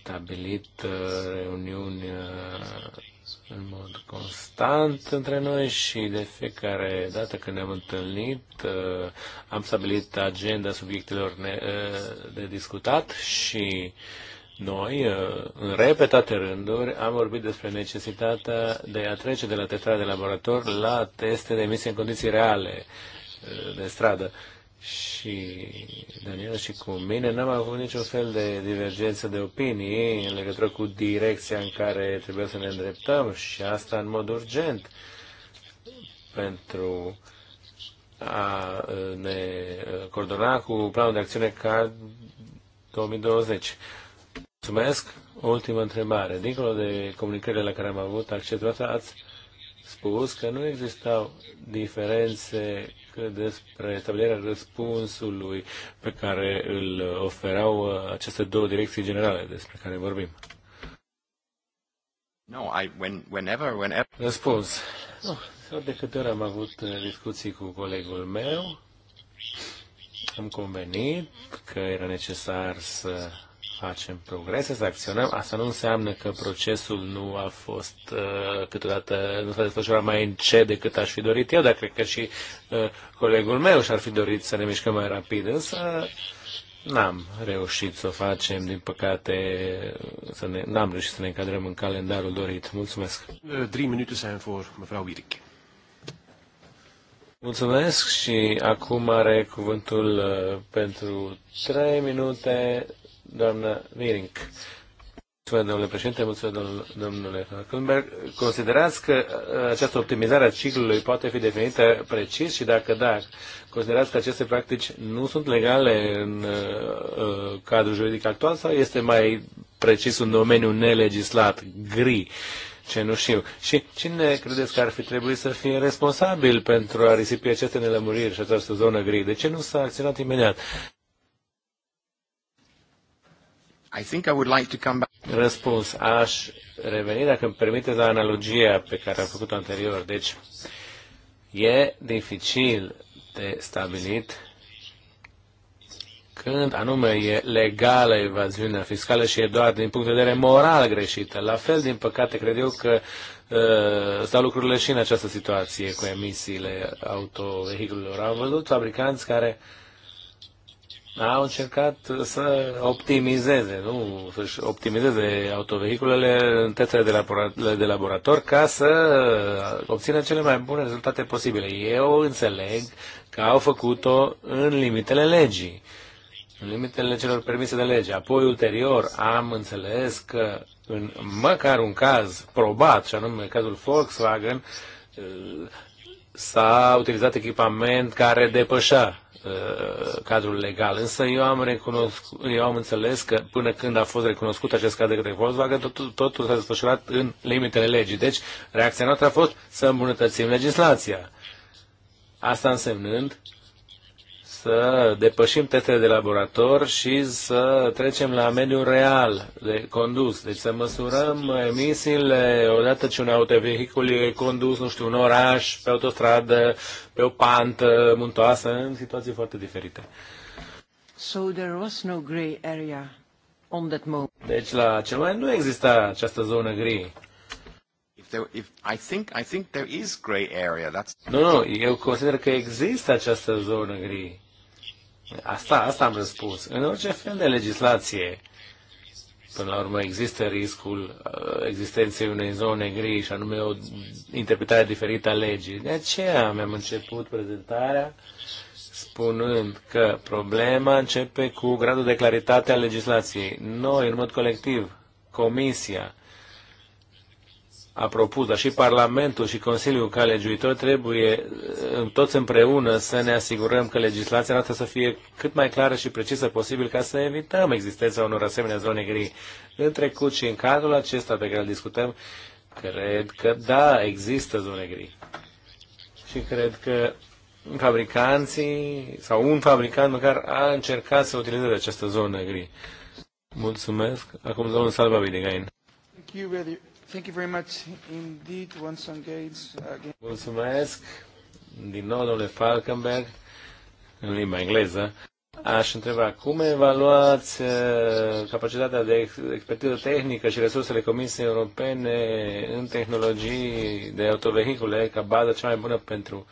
stabilit uh, reuniuni uh, în mod constant între noi și de fiecare dată când ne-am întâlnit uh, am stabilit agenda subiectelor ne, uh, de discutat și uh, noi, uh, în repetate rânduri, am vorbit despre necesitatea de a trece de la testarea de laborator la teste de emisie în condiții reale uh, de stradă. Și Daniela și cu mine n-am avut niciun fel de divergență de opinii în legătură cu direcția în care trebuie să ne îndreptăm și asta în mod urgent pentru a uh, ne coordona cu planul de acțiune ca 2020. Mulțumesc. O ultimă întrebare. Dincolo de comunicările la care am avut acces, ați spus că nu existau diferențe despre stabilirea răspunsului pe care îl oferau uh, aceste două direcții generale despre care vorbim. No, I, when, whenever, whenever... Răspuns. Nu, ah, no, de câte ori am avut uh, discuții cu colegul meu, am convenit că era necesar să facem progrese, să acționăm. Asta nu înseamnă că procesul nu a fost uh, câteodată, nu s-a desfășurat mai încet decât aș fi dorit eu, dar cred că și uh, colegul meu și-ar fi dorit să ne mișcăm mai rapid, însă n-am reușit să o facem, din păcate, să ne, n-am reușit să ne încadrăm în calendarul dorit. Mulțumesc. Trei minute să for mevrouw Mulțumesc și acum are cuvântul uh, pentru 3 minute doamna Mirink. Mulțumesc, domnule președinte, mulțumesc, domnule Falkenberg. Considerați că uh, această optimizare a ciclului poate fi definită precis și dacă da, considerați că aceste practici nu sunt legale în uh, uh cadrul juridic actual sau este mai precis un domeniu nelegislat, gri, știu? Și cine credeți că ar fi trebuit să fie responsabil pentru a risipi aceste nelămuriri și această zonă gri? De ce nu s-a acționat imediat? I think I would like to come back. Răspuns. Aș reveni, dacă îmi permiteți, la analogia pe care am făcut-o anterior. Deci, e dificil de stabilit când anume e legală evaziunea fiscală și e doar din punct de vedere moral greșită. La fel, din păcate, cred eu că uh, stau lucrurile și în această situație cu emisiile autovehiculelor. Am văzut fabricanți care uh, au încercat să optimizeze, nu? Să-și optimizeze autovehiculele în testele de, labora- de laborator ca să obțină cele mai bune rezultate posibile. Eu înțeleg că au făcut-o în limitele legii, în limitele celor permise de lege. Apoi, ulterior, am înțeles că în măcar un caz probat, și anume cazul Volkswagen, s-a utilizat echipament care depășea Uh, cadrul legal. Însă eu am, recunoscut, eu am înțeles că până când a fost recunoscut acest cadru de către Volkswagen, totul, totul s-a desfășurat în limitele legii. Deci, reacția noastră a fost să îmbunătățim legislația. Asta însemnând să depășim testele de laborator și să trecem la mediul real de condus. Deci să măsurăm emisiile odată ce un autovehicul e condus, nu știu, un oraș, pe autostradă, pe o pantă muntoasă, în situații foarte diferite. So there was no gray area on that moment. Deci la cel mai nu exista această zonă gri. Nu, nu, eu consider că există această zonă gri. Asta, asta am răspuns. În orice fel de legislație, până la urmă, există riscul uh, existenței unei zone gri și anume o interpretare diferită a legii. De aceea mi-am început prezentarea spunând că problema începe cu gradul de claritate a legislației. Noi, în mod colectiv, Comisia, a propus, dar și Parlamentul și Consiliul ca legiuitor trebuie uh, toți împreună să ne asigurăm că legislația noastră să fie cât mai clară și precisă posibil ca să evităm existența unor asemenea zone gri. În trecut și în cadrul acesta pe care îl discutăm, cred că da, există zone gri. Și cred că fabricanții sau un fabricant măcar a încercat să utilizeze această zonă gri. Mulțumesc. Acum domnul Salva Videgain. Thank you, Thank you very much indeed once again. Mulțumesc din nou, domnule Falkenberg, în limba engleză. Aș întreba, cum evaluați uh, capacitatea de expertiză tehnică și resursele Comisiei Europene în tehnologii de autovehicule ca bază cea mai bună pentru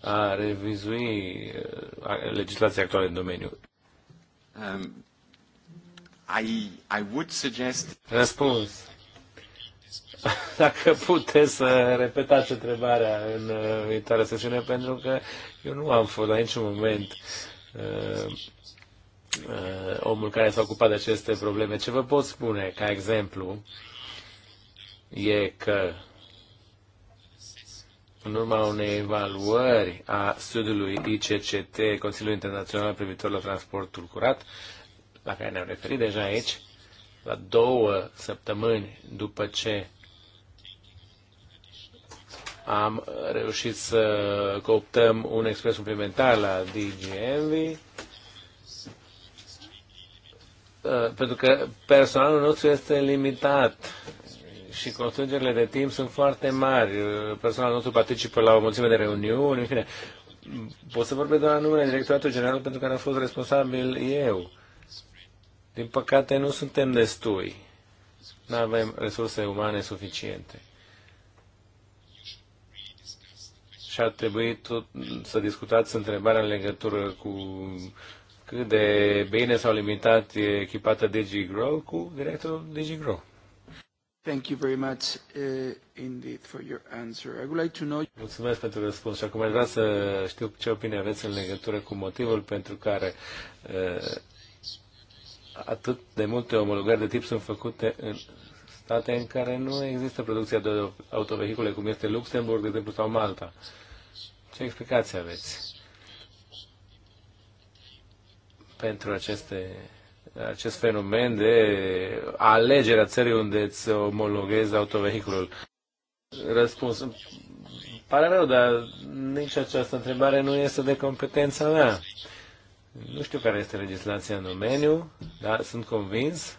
a revizui uh, legislația actuală în domeniu? Um, I, I would suggest... Răspuns. Dacă puteți să repetați întrebarea în uh, viitoarea sesiune, pentru că eu nu am fost la niciun moment uh, uh, omul care s-a ocupat de aceste probleme. Ce vă pot spune ca exemplu e că în urma unei evaluări a studiului ICCT, Consiliul Internațional privitor la transportul curat, uh, la care ne-am referit deja aici, la două săptămâni după ce am reușit să cooptăm un expres suplimentar la DGNV, uh, pentru că personalul nostru este limitat și constrângerile de timp sunt foarte mari. Personalul nostru participă la o mulțime de reuniuni, în fine. Pot să vorbesc doar în numele directoratului general pentru care am fost responsabil eu. Din păcate, nu suntem destui. Nu avem resurse umane suficiente. Și ar trebui tot să discutați întrebarea în legătură cu cât de bine s-au limitat echipată DigiGrow cu directorul DigiGrow. Thank you very much uh, indeed for your answer. I would like to know... Mulțumesc pentru răspuns și acum aș vrea să știu ce opinie aveți în legătură cu motivul pentru care uh, atât de multe omologări de tip sunt făcute în state în care nu există producția de autovehicule, cum este Luxemburg, de exemplu, sau Malta. Ce explicații aveți pentru aceste, acest fenomen de alegerea țării unde îți omologezi autovehiculul? Răspuns. Pare rău, dar nici această întrebare nu este de competența mea. Nu știu care este legislația în domeniu, dar sunt convins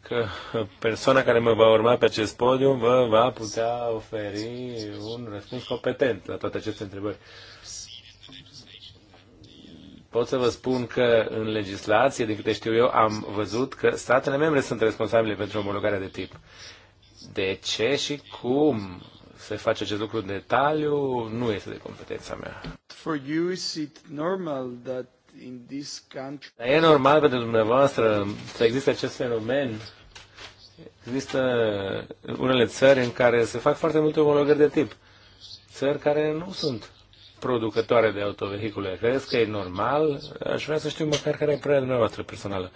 că persoana care mă va urma pe acest podium vă va putea oferi un răspuns competent la toate aceste întrebări. Pot să vă spun că în legislație, din câte știu eu, am văzut că statele membre sunt responsabile pentru omologarea de tip. De ce și cum se face acest lucru în detaliu nu este de competența mea. For you is it normal that in this country... Dar e normal pentru dumneavoastră să existe acest fenomen? Există unele țări în care se fac foarte multe omologări de tip. Țări care nu sunt producătoare de autovehicule. Crezi că e normal? Aș vrea să știu măcar care e părerea dumneavoastră personală.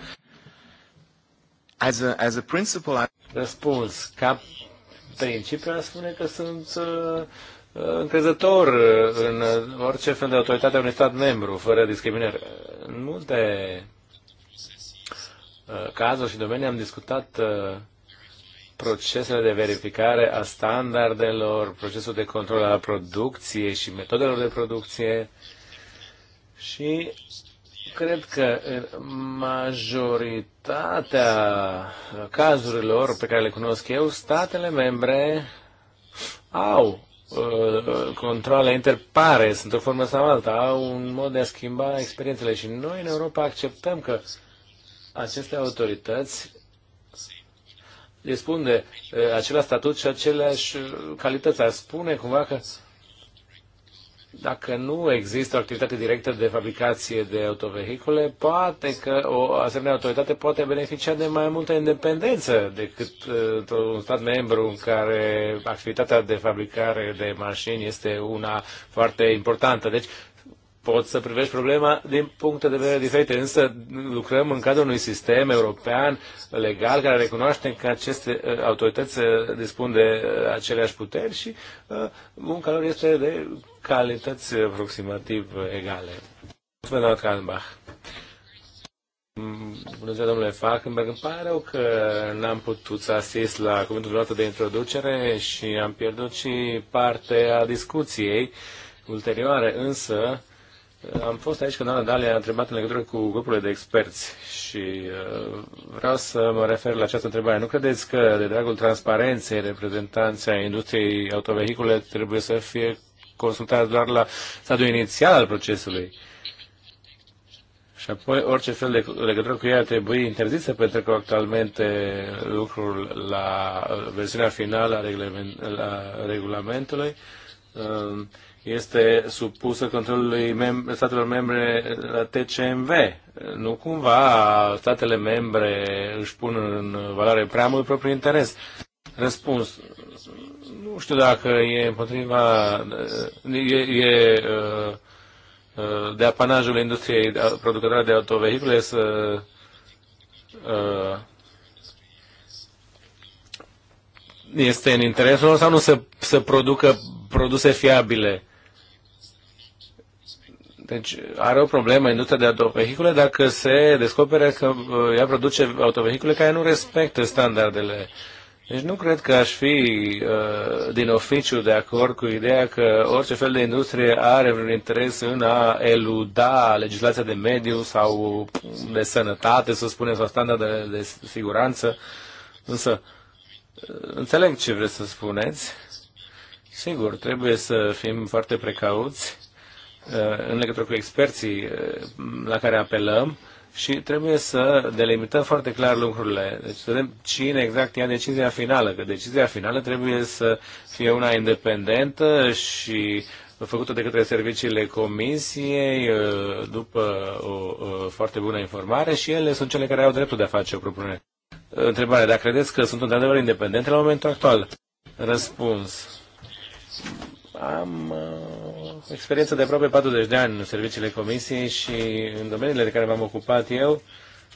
As a, as a principal... Răspuns. Ca principiu, aș spune că sunt uh, uh, încrezător în orice fel de autoritate a unui stat membru, fără discriminare. În multe uh, cazuri și domenii am discutat uh, procesele de verificare a standardelor, procesul de control al producției și metodelor de producție și cred că majoritatea cazurilor pe care le cunosc eu, statele membre au controle interpare, într-o formă sau alta, au un mod de a schimba experiențele și noi în Europa acceptăm că aceste autorități le spun de același statut și aceleași calități. Ar spune cumva că dacă nu există o activitate directă de fabricație de autovehicule, poate că o asemenea autoritate poate beneficia de mai multă independență decât uh, un stat membru în care activitatea de fabricare de mașini este una foarte importantă. Deci poți să privești problema din puncte de vedere diferite, însă lucrăm în cadrul unui sistem european legal care recunoaște că aceste uh, autorități uh, dispun de uh, aceleași puteri și munca lor este de calități aproximativ egale. Mulțumesc, doamna Kalmbach. Mm, bună ziua, domnule Falkenberg. Îmi pare rău că n-am putut să asist la cuvântul noastră de introducere și am pierdut și parte a discuției ulterioare, însă am fost aici când Ana Dalia a întrebat în legătură cu grupurile de experți și uh, vreau să mă refer la această întrebare. Nu credeți că, de dragul transparenței, reprezentanții industriei autovehicule trebuie să fie consultați doar la stadiul inițial al procesului? Și apoi orice fel de legătură cu ea ar trebui interzisă pentru că actualmente lucrul la versiunea finală a regulamentului uh, este supusă controlului mem- statelor membre la TCMV. Nu cumva statele membre își pun în valoare prea mult propriul interes. Răspuns. Nu știu dacă e împotriva. e, e de apanajul industriei producătoare de autovehicule să este în interesul sau nu să, să producă produse fiabile deci are o problemă industria de autovehicule dacă se descopere că uh, ea produce autovehicule care nu respectă standardele. Deci nu cred că aș fi uh, din oficiu de acord cu ideea că orice fel de industrie are vreun interes în a eluda legislația de mediu sau de sănătate, să spunem, sau standardele de siguranță. Însă, uh, înțeleg ce vreți să spuneți. Sigur, trebuie să fim foarte precauți în legătură cu experții eh, la care apelăm și trebuie să delimităm foarte clar lucrurile. Deci să vedem cine exact ia decizia finală, că decizia finală trebuie să fie una independentă și făcută de către serviciile comisiei eh, după o, o eh, foarte bună informare și ele sunt cele care au dreptul de a face o propunere. Întrebare, dacă credeți că sunt într-adevăr independente la momentul actual? Răspuns am uh, experiență de aproape 40 de ani în serviciile comisiei și în domeniile de care m-am ocupat eu,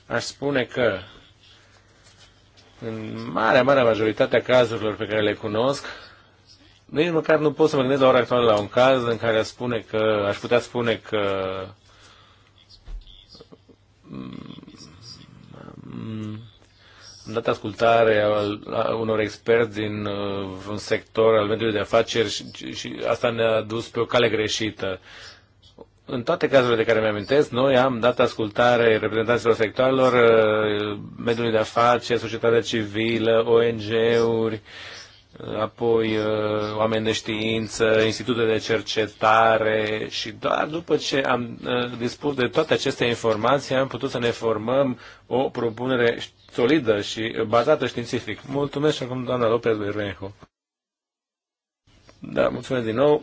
aș spune că în marea, marea majoritate a cazurilor pe care le cunosc, nici măcar nu pot să mă gândesc la ora actuală la un caz în care aș, spune că, aș putea spune că am dat ascultare al, a unor experți din uh, un sector al mediului de afaceri și, și asta ne-a dus pe o cale greșită. În toate cazurile de care mi-amintesc, noi am dat ascultare reprezentanților sectoarelor, uh, mediului de afaceri, societatea civilă, ONG-uri, uh, apoi uh, oameni de știință, institute de cercetare și doar după ce am uh, dispus de toate aceste informații am putut să ne formăm o propunere solidă și bazată științific. Mulțumesc și acum doamna Lopez Bermejo. Da, mulțumesc din nou.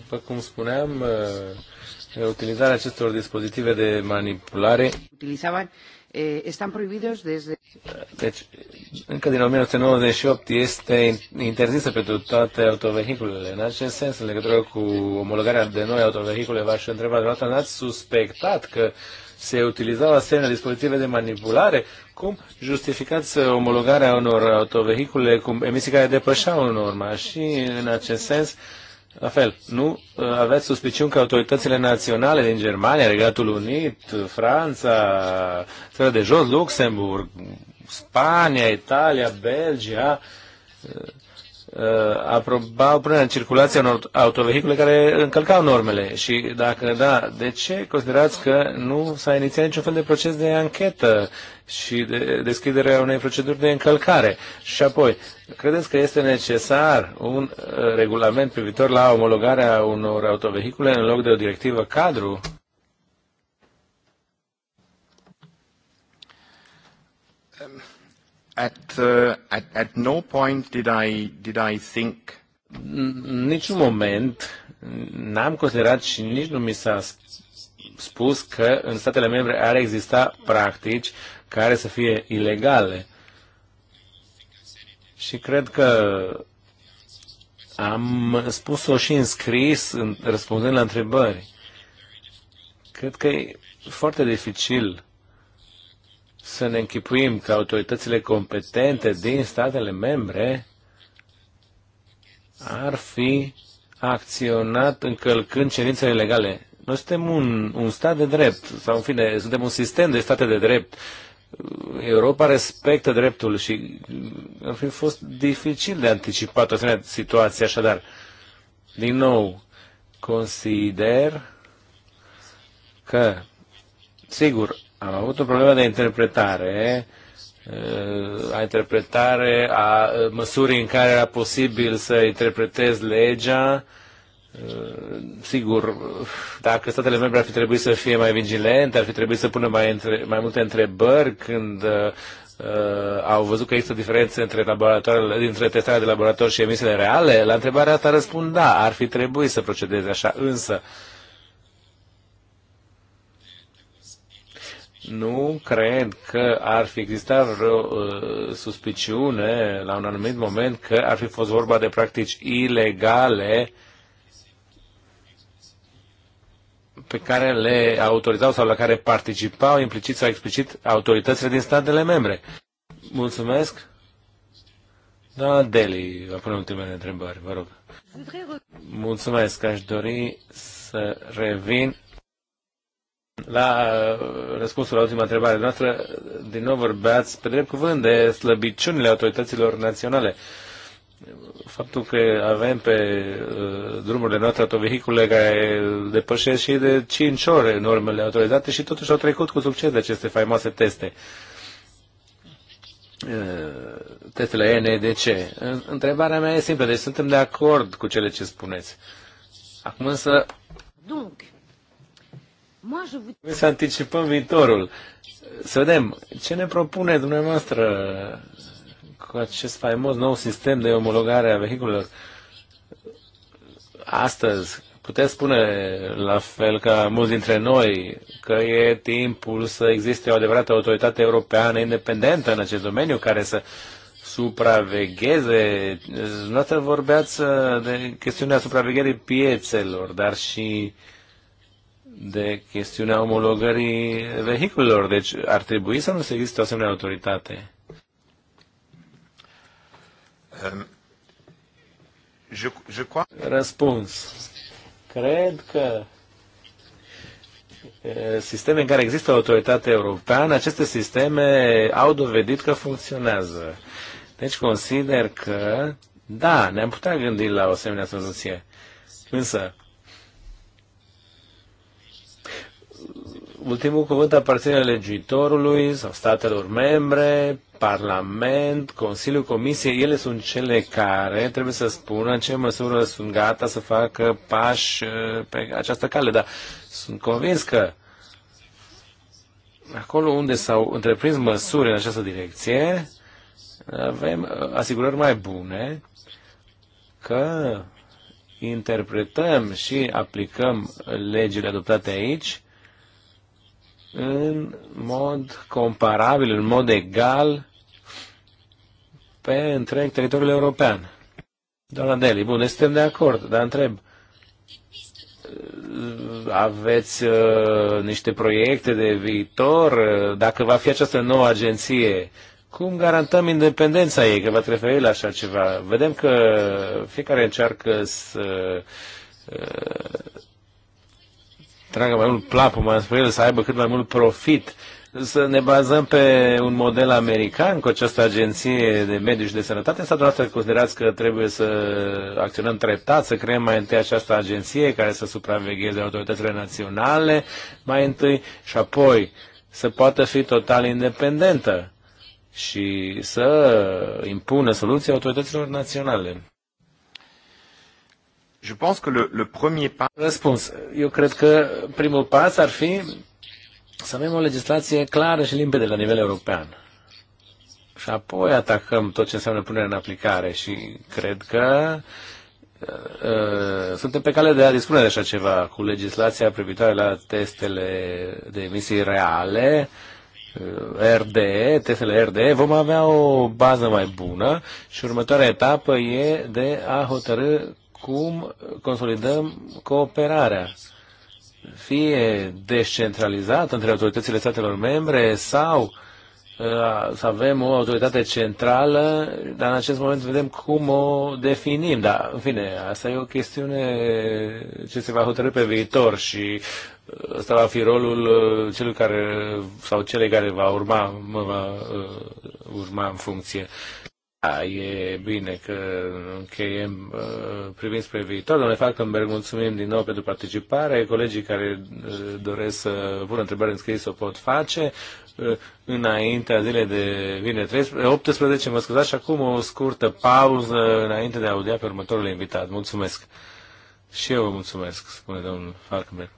După cum spuneam, uh, utilizarea acestor dispozitive de manipulare Eh, están prohibidos desde... Deci, încă din 1998 este interzisă pentru toate autovehiculele. În acest sens, în legătură cu omologarea de noi autovehicule, v-aș întreba, dumneavoastră, n-ați suspectat că se utilizau asemenea dispozitive de manipulare? Cum justificați omologarea unor autovehicule cu emisii care depășeau norma? Și, în acest sens, uh, la fel, nu uh, aveți suspiciuni că autoritățile naționale din Germania, Regatul Unit, Franța, țările de jos, Luxemburg, Spania, Italia, Belgia, uh, Uh, aprobau punerea în circulație unor autovehicule care încălcau normele. Și dacă da, de ce considerați că nu s-a inițiat niciun fel de proces de anchetă și de deschiderea unei proceduri de încălcare? Și apoi, credeți că este necesar un uh, regulament privitor la omologarea unor autovehicule în loc de o directivă cadru? at, uh, at, at no point did I, did I think în niciun moment n-am considerat și nici nu mi s-a spus că în statele membre ar exista practici care să fie ilegale. Și cred că am spus-o și în scris, în, răspunzând la întrebări. Cred că e foarte dificil să ne închipuim că autoritățile competente din statele membre ar fi acționat încălcând cerințele legale. Noi suntem un, un stat de drept, sau în fine, suntem un sistem de state de drept. Europa respectă dreptul și ar fi fost dificil de anticipat o asemenea situație, așadar. Din nou, consider că, sigur, am avut o problemă de interpretare, eh, a interpretare a eh, măsurii în care era posibil să interpretez legea. Eh, sigur, dacă statele membre ar fi trebuit să fie mai vigilente, ar fi trebuit să pună mai, între, mai multe întrebări când uh, au văzut că există diferențe între, laboratoarele, dintre testarea de laborator și emisiile reale, la întrebarea asta răspund da, ar fi trebuit să procedeze așa, însă uh, nu cred că ar fi existat vreo uh, suspiciune la un anumit moment că ar fi fost vorba de practici ilegale pe care le autorizau sau la care participau implicit sau explicit autoritățile din statele membre. Mulțumesc. Da, Deli, vă pune ultimele întrebări, vă rog. Mulțumesc, aș dori să revin la uh, răspunsul la ultima întrebare noastră, din nou vorbeați pe drept cuvânt de slăbiciunile autorităților naționale. Faptul că avem pe uh, drumurile noastre autovehicule care depășesc și de 5 ore normele autorizate și totuși au trecut cu succes de aceste faimoase teste uh, testele NDC. Întrebarea mea e simplă, deci suntem de acord cu cele ce spuneți. Acum însă... Trebuie să anticipăm viitorul. Să vedem ce ne propune dumneavoastră cu acest faimos nou sistem de omologare a vehiculelor. Astăzi, puteți spune, la fel ca mulți dintre noi, că e timpul să existe o adevărată autoritate europeană independentă în acest domeniu care să supravegheze. Noastră vorbeați uh, de chestiunea supravegherii piețelor, dar și uh, de chestiunea omologării vehiculelor. Deci ar trebui să nu se existe o asemenea autoritate? Răspuns. Cred că sisteme în care există autoritate europeană, aceste sisteme au dovedit că funcționează. Deci consider că, da, ne-am putea gândi la o asemenea soluție. Însă, ultimul cuvânt aparține legiuitorului sau statelor membre, Parlament, Consiliul, Comisie. Ele sunt cele care trebuie să spună în ce măsură sunt gata să facă pași uh, pe această cale. Dar sunt convins că acolo unde s-au întreprins măsuri în această direcție, avem uh, asigurări mai bune că interpretăm și aplicăm legile adoptate aici în mod comparabil, în mod egal pe întreg teritoriul european. Doamna Deli, bun, suntem de acord, dar întreb, aveți uh, niște proiecte de viitor? Uh, dacă va fi această nouă agenție, cum garantăm independența ei? Că vă ați la așa ceva. Vedem că fiecare încearcă să uh, tragă mai mult mai spre el, să aibă cât mai mult profit. Să ne bazăm pe un model american cu această agenție de mediu și de sănătate sau să considerați că trebuie să acționăm treptat, să creăm mai întâi această agenție care să supravegheze autoritățile naționale mai întâi și apoi să poată fi total independentă și să impună soluții autorităților naționale. Je pense que le, le premier pas... Răspuns. Eu cred că primul pas ar fi să avem o legislație clară și limpede la nivel european. Și apoi atacăm tot ce înseamnă punerea în aplicare și cred că uh, uh suntem pe cale de a dispune de așa ceva cu legislația privitoare la testele de emisii reale, uh, RDE, testele RDE, vom avea o bază mai bună și următoarea etapă e de a hotărâ cum consolidăm cooperarea fie descentralizată între autoritățile statelor membre sau uh, să avem o autoritate centrală, dar în acest moment vedem cum o definim. Dar, în fine, asta e o chestiune ce se va hotărâ pe viitor și ăsta va fi rolul uh, celui care, sau cele care va urma, mă va uh, urma în funcție. Da, e bine că încheiem uh, privind spre viitor. Domnule Falkenberg, mulțumim din nou pentru participare. Colegii care uh, doresc să pună întrebări în scris o pot face uh, înaintea zilei de vine 13, 18, mă scuzați, și acum o scurtă pauză înainte de a audia pe următorul invitat. Mulțumesc. Și eu vă mulțumesc, spune domnul Falkenberg.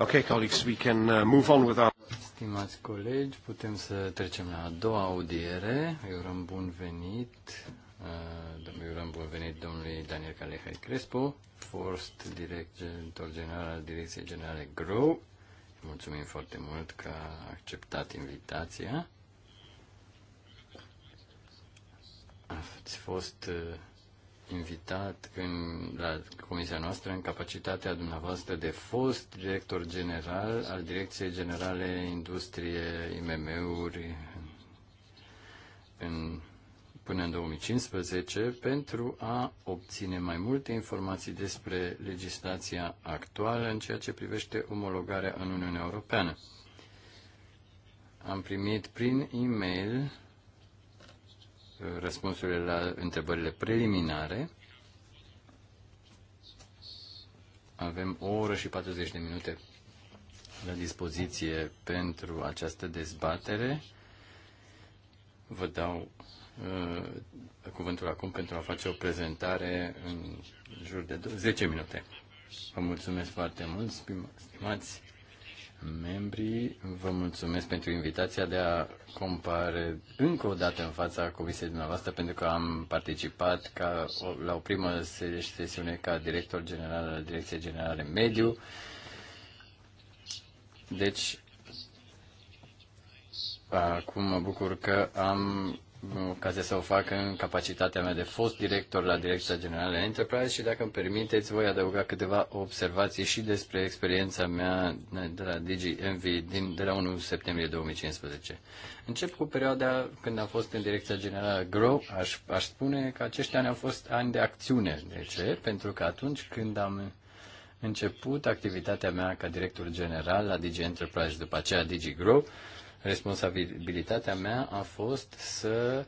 Okay, colleagues, we can uh, move on with our... Stimați colegi, putem să trecem la a doua audiere. Îi urăm bun venit, uh, îi urăm bun venit domnului Daniel Calehai Crespo, fost director general al Direcției Generale GROW. Mulțumim foarte mult că a acceptat invitația. Ați fost uh, invitat în, la comisia noastră în capacitatea dumneavoastră de fost director general al Direcției Generale Industrie IMM-uri în, până în 2015 pentru a obține mai multe informații despre legislația actuală în ceea ce privește omologarea în Uniunea Europeană. Am primit prin e-mail răspunsurile la întrebările preliminare. Avem o oră și 40 de minute la dispoziție pentru această dezbatere. Vă dau uh, cuvântul acum pentru a face o prezentare în jur de 10 minute. Vă mulțumesc foarte mult, stimați membrii. Vă mulțumesc pentru invitația de a compare încă o dată în fața comisiei dumneavoastră, pentru că am participat ca, la o primă sesiune ca director general al Direcției Generale Mediu. Deci, acum mă bucur că am ocazia să o fac în capacitatea mea de fost director la Direcția Generală Enterprise și dacă îmi permiteți, voi adăuga câteva observații și despre experiența mea de la DGMV din, de la 1 septembrie 2015. Încep cu perioada când am fost în Direcția Generală Grow, aș, aș spune că acești ani au fost ani de acțiune. De ce? Pentru că atunci când am început activitatea mea ca director general la Digi Enterprise, după aceea Digi Grow, Responsabilitatea mea a fost să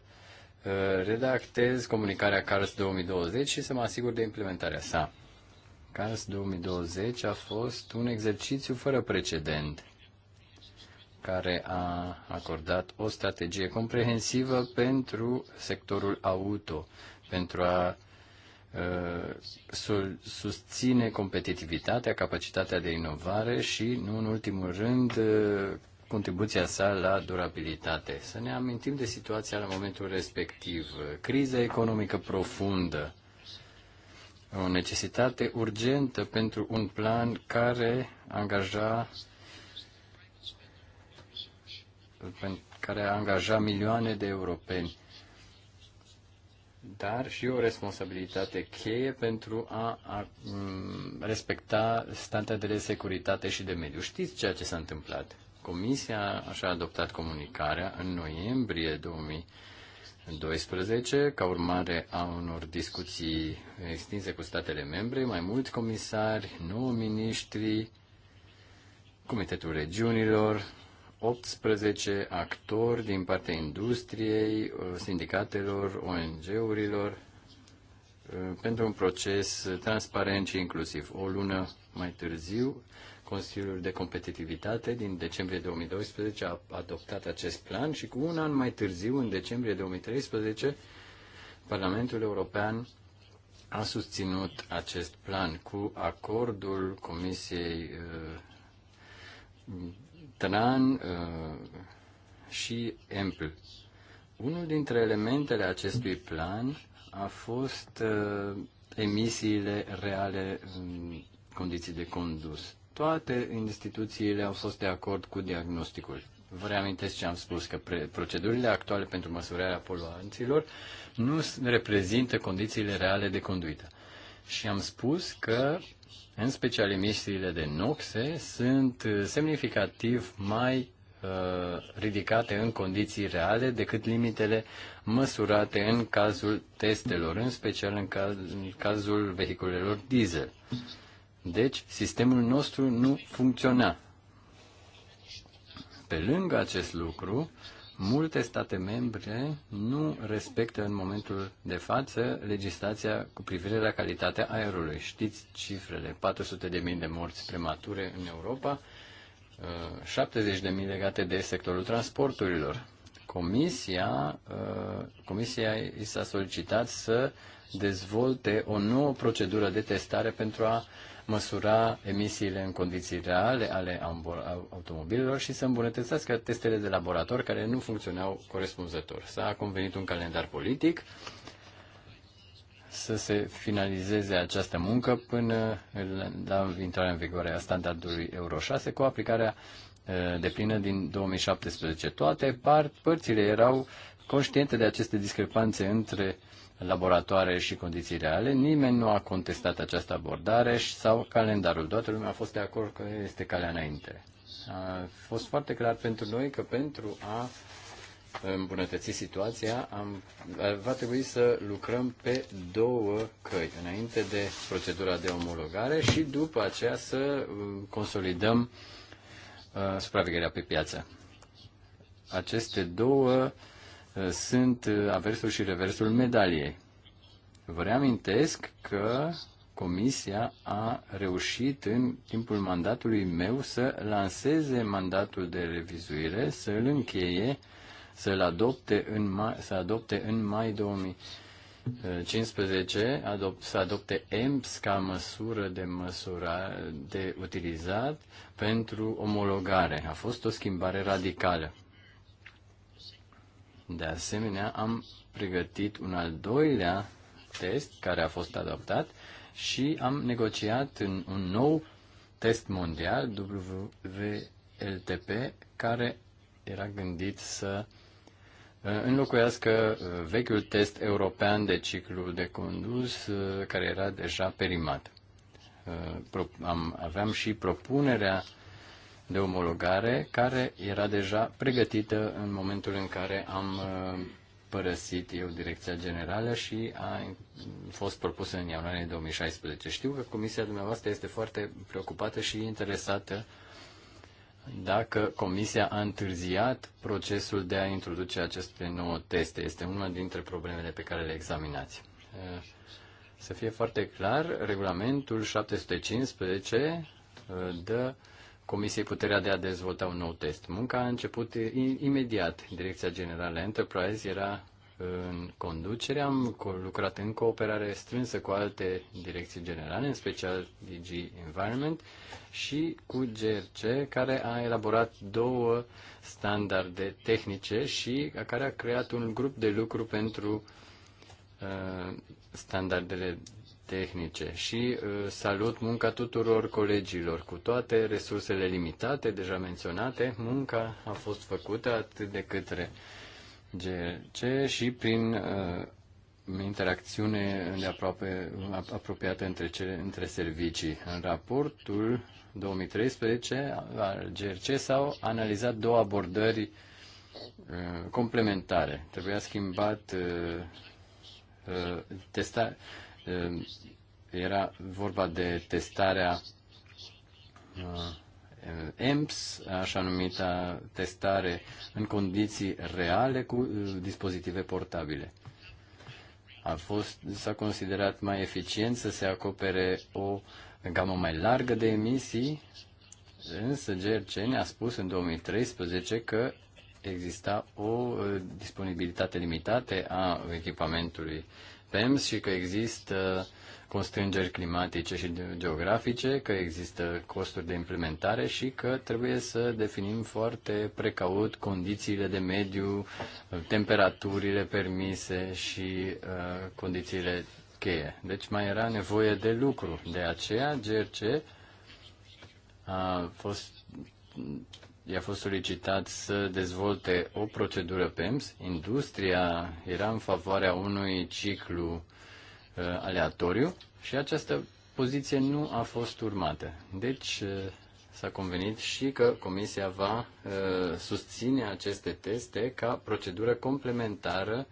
uh, redactez comunicarea CARS 2020 și să mă asigur de implementarea sa. CARS 2020 a fost un exercițiu fără precedent care a acordat o strategie comprehensivă pentru sectorul auto, pentru a uh, susține competitivitatea, capacitatea de inovare și, nu în ultimul rând, uh, contribuția sa la durabilitate. Să ne amintim de situația la momentul respectiv. Criza economică profundă, o necesitate urgentă pentru un plan care angaja care angaja milioane de europeni, dar și o responsabilitate cheie pentru a, a mm, respecta standardele de securitate și de mediu. Știți ceea ce s-a întâmplat? Comisia așa a adoptat comunicarea în noiembrie 2012, ca urmare a unor discuții extinse cu statele membre, mai mulți comisari, 9 miniștri, Comitetul Regiunilor, 18 actori din partea industriei, sindicatelor, ONG-urilor, uh, pentru un proces transparent și inclusiv. O lună mai târziu, Consiliul de Competitivitate din decembrie 2012 a adoptat acest plan și cu un an mai târziu, în decembrie 2013, Parlamentul European a susținut acest plan cu acordul Comisiei uh, TRAN uh, și EMPL. Unul dintre elementele acestui plan a fost uh, emisiile reale în condiții de condus toate instituțiile au fost de acord cu diagnosticul. Vă reamintesc ce am spus, că procedurile actuale pentru măsurarea poluanților nu reprezintă condițiile reale de conduită. Și am spus că, în special emisiile de noxe, sunt uh, semnificativ mai uh, ridicate în condiții reale decât limitele măsurate în cazul testelor, în special în, caz, în cazul vehiculelor diesel. Deci, sistemul nostru nu funcționa. Pe lângă acest lucru, multe state membre nu respectă în momentul de față legislația cu privire la calitatea aerului. Știți cifrele, 400.000 de morți premature în Europa, 70.000 uh, legate de sectorul transporturilor. Comisia, uh, comisia i s-a solicitat să dezvolte o nouă procedură de testare pentru a măsura emisiile în condiții reale ale automobilelor și să îmbunătățească testele de laborator care nu funcționau corespunzător. S-a convenit un calendar politic să se finalizeze această muncă până la intrarea în vigoare a standardului Euro 6 cu aplicarea de plină din 2017. Toate părțile erau conștiente de aceste discrepanțe între uh, laboratoare și condiții reale. Nimeni nu a contestat această abordare sau calendarul. Toată lumea a fost de acord că este calea înainte. A fost foarte clar pentru noi că pentru a îmbunătăți situația, am, va trebui să lucrăm pe două căi, înainte de procedura de omologare și după aceea să uh, consolidăm uh, supravegherea pe piață. Aceste două sunt aversul și reversul medaliei. Vă reamintesc că Comisia a reușit în timpul mandatului meu să lanseze mandatul de revizuire, să îl încheie, să-l adopte în mai, să adopte în mai 2015, adop, să adopte EMPS ca măsură de, măsura, de utilizat pentru omologare. A fost o schimbare radicală. De asemenea, am pregătit un al doilea test care a fost adoptat și am negociat în un nou test mondial WLTP care era gândit să uh, înlocuiască uh, vechiul test european de ciclu de condus uh, care era deja perimat. Aveam și propunerea de omologare care era deja pregătită în momentul în care am uh, părăsit eu direcția generală și a fost propusă în ianuarie 2016. Știu că comisia dumneavoastră este foarte preocupată și interesată dacă comisia a întârziat procesul de a introduce aceste nouă teste. Este una dintre problemele pe care le examinați. Uh, să fie foarte clar, regulamentul 715 uh, dă Comisiei puterea de a dezvolta un nou test. Munca a început imediat. Direcția Generală Enterprise era în conducere, am lucrat în cooperare strânsă cu alte direcții generale, în special DG Environment și cu GRC, care a elaborat două standarde tehnice și care a creat un grup de lucru pentru uh, standardele tehnice și uh, salut munca tuturor colegilor. Cu toate resursele limitate deja menționate, munca a fost făcută atât de către GRC și prin uh, interacțiune de aproape, apropiată între, cele, între servicii. În raportul 2013 al GRC s-au analizat două abordări uh, complementare. Trebuia schimbat uh, uh testa, era vorba de testarea uh, EMPS, așa numita testare în condiții reale cu uh, dispozitive portabile. A fost, s-a considerat mai eficient să se acopere o gamă mai largă de emisii, însă ne a spus în 2013 că exista o uh, disponibilitate limitată a echipamentului uh, PEMS și că există constrângeri climatice și geografice, că există costuri de implementare și că trebuie să definim foarte precaut condițiile de mediu, temperaturile permise și uh, condițiile cheie. Deci mai era nevoie de lucru. De aceea GRC a fost i-a fost solicitat să dezvolte o procedură PEMS. Industria era în favoarea unui ciclu uh, aleatoriu și această poziție nu a fost urmată. Deci uh, s-a convenit și că Comisia va uh, susține aceste teste ca procedură complementară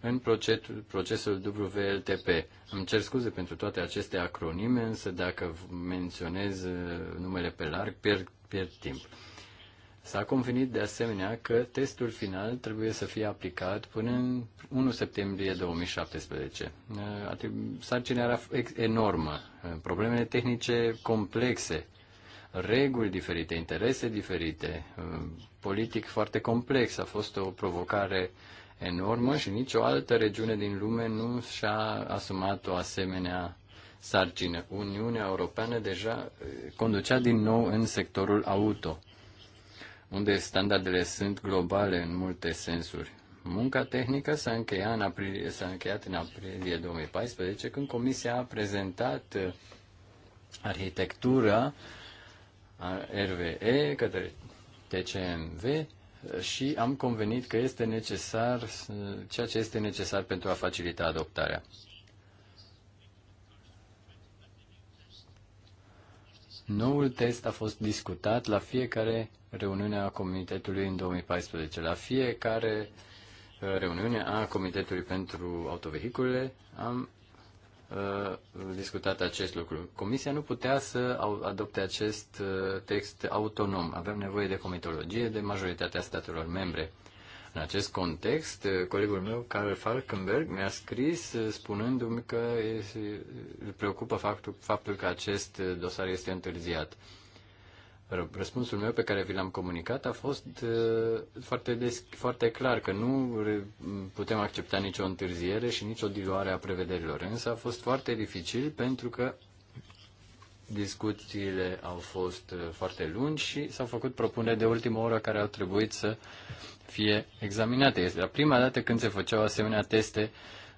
în procesul WLTP. Îmi cer scuze pentru toate aceste acronime, însă dacă menționez uh, numele pe larg, pierd, pierd timp. S-a convenit de asemenea că testul final trebuie să fie aplicat până în 1 septembrie 2017. Uh, sarcina era enormă, uh, problemele tehnice complexe, reguli diferite, interese diferite, uh, politic foarte complex. A fost o provocare enormă și nicio altă regiune din lume nu și-a asumat o asemenea sarcină. Uniunea Europeană deja conducea din nou în sectorul auto unde standardele sunt globale în multe sensuri. Munca tehnică s-a încheiat în aprilie, s-a încheiat în aprilie 2014, când Comisia a prezentat uh, arhitectura RVE către TCMV uh, și am convenit că este necesar uh, ceea ce este necesar pentru a facilita adoptarea. Noul test a fost discutat la fiecare reuniunea comitetului în 2014. La fiecare uh, reuniune a Comitetului pentru Autovehicule am uh, discutat acest lucru. Comisia nu putea să adopte acest uh, text autonom. Avem nevoie de comitologie de majoritatea statelor membre. În acest context, colegul meu, Karl Falkenberg, mi-a scris spunându-mi că îl preocupă faptul, faptul că acest dosar este întârziat. Răspunsul meu pe care vi l-am comunicat a fost uh, foarte, des, foarte clar că nu putem accepta nicio întârziere și nicio diluare a prevederilor. Însă a fost foarte dificil pentru că discuțiile au fost uh, foarte lungi și s-au făcut propuneri de ultimă oră care au trebuit să fie examinate. Este la prima dată când se făceau asemenea teste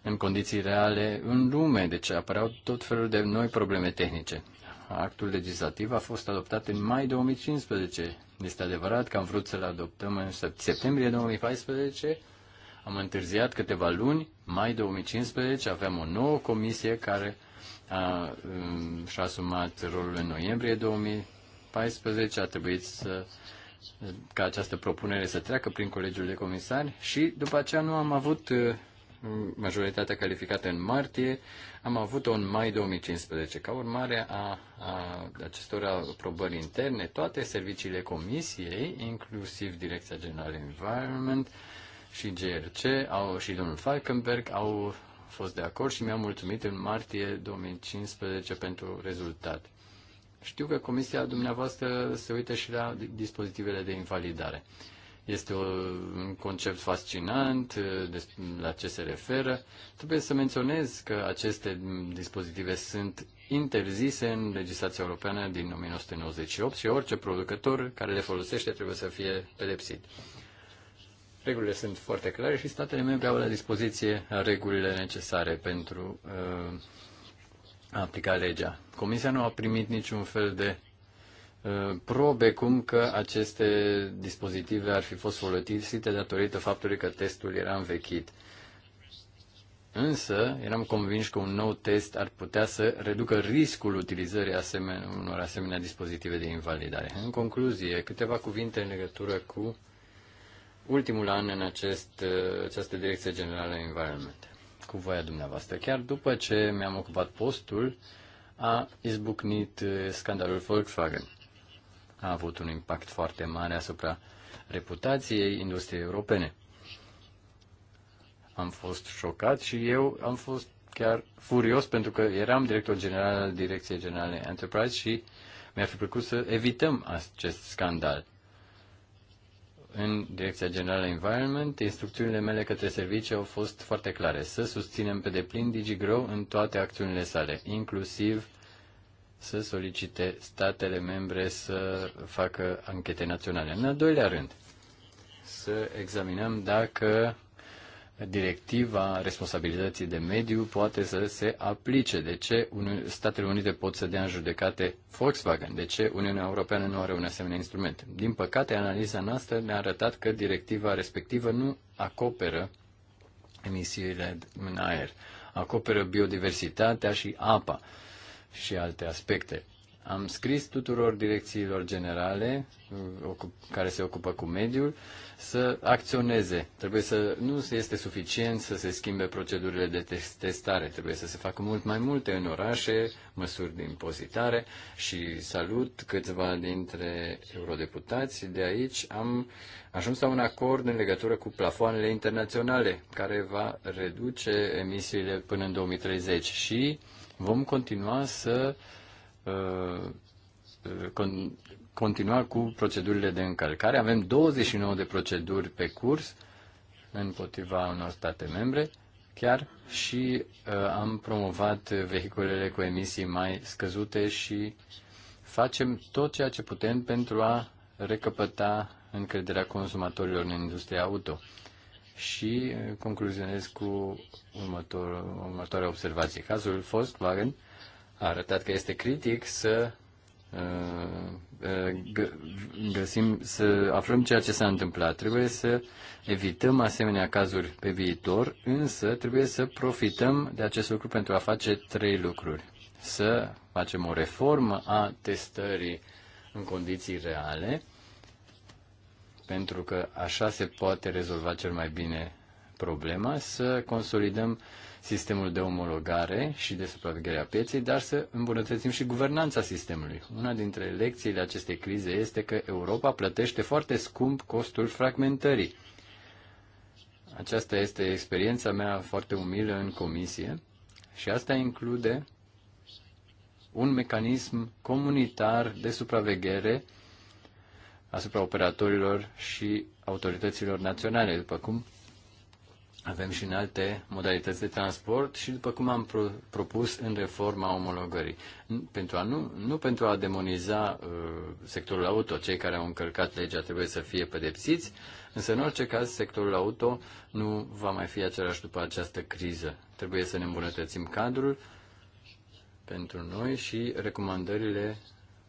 în condiții reale în lume, deci apăreau tot felul de noi probleme tehnice. Actul legislativ a fost adoptat în mai 2015. Este adevărat că am vrut să-l adoptăm în septembrie 2014. Am întârziat câteva luni. Mai 2015 aveam o nouă comisie care a, um, și-a asumat rolul în noiembrie 2014. A trebuit să ca această propunere să treacă prin Colegiul de Comisari și după aceea nu am avut uh, majoritatea calificată în martie, am avut-o în mai 2015. Ca urmare a, a acestor aprobări interne, toate serviciile comisiei, inclusiv Direcția Generală Environment și GRC au, și domnul Falkenberg au fost de acord și mi au mulțumit în martie 2015 pentru rezultat. Știu că comisia dumneavoastră se uită și la dispozitivele de invalidare. Uh, este un concept fascinant uh, la ce se referă. Trebuie să menționez că aceste dispozitive sunt interzise în legislația europeană din 1998 și orice producător care le folosește trebuie să fie pedepsit. Regulile sunt foarte clare și statele membre au la dispoziție regulile necesare pentru uh, a aplica legea. Comisia nu a primit niciun fel de Uh, probe cum că aceste dispozitive ar fi fost folosite datorită faptului că testul era învechit. Însă, eram convins că un nou test ar putea să reducă riscul utilizării asemenea, unor asemenea dispozitive de invalidare. În concluzie, câteva cuvinte în legătură cu ultimul an în acest, uh, această Direcție Generală Environment. Cu voia dumneavoastră. Chiar după ce mi-am ocupat postul, a izbucnit uh, scandalul Volkswagen a avut un impact foarte mare asupra reputației industriei europene. Am fost șocat și eu am fost chiar furios pentru că eram director general al Direcției Generale Enterprise și mi-ar fi plăcut să evităm acest scandal. În Direcția Generală Environment, instrucțiunile mele către servicii au fost foarte clare. Să susținem pe deplin DigiGrow în toate acțiunile sale, inclusiv să solicite statele membre să facă anchete naționale. În al doilea rând, să examinăm dacă directiva responsabilității de mediu poate să se aplice. De ce Statele Unite pot să dea în judecate Volkswagen? De ce Uniunea Europeană nu are un asemenea instrument? Din păcate, analiza noastră ne-a arătat că directiva respectivă nu acoperă emisiile în aer, acoperă biodiversitatea și apa și alte aspecte. Am scris tuturor direcțiilor generale care se ocupă cu mediul să acționeze. Trebuie să nu este suficient să se schimbe procedurile de testare, trebuie să se facă mult mai multe în orașe, măsuri de impozitare și salut câțiva dintre eurodeputați de aici. Am ajuns la un acord în legătură cu plafoanele internaționale care va reduce emisiile până în 2030 și vom continua să uh, uh, continua cu procedurile de încălcare. Avem 29 de proceduri pe curs împotriva unor state membre, chiar și uh, am promovat vehiculele cu emisii mai scăzute și facem tot ceea ce putem pentru a recăpăta încrederea consumatorilor în industria auto și eh, concluzionez cu următor, următoarea observație. Cazul Volkswagen a arătat că este critic să eh, eh, găsim, să aflăm ceea ce s-a întâmplat. Trebuie să evităm asemenea cazuri pe viitor, însă trebuie să profităm de acest lucru pentru a face trei lucruri. Să facem o reformă a testării în condiții reale, pentru că așa se poate rezolva cel mai bine problema, să consolidăm sistemul de omologare și de supraveghere a pieței, dar să îmbunătățim și guvernanța sistemului. Una dintre lecțiile acestei crize este că Europa plătește foarte scump costul fragmentării. Aceasta este experiența mea foarte umilă în comisie și asta include un mecanism comunitar de supraveghere asupra operatorilor și autorităților naționale, după cum avem și în alte modalități de transport și după cum am pro- propus în reforma omologării. Pentru a nu, nu pentru a demoniza uh, sectorul auto, cei care au încălcat legea trebuie să fie pedepsiți, însă în orice caz sectorul auto nu va mai fi același după această criză. Trebuie să ne îmbunătățim cadrul pentru noi și recomandările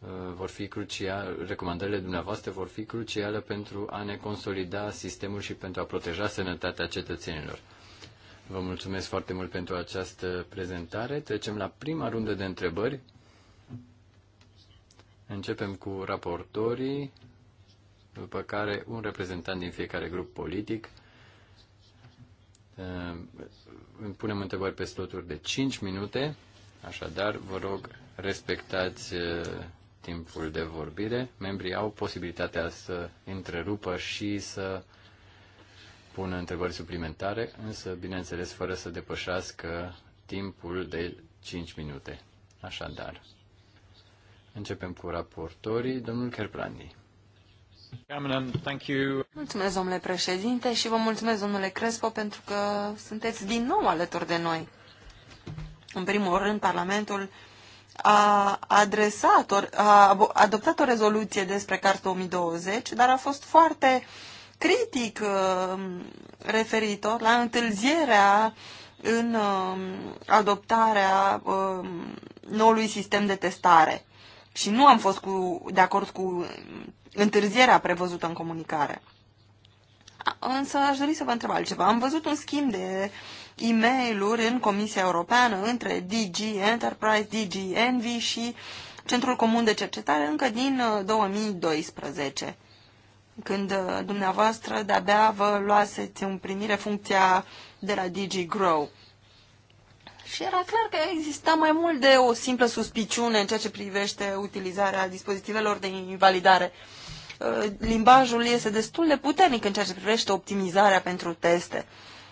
Uh, vor fi cruciale, recomandările dumneavoastră vor fi cruciale pentru a ne consolida sistemul și pentru a proteja sănătatea cetățenilor. Vă mulțumesc foarte mult pentru această prezentare. Trecem la prima rundă de întrebări. Începem cu raportorii, după care un reprezentant din fiecare grup politic. Uh, punem întrebări pe sloturi de 5 minute, așadar vă rog respectați uh, timpul de vorbire. Membrii au posibilitatea să întrerupă și să pună întrebări suplimentare, însă, bineînțeles, fără să depășească timpul de 5 minute. Așadar, începem cu raportorii. Domnul Kerbrandi. Mulțumesc, domnule președinte, și vă mulțumesc, domnule Crespo, pentru că sunteți din nou alături de noi. În primul rând, Parlamentul a adresat, or, a adoptat o rezoluție despre CARS 2020, dar a fost foarte critic uh, referitor la întârzierea în um, adoptarea um, noului sistem de testare. Și nu am fost cu, de acord cu întârzierea prevăzută în comunicare. Însă aș dori să vă întreb altceva. Am văzut un schimb de uh, e mail în Comisia Europeană între DG Enterprise, DG Envy și Centrul Comun de Cercetare încă din 2012, uh, când uh, dumneavoastră de-abia vă luaseți în primire funcția de la DG Grow. Și era clar că exista mai mult de o simplă suspiciune în ceea ce privește utilizarea dispozitivelor de invalidare. Uh, limbajul este destul de puternic în ceea ce privește optimizarea pentru teste.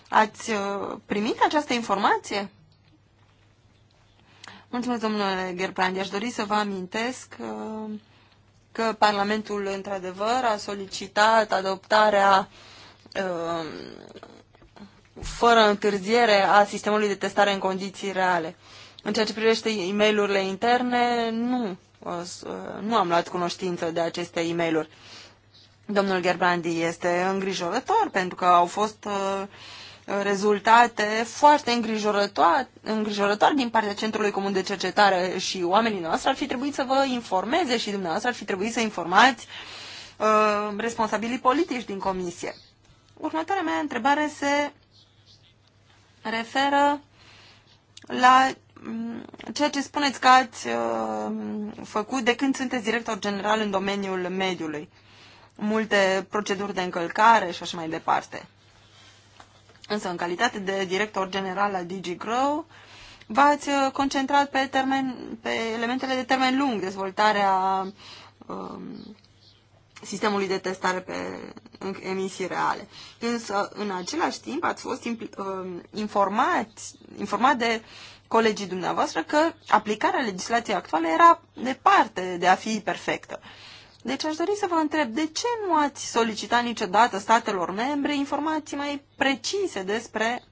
Ați uh, primit această informație? Mulțumesc, domnule Gerbrandi. Aș dori să vă amintesc uh, că Parlamentul, într-adevăr, a solicitat adoptarea uh, fără întârziere a sistemului de testare în condiții reale. În ceea ce privește e mail interne, nu, nu am luat cunoștință de aceste e mail -uri. Domnul Gerbrandi este îngrijorător pentru că au fost uh, rezultate foarte îngrijorătoare, îngrijorătoare din partea Centrului Comun de Cercetare și oamenii noastre ar fi trebuit să vă informeze și dumneavoastră ar fi trebuit să informați uh, responsabilii politici din comisie. Următoarea mea întrebare se referă la mm, ceea ce spuneți că ați uh, făcut de când sunteți director general în domeniul mediului. Multe proceduri de încălcare și așa mai departe. Însă, în calitate de director general al DigiGrow, v-ați uh, concentrat pe, termen, pe elementele de termen lung, dezvoltarea um, sistemului de testare pe emisii reale. Însă, în același timp, ați fost um, informat, informat de colegii dumneavoastră că aplicarea legislației actuale era departe de a fi perfectă. Uh, deci aș dori să vă întreb, de ce nu ați solicitat niciodată statelor membre informații mai precise despre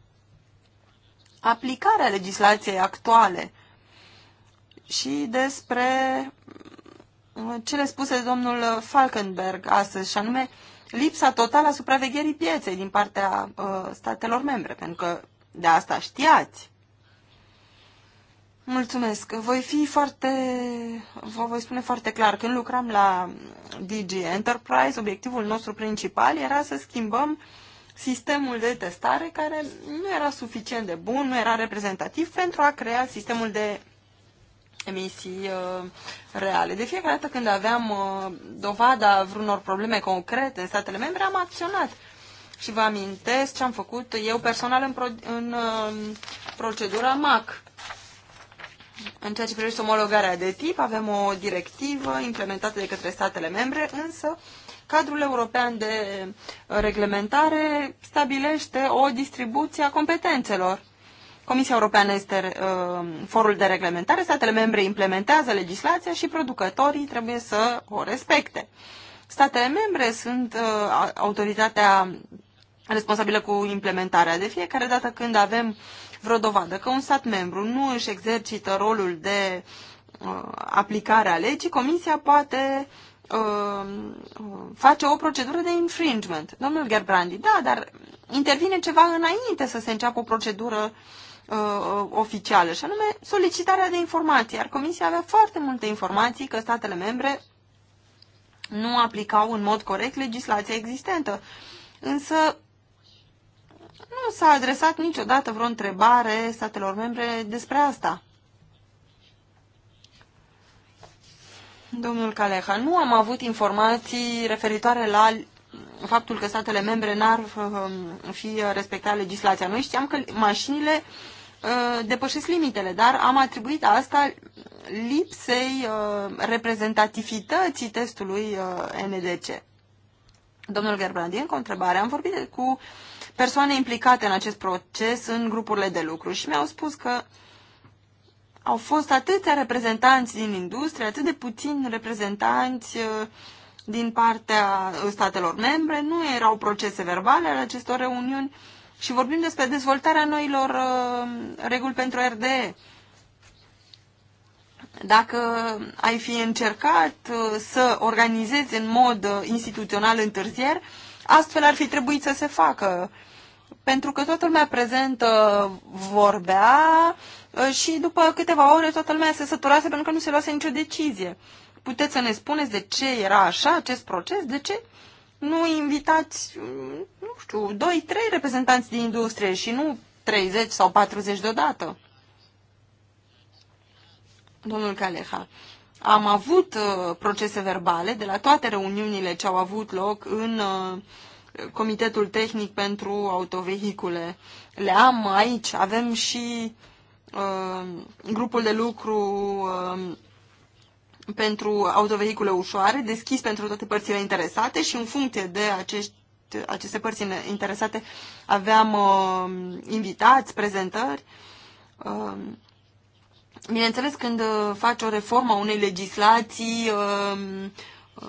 aplicarea legislației actuale și despre uh, cele spuse de domnul Falkenberg astăzi, și anume lipsa totală a supravegherii pieței din partea uh, statelor membre, pentru că de asta știați. Mulțumesc. Voi fi foarte, vă voi spune foarte clar, când lucram la DG Enterprise, obiectivul nostru principal era să schimbăm sistemul de testare care nu era suficient de bun, nu era reprezentativ pentru a crea sistemul de emisii uh, reale. De fiecare dată când aveam uh, dovada vreunor probleme concrete în statele membre, am acționat. Și vă amintesc ce am făcut eu personal în, pro, în uh, procedura MAC în ceea ce privește omologarea de tip, avem o directivă implementată de către statele membre, însă cadrul european de uh, reglementare stabilește o distribuție a competențelor. Comisia Europeană este uh, forul de reglementare, statele membre implementează legislația și producătorii trebuie să o respecte. Statele membre sunt uh, autoritatea responsabilă cu implementarea. De fiecare dată când avem uh, vreo dovadă că un stat membru nu își exercită rolul de uh, aplicare a legii, Comisia poate uh, face o procedură de infringement. Domnul Gerbrandi, da, dar intervine ceva înainte să se înceapă o procedură uh, oficială, și anume solicitarea de informații. Iar Comisia avea foarte multe informații că statele membre nu aplicau în mod corect legislația existentă. Însă nu s-a adresat niciodată vreo întrebare statelor membre despre asta. Domnul Caleha, nu am avut informații referitoare la faptul că statele membre n-ar um, fi respectat legislația. Noi știam că mașinile uh, depășesc limitele, dar am atribuit asta lipsei uh, reprezentativității testului uh, NDC. Domnul Gerbrandi, În o întrebare. Am vorbit cu uh, persoane implicate în acest proces în grupurile de lucru și mi-au spus că au fost atâția reprezentanți din industrie, atât de puțini reprezentanți uh, din partea uh, statelor membre, nu erau procese verbale ale acestor reuniuni și vorbim despre dezvoltarea noilor uh, reguli pentru RDE. Dacă ai fi încercat să organizezi în mod instituțional întârzieri, Astfel ar fi trebuit să se facă. Pentru că toată lumea prezentă vorbea uh, și după câteva ore toată lumea se săturase pentru că nu se luase nicio decizie. Puteți să ne spuneți de ce era așa acest proces? De ce nu invitați, mm, nu știu, 2-3 reprezentanți din industrie și nu 30 sau 40 deodată? Domnul Caleha, am avut uh, procese verbale de la toate reuniunile ce au avut loc în uh, Comitetul Tehnic pentru Autovehicule. Le am aici. Avem și uh, grupul de lucru pentru autovehicule ușoare, deschis pentru toate părțile interesate și în funcție de acești, aceste părți interesate aveam uh, invitați, prezentări. Uh, Bineînțeles, când uh, faci o reformă a unei legislații uh, uh,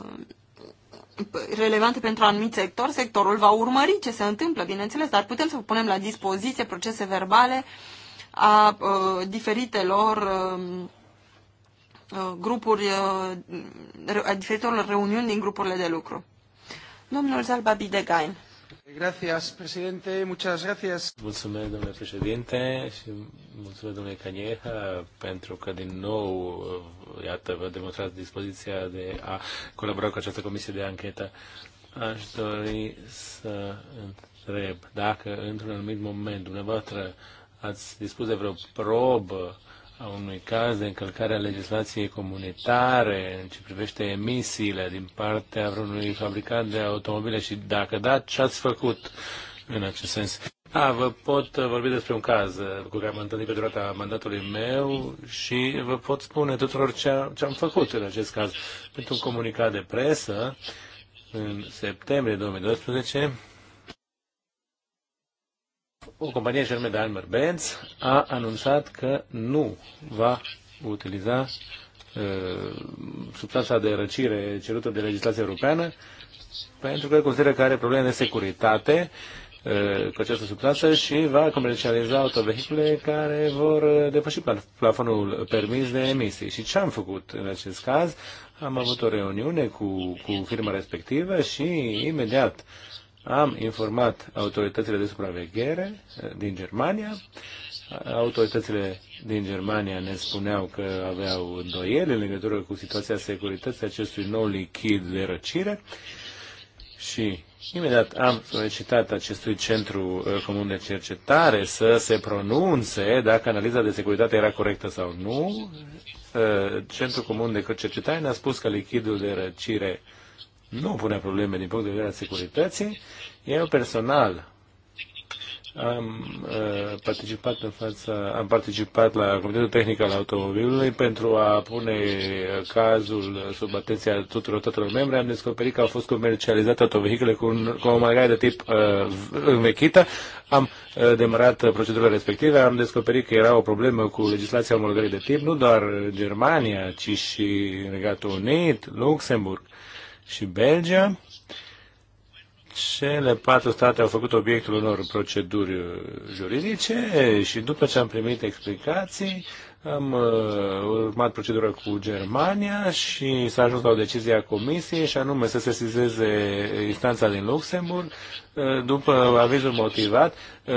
relevante pentru anumit sector, sectorul va urmări ce se întâmplă, bineînțeles, dar putem să punem la dispoziție procese verbale a diferitelor um, grupuri, a diferitelor reuniuni din grupurile de lucru. Domnul Zalba Bidegain. Gracias, presidente. Muchas gracias. Mulțumesc, domnule președinte, și mulțumesc, domnule Canieha, pentru că, din nou, iată, vă demonstrați dispoziția de a colabora cu această comisie de anchetă. Aș dori să întreb dacă, într-un anumit moment, dumneavoastră ați dispus de vreo probă a unui caz de încălcare a legislației comunitare în ce privește emisiile din partea vreunui fabricant de automobile și dacă da, ce ați făcut în acest sens? A, da, vă pot vorbi despre un caz cu care m-am întâlnit pe durata mandatului meu și vă pot spune tuturor ce am făcut în acest caz. Pentru un comunicat de presă, în septembrie 2012, o companie și anume Almer benz a anunțat că nu va utiliza uh, substanța de răcire cerută de legislația europeană pentru că consideră că are probleme de securitate uh, cu această substanță și va comercializa autovehicule care vor uh, depăși plafonul permis de emisii. Și ce am făcut în acest caz? Am avut o reuniune cu, cu firma respectivă și imediat uh, am informat autoritățile de supraveghere eh, din Germania. Autoritățile din Germania ne spuneau că aveau îndoieli în legătură cu situația securității acestui nou lichid de răcire și imediat am solicitat acestui centru eh, comun de cercetare să se pronunțe dacă analiza de securitate era corectă sau nu. Eh, Centrul comun de cercetare ne-a spus că lichidul de răcire nu punea probleme din punct de vedere al securității. Eu personal am uh, participat în fața, am participat la Comitetul Tehnic al Automobilului pentru a pune uh, cazul sub atenția tuturor tuturor membre. Am descoperit că au fost comercializate autovehicule cu, un, cu o margare de tip uh, învechită. Am uh, demarat procedurile respective, am descoperit că era o problemă cu legislația omologării de tip, nu doar Germania, ci și Regatul Unit, Luxemburg. Uh, și Belgia. Cele patru state au făcut obiectul unor proceduri juridice și după ce am primit explicații, am uh, urmat procedura cu Germania și s-a ajuns la o decizie a Comisiei și anume să se sizeze instanța din Luxemburg uh, după avizul motivat. Uh,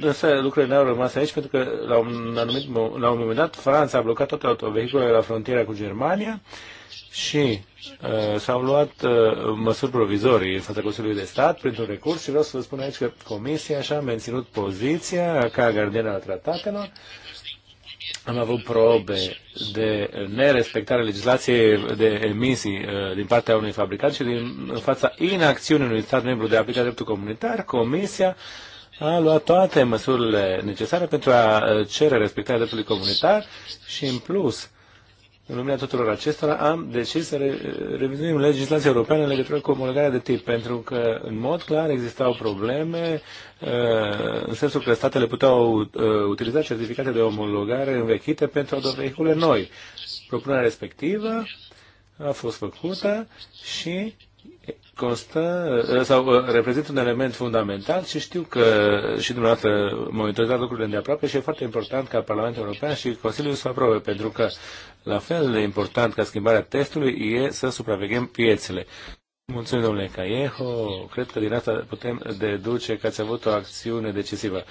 însă lucrurile n-au rămas aici pentru că la un, anumit, la un moment dat Franța a blocat toate autovehiculele la frontiera cu Germania și uh, s-au luat uh, măsuri provizorii în fața Consiliului de Stat printr-un recurs și vreau să vă spun aici că Comisia așa a menținut poziția ca gardiană a tratatelor. Am avut probe de nerespectare legislației de emisii uh, din partea unui fabricant și din, în fața inacțiunii unui stat membru de a aplica dreptul comunitar, Comisia a luat toate măsurile necesare pentru a uh, cere respectarea dreptului comunitar și, în plus, în lumina tuturor acestora am decis să revizuim legislația europeană în legătură cu omologarea de tip, pentru că în mod clar existau probleme uh, în sensul că statele puteau uh, utiliza certificate de omologare învechite pentru autovehicule noi. Propunerea respectivă a fost făcută și constă ă, sau ă, reprezintă un element fundamental și știu că și dumneavoastră monitorizați lucrurile de aproape și e foarte important ca Parlamentul European și Consiliul să aprobe, pentru că la fel de important ca schimbarea testului e să supraveghem piețele. Mulțumim, domnule Caieho. Cred că din asta putem deduce că ați avut o acțiune decisivă.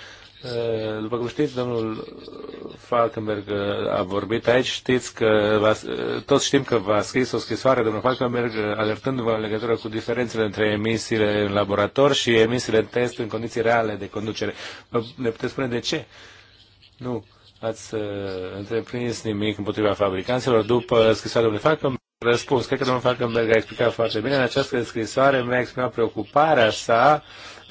Eh, după cum știți, domnul Falkenberg eh, a vorbit aici, știți că eh, toți știm că v-a scris o scrisoare, domnul Falkenberg, alertându-vă în legătură cu diferențele între emisiile în laborator și emisiile în test în condiții reale de conducere. Ne puteți spune de ce? Nu ați întreprins nimic împotriva fabricanților după scrisoarea domnului Falkenberg? Răspuns. Cred că domnul Falkenberg a explicat foarte bine. În această scrisoare mi-a exprimat preocuparea sa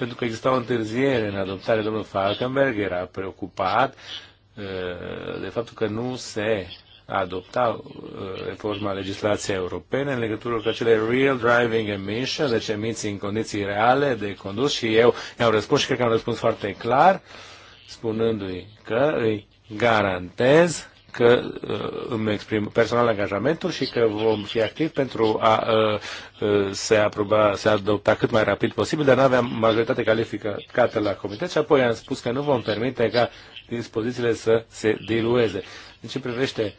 pentru că exista o întârziere în adoptare. Domnul Falkenberg era preocupat uh, de faptul că nu se adopta uh, reforma legislației europene în legătură cu acele real driving emissions, deci emiții în condiții reale de condus și eu i-am răspuns și cred că am răspuns foarte clar, spunându-i că îi garantez că uh, îmi exprim personal angajamentul și că vom fi activi pentru a uh, uh, se aproba, se adopta cât mai rapid posibil, dar nu aveam majoritate calificată la comitet și apoi am spus că nu vom permite ca dispozițiile să se dilueze. În ce privește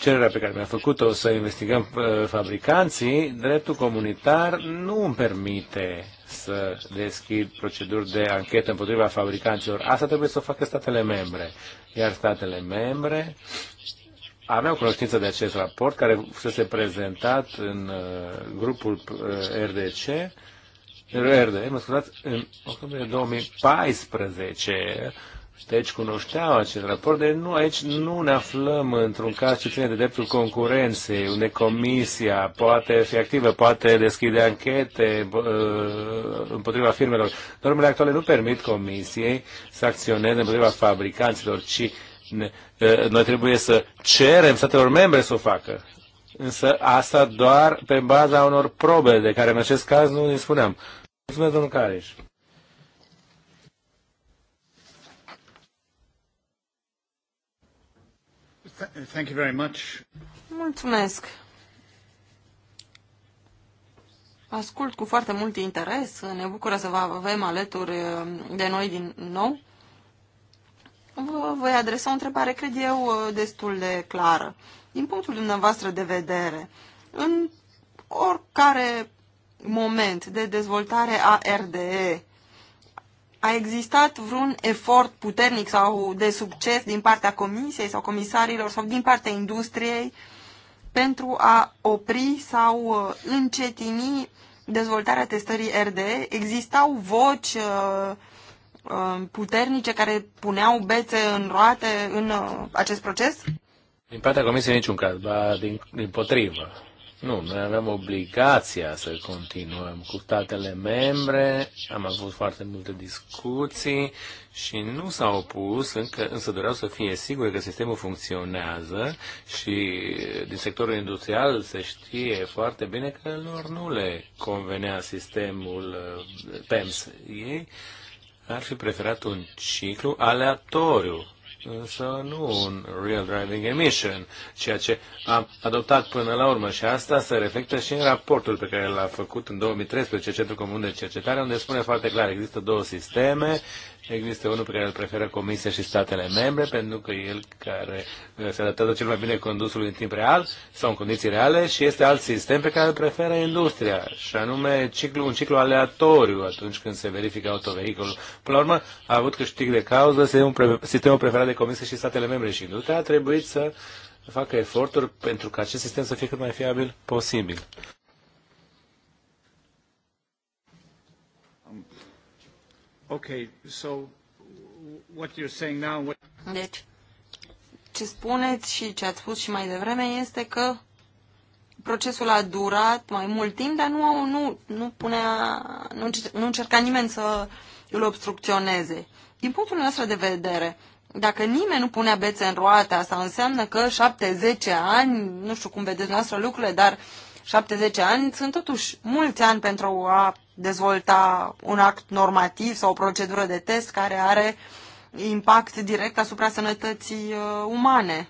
cererea pe care mi-a făcut-o să investigăm fabricanții, dreptul comunitar nu îmi permite să deschid proceduri de anchetă împotriva fabricanților. Asta trebuie să o facă statele membre. Iar statele membre aveau cunoștință de acest raport care fusese prezentat în uh, grupul uh, RDC, RD, mă scuzați, în octombrie 2014 și deci cunoșteau acest raport, de nu, aici nu ne aflăm într-un caz ce ține de dreptul concurenței, unde comisia poate fi activă, poate deschide anchete uh, împotriva firmelor. Normele actuale nu permit comisiei să acționeze împotriva fabricanților, ci ne, uh, noi trebuie să cerem statelor membre să o facă. Însă asta doar pe baza unor probe de care în acest caz nu ne spuneam. Mulțumesc, domnul Careș. Thank you very much. Mulțumesc. Ascult cu foarte mult interes. Ne bucură să vă avem alături uh, de noi din nou. Vă voi adresa o întrebare, cred eu, uh, destul de clară. Din punctul dumneavoastră de vedere, în oricare moment de dezvoltare a RDE, a existat vreun efort puternic sau de succes din partea comisiei sau comisarilor sau din partea industriei pentru a opri sau uh, încetini dezvoltarea testării RDE? Existau voci uh, uh, puternice care puneau bețe în roate în acest proces? Din partea comisiei niciun caz, ba din, din potrivă nu, noi avem obligația să continuăm cu statele membre, am avut foarte multe discuții și nu s-au opus, încă, însă doreau să fie siguri că sistemul funcționează și din sectorul industrial se știe foarte bine că lor nu le convenea sistemul eh, PEMS. Ei ar fi preferat un ciclu aleatoriu să nu un real driving emission, ceea ce a adoptat până la urmă și asta se reflectă și în raportul pe care l-a făcut în 2013 Centrul Comun de Cercetare, unde spune foarte clar, există două sisteme Există unul pe care îl preferă Comisia și statele membre, pentru că el care uh, se adaptează cel mai bine condusului în timp real sau în condiții reale și este alt sistem pe care îl preferă industria, și anume ciclu, un ciclu aleatoriu atunci când se verifică autovehiculul. Până la urmă, a avut câștig de cauză sistemul preferat de Comisia și statele membre și industria a trebuit să facă eforturi pentru ca acest sistem să fie cât mai fiabil posibil. Okay, so what you're saying now... What... Deci, ce spuneți și ce ați spus și mai devreme este că procesul a durat mai mult timp, dar nu, nu, nu, punea, nu, nu încerca nimeni să îl obstrucționeze. Din punctul nostru de vedere, dacă nimeni nu punea bețe în roata, asta înseamnă că 7-10 ani, nu știu cum vedeți noastră lucrurile, dar 7-10 ani sunt totuși mulți ani pentru a dezvolta un act normativ sau o procedură de test care are impact direct asupra sănătății uh, umane.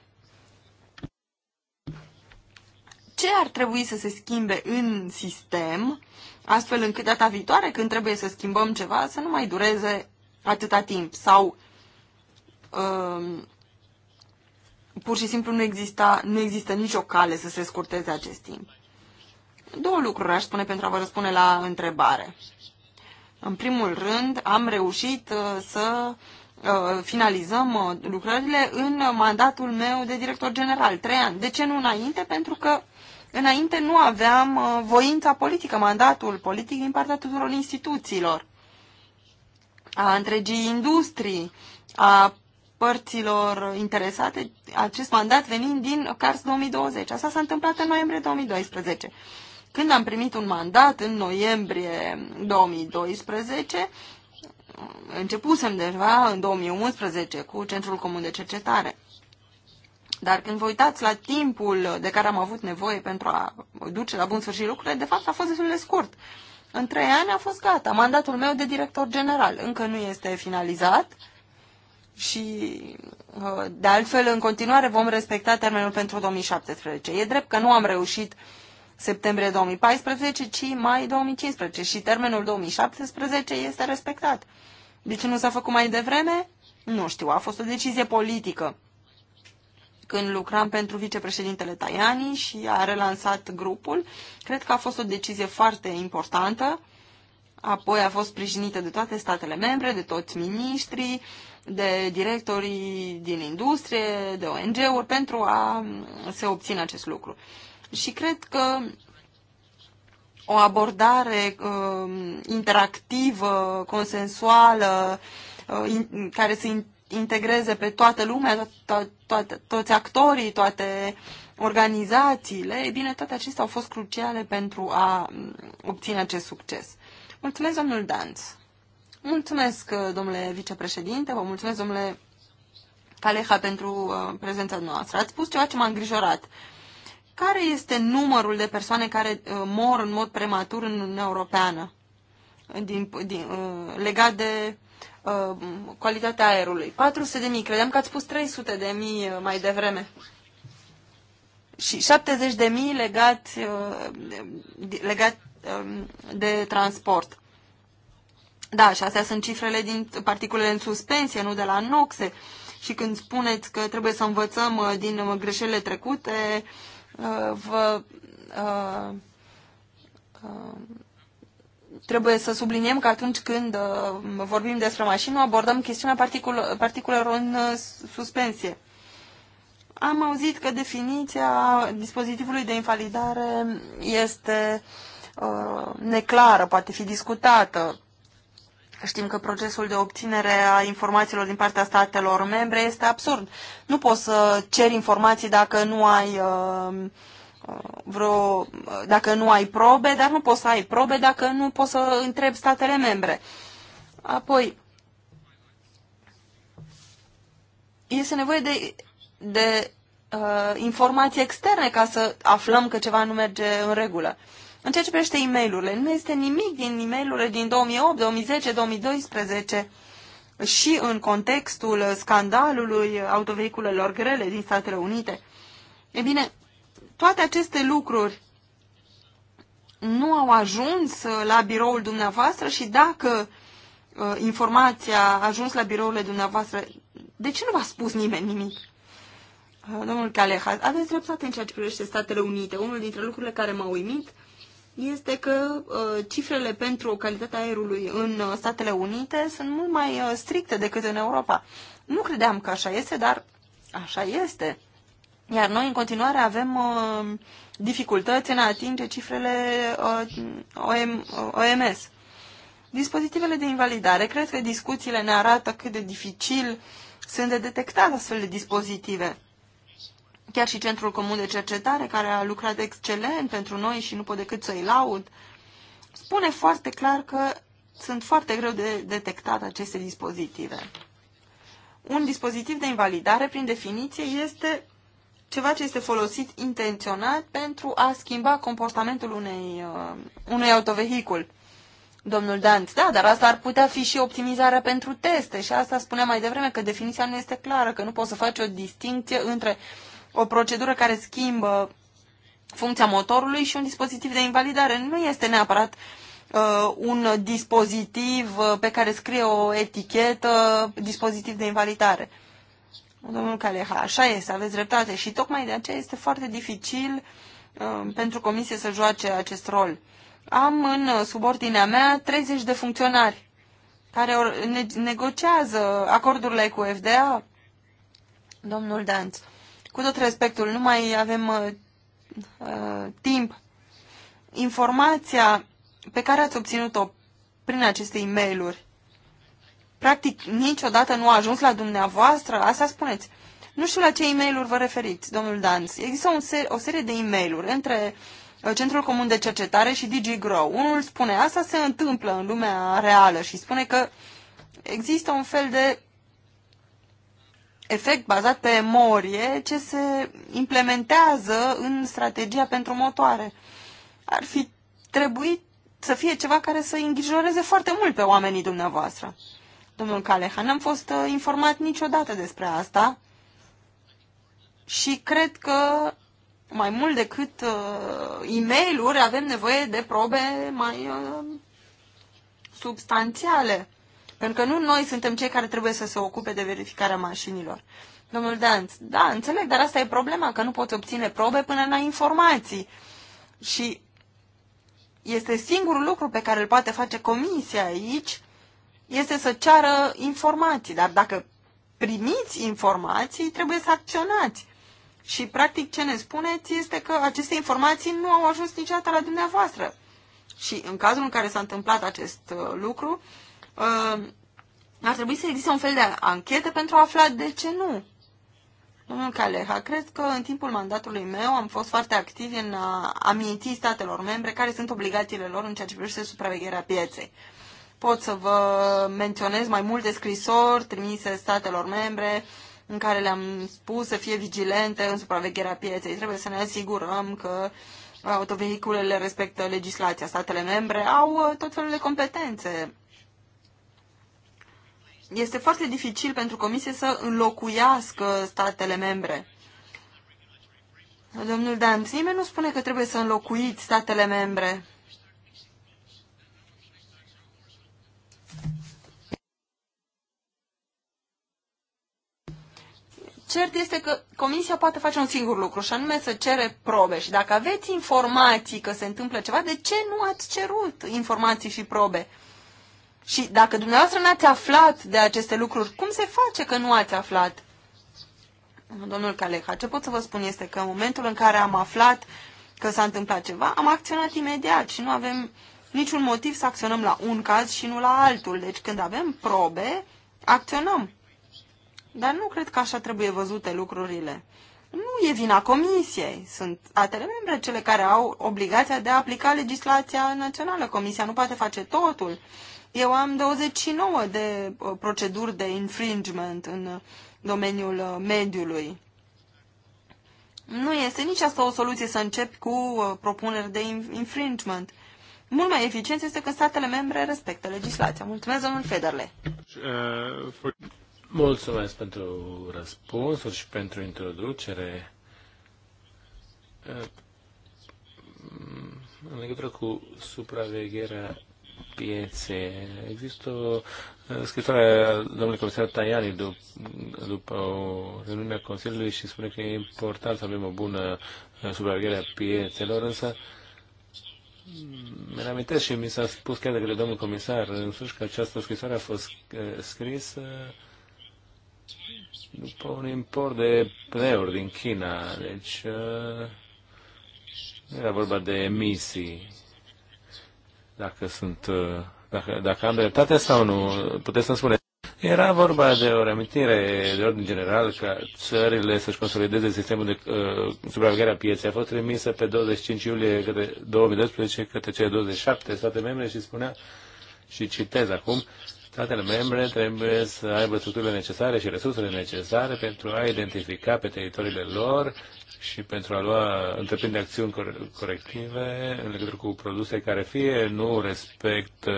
Ce ar trebui să se schimbe în sistem, astfel încât data viitoare, când trebuie să schimbăm ceva, să nu mai dureze atâta timp? Sau um, pur și simplu nu, exista, nu există nicio cale să se scurteze acest timp? Două lucruri aș spune pentru a vă răspunde la întrebare. În primul rând, am reușit uh, să uh, finalizăm uh, lucrările în mandatul meu de director general, trei ani. De ce nu înainte? Pentru că înainte nu aveam voința politică, mandatul politic din partea tuturor instituțiilor, a întregii industrii, a părților interesate, acest mandat venind din CARS 2020. Asta s-a întâmplat în noiembrie 2012. Când am primit un mandat în noiembrie 2012, începusem deja în 2011 cu Centrul Comun de Cercetare. Dar când vă uitați la timpul de care am avut nevoie pentru a duce la bun sfârșit lucrurile, de fapt a fost destul de scurt. În trei ani a fost gata. Mandatul meu de director general încă nu este finalizat și, uh, de altfel, în continuare vom respecta termenul pentru 2017. E drept că nu am reușit uh, septembrie 2014, ci mai 2015 și termenul 2017 este respectat. De deci ce nu s-a făcut mai devreme? Nu știu, a fost o decizie politică. Când lucram pentru vicepreședintele Tajani și a relansat grupul, cred că a fost o decizie foarte importantă. Apoi a fost sprijinită de toate statele membre, de toți miniștrii, de directorii din industrie, de ONG-uri, pentru a se obține acest lucru. Și cred că o abordare uh, interactivă, consensuală, uh, in, care să integreze pe toată lumea, to to to toți actorii, toate organizațiile, e bine, toate acestea au fost cruciale pentru a um, obține acest succes. Mulțumesc, domnul Danț. Mulțumesc, uh, domnule vicepreședinte, vă mulțumesc, domnule Caleha, pentru uh, prezența noastră. Ați spus ceva ce m-a îngrijorat. Uh, care este numărul de persoane care uh, mor în mod prematur în Uniunea Europeană din, din, uh, legat de uh, calitatea aerului? 400 de mii, credeam că ați spus 300 de mii uh, mai devreme. Și 70 de mii legat, uh, legat uh, de transport. Da, și astea sunt cifrele din particulele în suspensie, nu de la noxe. Și când spuneți că trebuie să învățăm din greșelile trecute, Uh, vă uh, uh, trebuie să subliniem că atunci când vorbim despre mașină abordăm chestiunea particulelor în suspensie. Am auzit că definiția dispozitivului de invalidare este neclară, poate fi discutată. Știm că procesul de obținere a informațiilor din partea statelor membre este absurd. Nu poți să ceri informații dacă nu ai uh, uh vreo, uh, dacă nu ai probe, dar nu poți să ai probe dacă nu poți să întrebi statele membre. Apoi, este nevoie de, de uh, informații externe ca să aflăm că ceva nu merge în regulă. Uh, în ceea ce privește e mail nu este nimic din e mail din 2008, 2010, 2012 și în contextul scandalului autovehiculelor grele din Statele Unite. E bine, toate aceste lucruri nu au ajuns la biroul dumneavoastră și dacă uh, informația a ajuns la birourile dumneavoastră, de ce nu v-a spus nimeni nimic? Uh, domnul Caleha, aveți dreptate în ceea ce privește Statele Unite. Unul dintre lucrurile care m-a uimit uh, este că uh, cifrele pentru calitatea aerului în uh, Statele Unite sunt mult mai uh, stricte decât în Europa. Nu credeam că așa este, dar așa este. Iar noi în continuare avem uh, dificultăți în a atinge cifrele uh, OM, OMS. Dispozitivele de invalidare. Cred că discuțiile ne arată cât de dificil sunt de detectat astfel de dispozitive. Chiar și Centrul Comun de Cercetare, care a lucrat excelent pentru noi și nu pot decât să-i laud, spune foarte clar că sunt foarte greu de detectat aceste dispozitive. Un dispozitiv de invalidare, prin definiție, este ceva ce este folosit intenționat pentru a schimba comportamentul unei, uh, unui autovehicul. Domnul Danț, da, dar asta ar putea fi și optimizarea pentru teste și asta spunea mai devreme că definiția nu este clară, că nu poți să faci o distinție între o procedură care schimbă funcția motorului și un dispozitiv de invalidare. Nu este neapărat uh, un dispozitiv uh, pe care scrie o etichetă, dispozitiv de invalidare. Domnul Caleha, așa este, aveți dreptate și tocmai de aceea este foarte dificil uh, pentru comisie să joace acest rol. Am în subordinea mea 30 de funcționari care negocează negociază acordurile cu FDA. Domnul Danț, cu tot respectul, nu mai avem uh, uh, timp. Informația pe care ați obținut-o prin aceste e mail practic niciodată nu a ajuns la dumneavoastră? Asta spuneți. Nu știu la ce e mail vă referiți, domnul Danz. Există un ser, o serie de e mail între uh, Centrul Comun de Cercetare și DigiGrow. Unul spune, asta se întâmplă în lumea reală și spune că există un fel de efect bazat pe memorie ce se implementează în strategia pentru motoare. Ar fi trebuit să fie ceva care să îngrijoreze foarte mult pe oamenii dumneavoastră. Domnul Calehan, n-am fost uh, informat niciodată despre asta și cred că mai mult decât uh, e mail avem nevoie de probe mai uh, substanțiale. Pentru că nu noi suntem cei care trebuie să se ocupe de verificarea mașinilor. Domnul Danț, da, înțeleg, dar asta e problema, că nu poți obține probe până la informații. Și este singurul lucru pe care îl poate face comisia aici, este să ceară informații. Dar dacă primiți informații, trebuie să acționați. Și, practic, ce ne spuneți este că aceste informații nu au ajuns niciodată la dumneavoastră. Și în cazul în care s-a întâmplat acest uh, lucru, Uh, ar trebui să existe un fel de anchetă pentru a afla de ce nu. Domnul Caleha, cred că în timpul mandatului meu am fost foarte activ în uh, a aminti statelor membre care sunt obligațiile lor în ceea ce privește supravegherea pieței. Pot să vă menționez mai multe scrisori trimise statelor membre în care le-am spus să fie vigilente în supravegherea pieței. Trebuie să ne asigurăm că uh, autovehiculele respectă legislația. Statele membre au tot felul de competențe este foarte dificil pentru Comisie să înlocuiască statele membre. Domnul Dan, nimeni nu spune că trebuie să înlocuiți statele membre. Cert este că comisia poate face un singur lucru și anume să cere probe și dacă aveți informații că se întâmplă ceva, de ce nu ați cerut informații și probe? Și dacă dumneavoastră n-ați aflat de aceste lucruri, cum se face că nu ați aflat? Domnul Caleha, ce pot să vă spun este că în momentul în care am aflat că s-a întâmplat ceva, am acționat imediat și nu avem niciun motiv să acționăm la un caz și nu la altul. Deci când avem probe, acționăm. Dar nu cred că așa trebuie văzute lucrurile. Nu e vina comisiei. Sunt atele membre cele care au obligația de a aplica legislația națională. Comisia nu poate face totul. Eu am 29 de uh, proceduri de infringement în uh, domeniul uh, mediului. Nu este nici asta o soluție să începi cu propuneri de infringement. Mult mai eficient este că statele membre respectă legislația. Mulțumesc, domnul Federle. Mulțumesc pentru răspunsuri și pentru introducere. În legătură cu supravegherea piețe. Există o uh, scrisoare a domnului comisar Tajani după, după o reuniune a Consiliului și spune că e important să avem o bună uh, supraveghere a piețelor, însă mm, mi amintesc și mi s-a spus chiar de către domnul comisar însuși că această scrisoare a fost uh, scrisă după un import de pneuri din China, deci era vorba de emisii dacă sunt, uh, dacă, dacă am dreptate sau nu, puteți să-mi spuneți. Era vorba de o reamintire de ordin general ca țările să-și consolideze sistemul de uh, supraveghere a pieței. A fost trimisă pe 25 iulie către 2012 către cele 27 state membre și spunea, și citez acum, Statele membre trebuie să aibă structurile necesare și resursele necesare pentru a identifica pe teritoriile lor și pentru a lua întreprinde acțiuni corective în legătură cu produse care fie nu respect uh,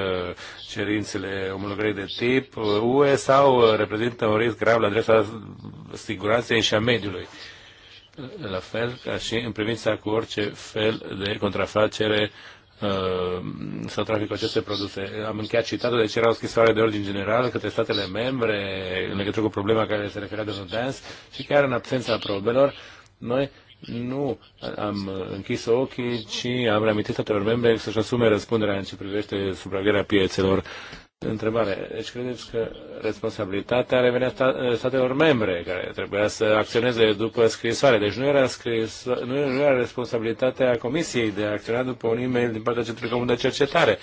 cerințele omologării de tip UE uh, sau uh, reprezintă un risc grav la adresa siguranței și a mediului. La fel ca și în privința cu orice fel de contrafacere Uh, să trafic aceste produse. Am încheiat citatul, deci era o scrisoare de ordin general către statele membre în legătură cu problema care se referea de un dans și chiar în absența probelor, noi nu am închis ochii, ci am reamintit statelor membre să-și asume răspunderea în ce privește supravierea piețelor Întrebare. Deci credeți că responsabilitatea revenea statelor membre care trebuia să acționeze după scrisoare. Deci nu era, scris, nu, nu era responsabilitatea Comisiei de a acționa după un e-mail din partea Centrului Comun de Cercetare.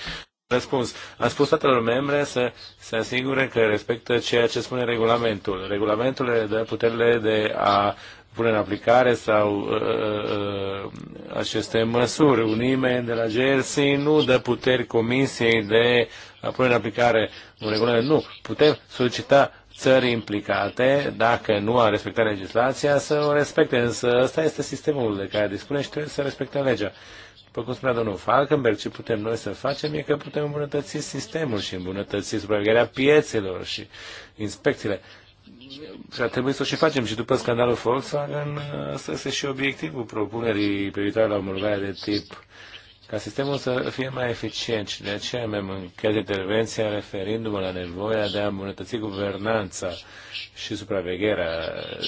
Răspuns. Am spus statelor membre să se asigure că respectă ceea ce spune regulamentul. Regulamentul le dă puterile de a pune în aplicare sau uh, uh, uh aceste măsuri. Un nimeni de la Jersey nu dă puteri comisiei de a pune în aplicare un regulament. Nu. Putem solicita țări implicate, dacă nu a respectat legislația, să o respecte. Însă ăsta este sistemul de care dispune și trebuie să respectăm legea. După cum spunea domnul Falkenberg, ce putem noi să facem e că putem îmbunătăți sistemul și îmbunătăți supravegherea piețelor și inspecțiile și ar trebui să o și facem și după scandalul Volkswagen, asta este și obiectivul propunerii privitoare la omologarea de tip, ca sistemul să fie mai eficient și de aceea mi-am încheiat intervenția referindu-mă la nevoia de a îmbunătăți guvernanța și supravegherea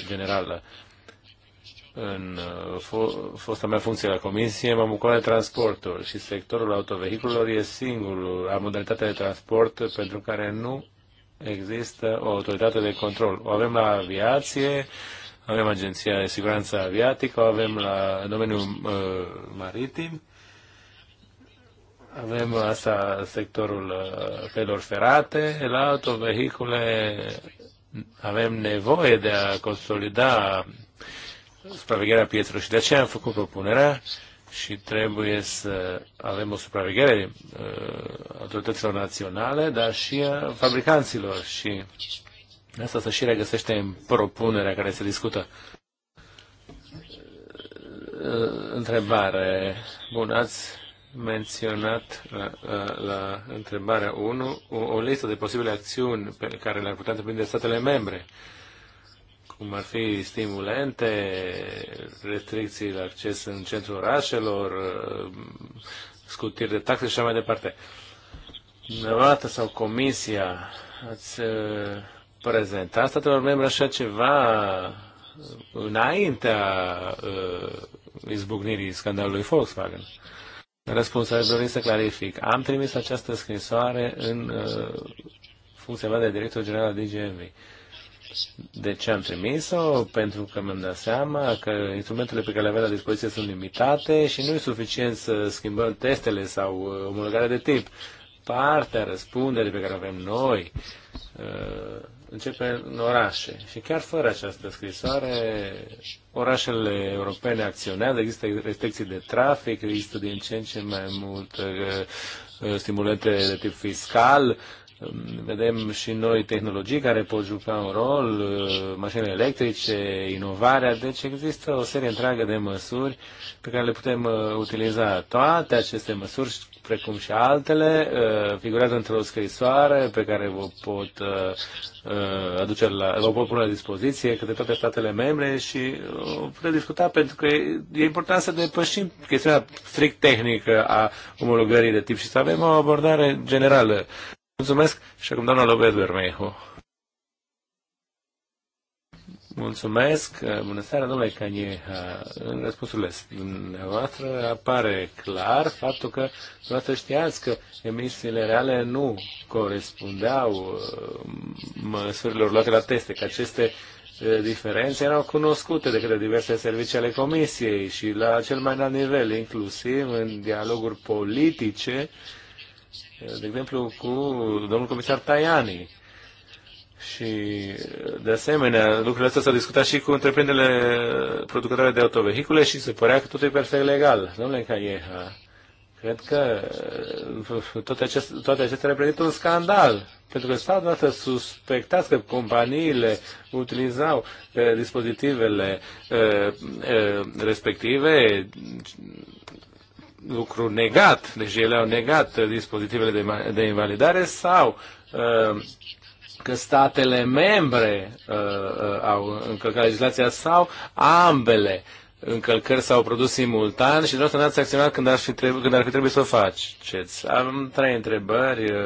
generală în uh, fosta mea funcție la comisie, m-am ocupat de transportul și sectorul autovehiculelor e singurul a modalitatea de transport pentru care nu există o autoritate de control. O avem la aviație, avem Agenția de Siguranță Aviatică, o avem la domeniul uh, maritim, avem asta sectorul uh, felor ferate, la autovehicule avem nevoie de a consolida supravegherea pietrului și de aceea am făcut propunerea și trebuie să avem o supraveghere uh, autorităților naționale, dar și a fabricanților și asta să și regăsește în propunerea care se discută. Uh, întrebare. Bun, ați menționat la, uh, la, la întrebarea 1 o, o listă de posibile acțiuni pe care le-ar putea întreprinde statele membre. Uh, cum ar fi stimulente, restricții la acces în centrul orașelor, scutiri de taxe și așa mai departe. Dumneavoastră sau Comisia ați uh, prezentat statelor membre așa ceva înaintea uh, izbucnirii scandalului Volkswagen? Răspuns, aș dori să clarific. Am trimis această scrisoare în uh, funcția mea de director general al DGMV. De ce am trimis-o? Pentru că mi-am dat seama că instrumentele pe care le avem la dispoziție sunt limitate și nu e suficient să schimbăm testele sau uh, omologarea de tip. Partea răspunderii pe care o avem noi uh, începe în orașe. Și chiar fără această scrisoare, orașele europene acționează, există restricții de trafic, există din ce în ce mai mult uh, stimulente de tip fiscal, Vedem și noi tehnologii care pot juca un rol, mașinile electrice, inovarea, deci există o serie întreagă de măsuri pe care le putem uh, utiliza. Toate aceste măsuri, precum și altele, uh, figurează într-o scrisoare pe care vă pot uh, aduce la, vă pot pune la dispoziție către toate statele membre și o putem discuta pentru că e important să depășim chestiunea strict tehnică a omologării de tip și să avem o abordare generală. Mulțumesc și acum doamna Lobet Bermejo. Mulțumesc. Bună seara, domnule Canie. În răspunsurile dumneavoastră apare clar faptul că dumneavoastră știați că emisiile reale nu corespundeau uh, măsurilor luate la teste, că aceste uh, diferențe erau cunoscute de către diverse servicii ale Comisiei și la cel mai înalt nivel, inclusiv în dialoguri politice de exemplu, cu domnul comisar Tajani. Și, de asemenea, lucrurile astea s-au discutat și cu întreprinderile producătoare de autovehicule și se părea că totul e perfect legal. Domnule Caieha, cred că uh, toate, acest, toate acestea reprezintă un scandal. Pentru că statul noastră suspectați că companiile utilizau uh, dispozitivele uh, respective lucru negat, deci ele au negat uh, dispozitivele de, de invalidare sau uh, că statele membre uh, au încălcat legislația sau ambele încălcări s-au produs simultan și dumneavoastră n-ați acționat când ar, fi trebu- când ar fi trebuit să o faceți. Am trei întrebări. Uh,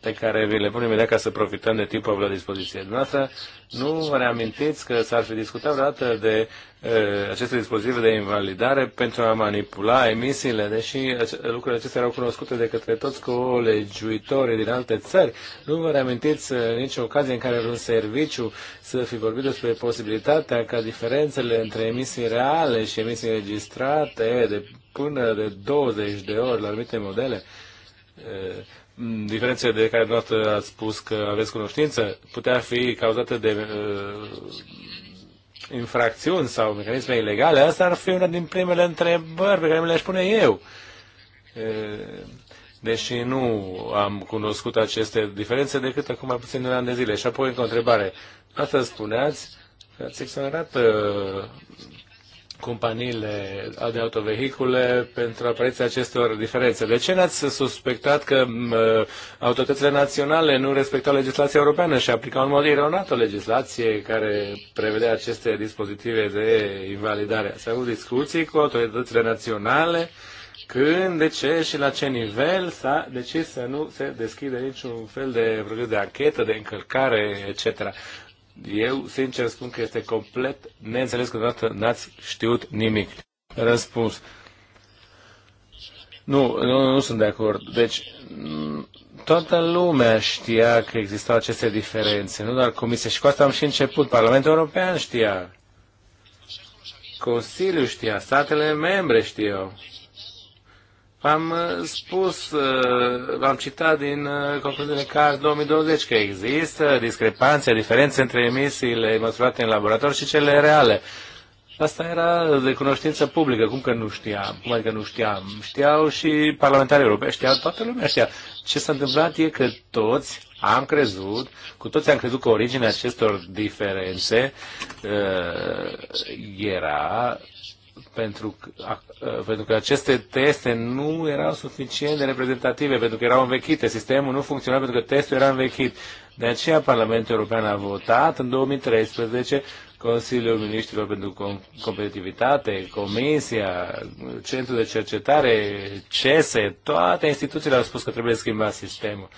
pe care vi le punem imediat ca să profităm de timpul la dispoziție noastră. Nu vă reamintiți că s-ar fi discutat vreodată de uh, aceste dispozitive de invalidare pentru a manipula emisiile, deși ace- lucrurile acestea erau cunoscute de către toți colegiuitorii din alte țări. Nu vă reamintiți uh, nicio ocazie în care un serviciu să fi vorbit despre posibilitatea ca diferențele între emisii reale și emisii înregistrate de până de 20 de ori la anumite modele uh, diferențe de care dumneavoastră ați spus că aveți cunoștință putea fi cauzată de uh, infracțiuni sau mecanisme ilegale, asta ar fi una din primele întrebări pe care mi le-aș pune eu. Uh, deși nu am cunoscut aceste diferențe decât acum mai puțin de un an de zile. Și apoi încă o întrebare. Asta spuneați că ați exonerat uh, companiile de autovehicule pentru apariția acestor diferențe. De ce n-ați suspectat că autoritățile naționale nu respectau legislația europeană și aplicau în mod ironat o legislație care prevedea aceste dispozitive de invalidare? s S-au avut discuții cu autoritățile naționale? Când, de ce și la ce nivel s-a decis să nu se deschide niciun fel de proces de anchetă, de încălcare, etc eu, sincer, spun că este complet neînțeles că dată n-ați știut nimic. Răspuns. Nu, nu, nu sunt de acord. Deci, toată lumea știa că existau aceste diferențe, nu doar Comisia. Și cu asta am și început. Parlamentul European știa. Consiliul știa, statele membre știau. V-am uh, spus, uh, v-am citat din uh, concluziile CAR 2020 că există discrepanțe, diferențe între emisiile măsurate în laborator și cele reale. Asta era de cunoștință publică, cum că nu știam, cum adică nu știam. Știau și parlamentarii europeni, știau, toată lumea știa. Ce s-a întâmplat e că toți am crezut, cu toți am crezut că originea acestor diferențe uh, era pentru că, pentru că aceste teste nu erau suficient de reprezentative, pentru că erau învechite. Sistemul nu funcționa pentru că testul era învechit. De aceea Parlamentul European a votat în 2013 Consiliul Ministrilor pentru Competitivitate, Comisia, Centrul de Cercetare, CESE, toate instituțiile au spus că trebuie schimbat sistemul.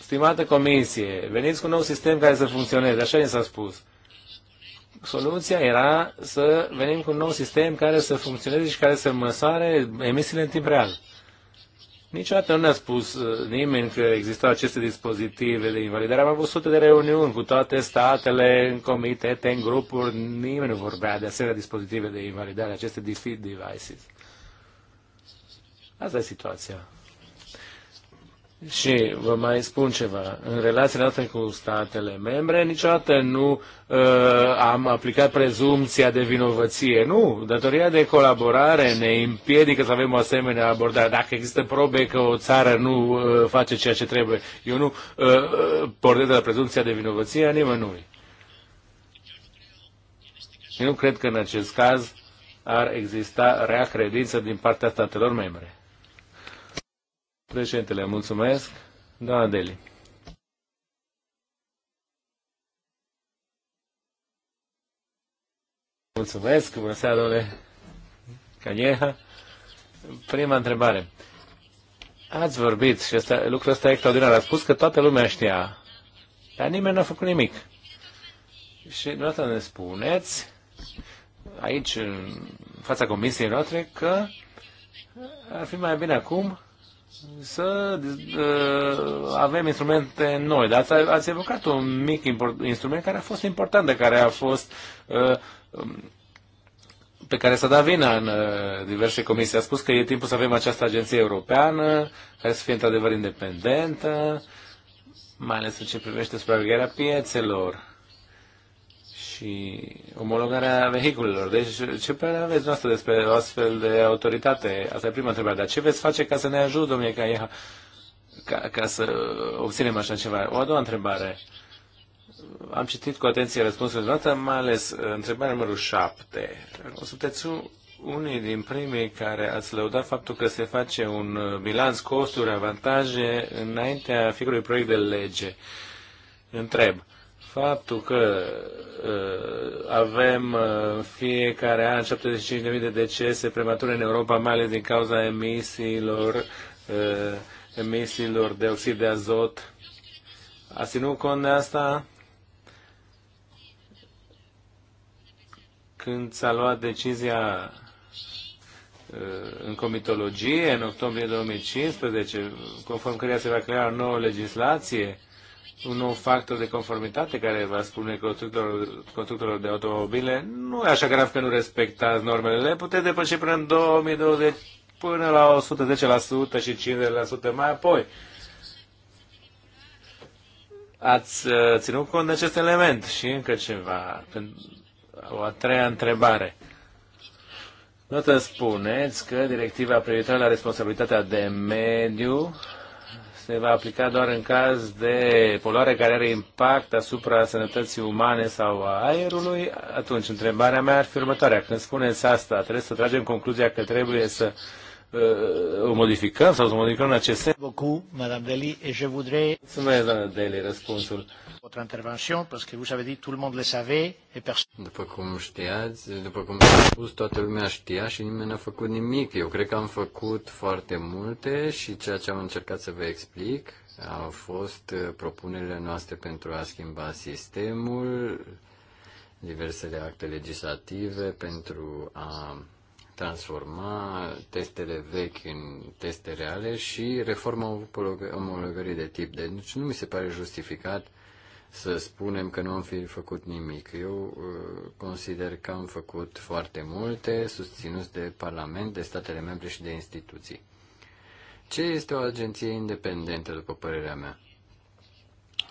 Stimată Comisie, veniți cu un nou sistem care să funcționeze, așa ni s-a spus soluția era să venim cu un nou sistem care să funcționeze și care să măsoare emisiile în timp real. Niciodată nu ne-a spus uh, nimeni că există aceste dispozitive de invalidare. Am avut sute de reuniuni cu toate statele, în comitete, în grupuri. Nimeni nu vorbea de asemenea dispozitive de invalidare, aceste defeat devices. Asta e situația. Și vă mai spun ceva. În relațiile noastre cu statele membre, niciodată nu uh, am aplicat prezumția de vinovăție. Nu. Datoria de colaborare ne împiedică să avem o asemenea abordare. Dacă există probe că o țară nu uh, face ceea ce trebuie, eu nu uh, uh pornesc de la prezumția de vinovăție a nimănui. Eu nu cred că în acest caz ar exista rea credință din partea statelor membre. Președintele, mulțumesc. Da, Deli. Mulțumesc, bună seara, domnule Canieha. Prima întrebare. Ați vorbit și asta, lucrul ăsta e extraordinar. Ați spus că toată lumea știa, dar nimeni n-a făcut nimic. Și dumneavoastră ne spuneți aici, în fața comisiei noastre, că ar fi mai bine acum să uh, avem instrumente noi. Dar ați, ați evocat un mic import, instrument care a fost important, de care a fost uh, um, pe care s-a dat vina în uh, diverse comisii. A spus că e timpul să avem această agenție europeană, care să fie într-adevăr independentă, mai ales în ce privește supravegherea piețelor și omologarea vehiculelor. Deci, ce părere aveți noastră despre o astfel de autoritate? Asta e prima întrebare. Dar ce veți face ca să ne ajut, domnule, ca, ea, ca, ca să obținem așa ceva? O a doua întrebare. Am citit cu atenție răspunsul dată, mai ales întrebarea numărul 7. O sunteți unii din primii care ați lăudat faptul că se face un bilanț costuri, avantaje înaintea fiecărui proiect de lege. Întreb, faptul că uh, avem uh, fiecare an 75.000 de decese premature în Europa, mai ales din cauza emisiilor, uh, emisiilor de oxid de azot. A ținut cont de asta când s-a luat decizia uh, în comitologie, în octombrie 2015, conform căreia se va crea o nouă legislație un nou factor de conformitate care va spune constructorilor, constructorilor de automobile nu e așa grav că nu respectați normele, le puteți depăși până în 2020 până la 110% și 50% mai apoi. Ați uh, ținut cont de acest element și încă ceva. O a treia întrebare. Nu te spuneți că directiva privitoare la responsabilitatea de mediu se va aplica doar în caz de poluare care are impact asupra sănătății umane sau a aerului, atunci întrebarea mea ar fi următoarea. Când spuneți asta, trebuie să tragem concluzia că trebuie să uh, o modificăm sau să o modificăm în acest sens? Mulțumesc, doamnă Deli, răspunsul votre intervention, parce que vous avez dit tout le monde le savait et personne. După cum știați, după cum am spus, toată lumea știa și nimeni n-a făcut nimic. Eu cred că am făcut foarte multe și ceea ce am încercat să vă explic au fost uh, propunerile noastre pentru a schimba sistemul, diversele acte legislative pentru a transforma testele vechi în teste reale și reforma omologării de tip. Deci nu mi se pare justificat să spunem că nu am fi făcut nimic. Eu uh, consider că am făcut foarte multe, susținut de Parlament, de statele membre și de instituții. Ce este o agenție independentă, după părerea mea?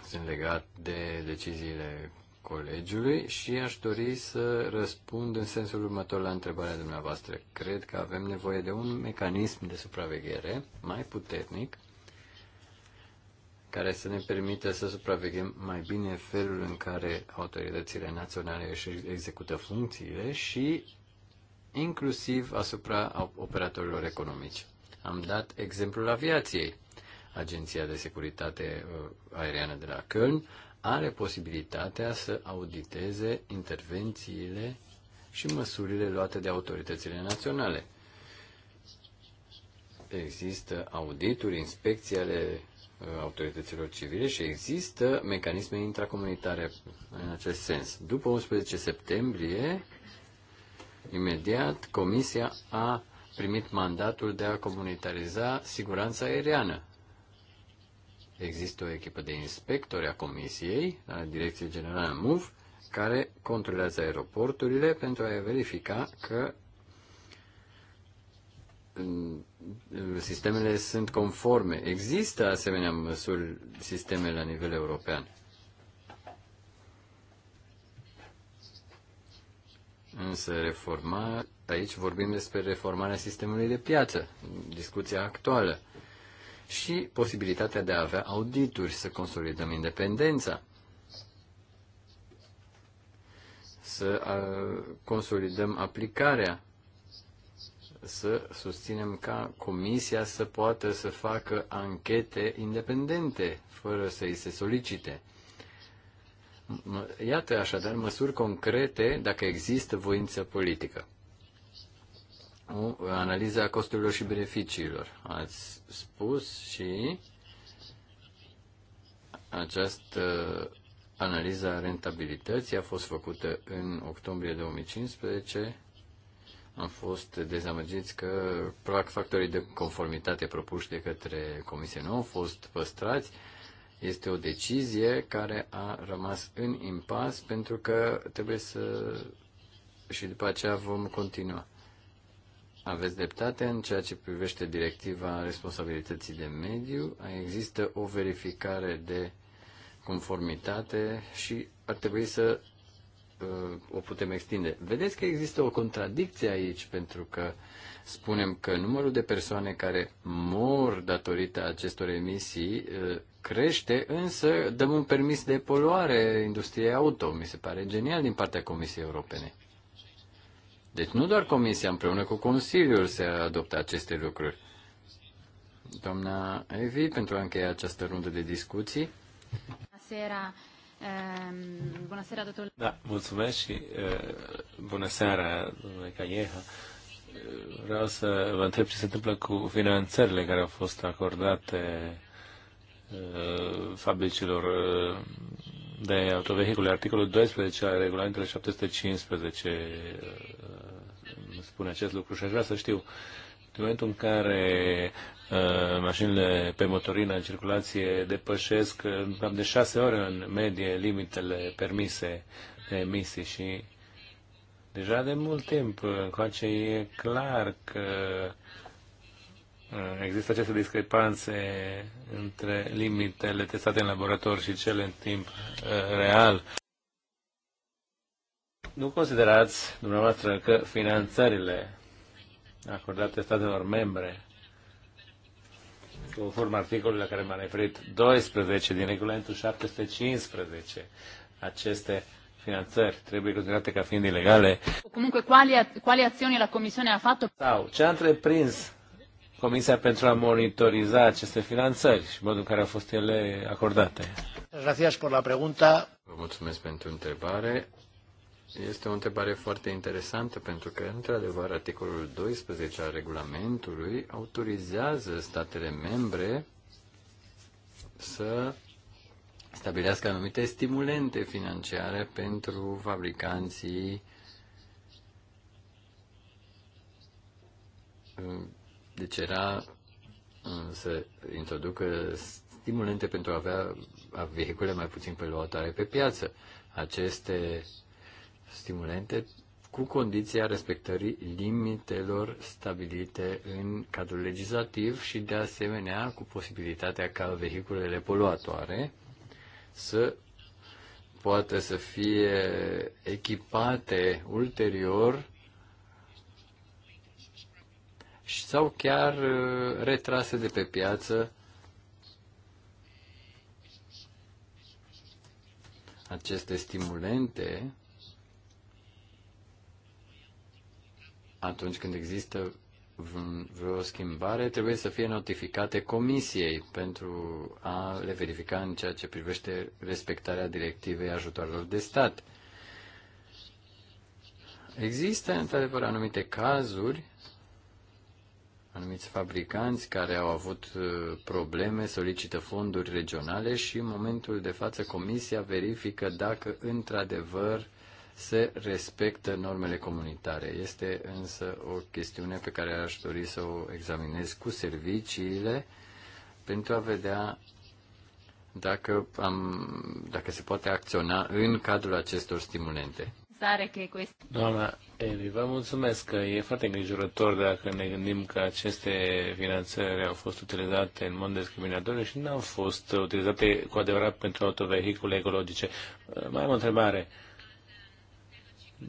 Sunt legat de deciziile colegiului și aș dori să răspund în sensul următor la întrebarea dumneavoastră. Cred că avem nevoie de un mecanism de supraveghere mai puternic care să ne permită să supraveghem mai bine felul în care autoritățile naționale își execută funcțiile și inclusiv asupra operatorilor economici. Am dat exemplul aviației. Agenția de Securitate uh, Aeriană de la Köln are posibilitatea să auditeze intervențiile și măsurile luate de autoritățile naționale. Există audituri, inspecții ale Uh, autorităților civile și există mecanisme intracomunitare în acest sens. După 11 septembrie, imediat, Comisia a primit mandatul de a comunitariza siguranța aeriană. Există o echipă de inspectori a Comisiei, a direcției generale MUV, care controlează aeroporturile pentru a verifica că sistemele sunt conforme. Există asemenea măsuri, sisteme la nivel european. Însă reforma, aici vorbim despre reformarea sistemului de piață, discuția actuală, și posibilitatea de a avea audituri, să consolidăm independența, să consolidăm aplicarea să susținem ca comisia să poată să facă anchete independente, fără să îi se solicite. Iată așadar măsuri concrete dacă există voință politică. O analiză a costurilor și beneficiilor. Ați spus și această analiză a rentabilității a fost făcută în octombrie 2015 am fost dezamăgiți că practic factorii de conformitate propuși de către Comisie nu au fost păstrați. Este o decizie care a rămas în impas pentru că trebuie să și după aceea vom continua. Aveți dreptate în ceea ce privește directiva responsabilității de mediu. Există o verificare de conformitate și ar trebui să Uh, o putem extinde. Vedeți că există o contradicție aici, pentru că spunem că numărul de persoane care mor datorită acestor emisii uh, crește, însă dăm un permis de poluare industriei auto. Mi se pare genial din partea Comisiei Europene. Deci nu doar Comisia, împreună cu Consiliul se adoptă aceste lucruri. Doamna Evi, pentru a încheia această rundă de discuții. Seara Ehm, bună seara, Da, mulțumesc și bună seara, domnule Caieha. Vreau să vă întreb ce se întâmplă cu finanțările care au fost acordate fabricilor de autovehicule. Articolul 12 al regulamentului 715 spune acest lucru și aș vrea să știu uh, în momentul în care uh, mașinile pe motorină în circulație depășesc uh, cam de șase ore în medie limitele permise de emisii și deja de mult timp încoace e clar că uh, există aceste discrepanțe între limitele testate în laborator și cele în timp uh, real. Nu considerați, dumneavoastră, că finanțările acordate statelor membre conform articolului la care m-am referit 12 din regulamentul 715. Aceste finanțări trebuie considerate ca fiind ilegale. Comunque, quali, quali azioni la Comisione a fatto? Sau ce a întreprins Comisia pentru a monitoriza aceste finanțări și modul în care au fost ele acordate? Gracias por la pregunta. Vă mulțumesc pentru întrebare. Este o întrebare foarte interesantă pentru că, într-adevăr, articolul 12 al regulamentului autorizează statele membre să stabilească anumite stimulente financiare pentru fabricanții deci era să introducă stimulente pentru a avea vehicule mai puțin poluatoare pe piață. Aceste stimulente cu condiția respectării limitelor stabilite în cadrul legislativ și de asemenea cu posibilitatea ca vehiculele poluatoare să poată să fie echipate ulterior sau chiar uh, retrase de pe piață aceste stimulente atunci când există vreo schimbare, trebuie să fie notificate comisiei pentru a le verifica în ceea ce privește respectarea directivei ajutoarelor de stat. Există, într-adevăr, anumite cazuri, anumiți fabricanți care au avut uh, probleme, solicită fonduri regionale și, în momentul de față, comisia verifică dacă, într-adevăr, se respectă normele comunitare. Este însă o chestiune pe care aș dori să o examinez cu serviciile pentru a vedea dacă, am, dacă se poate acționa în cadrul acestor stimulente. Doamna Eli, vă mulțumesc că e foarte îngrijorător dacă ne gândim că aceste finanțări au fost utilizate în mod discriminator și nu au fost utilizate cu adevărat pentru autovehicule ecologice. Mai am o întrebare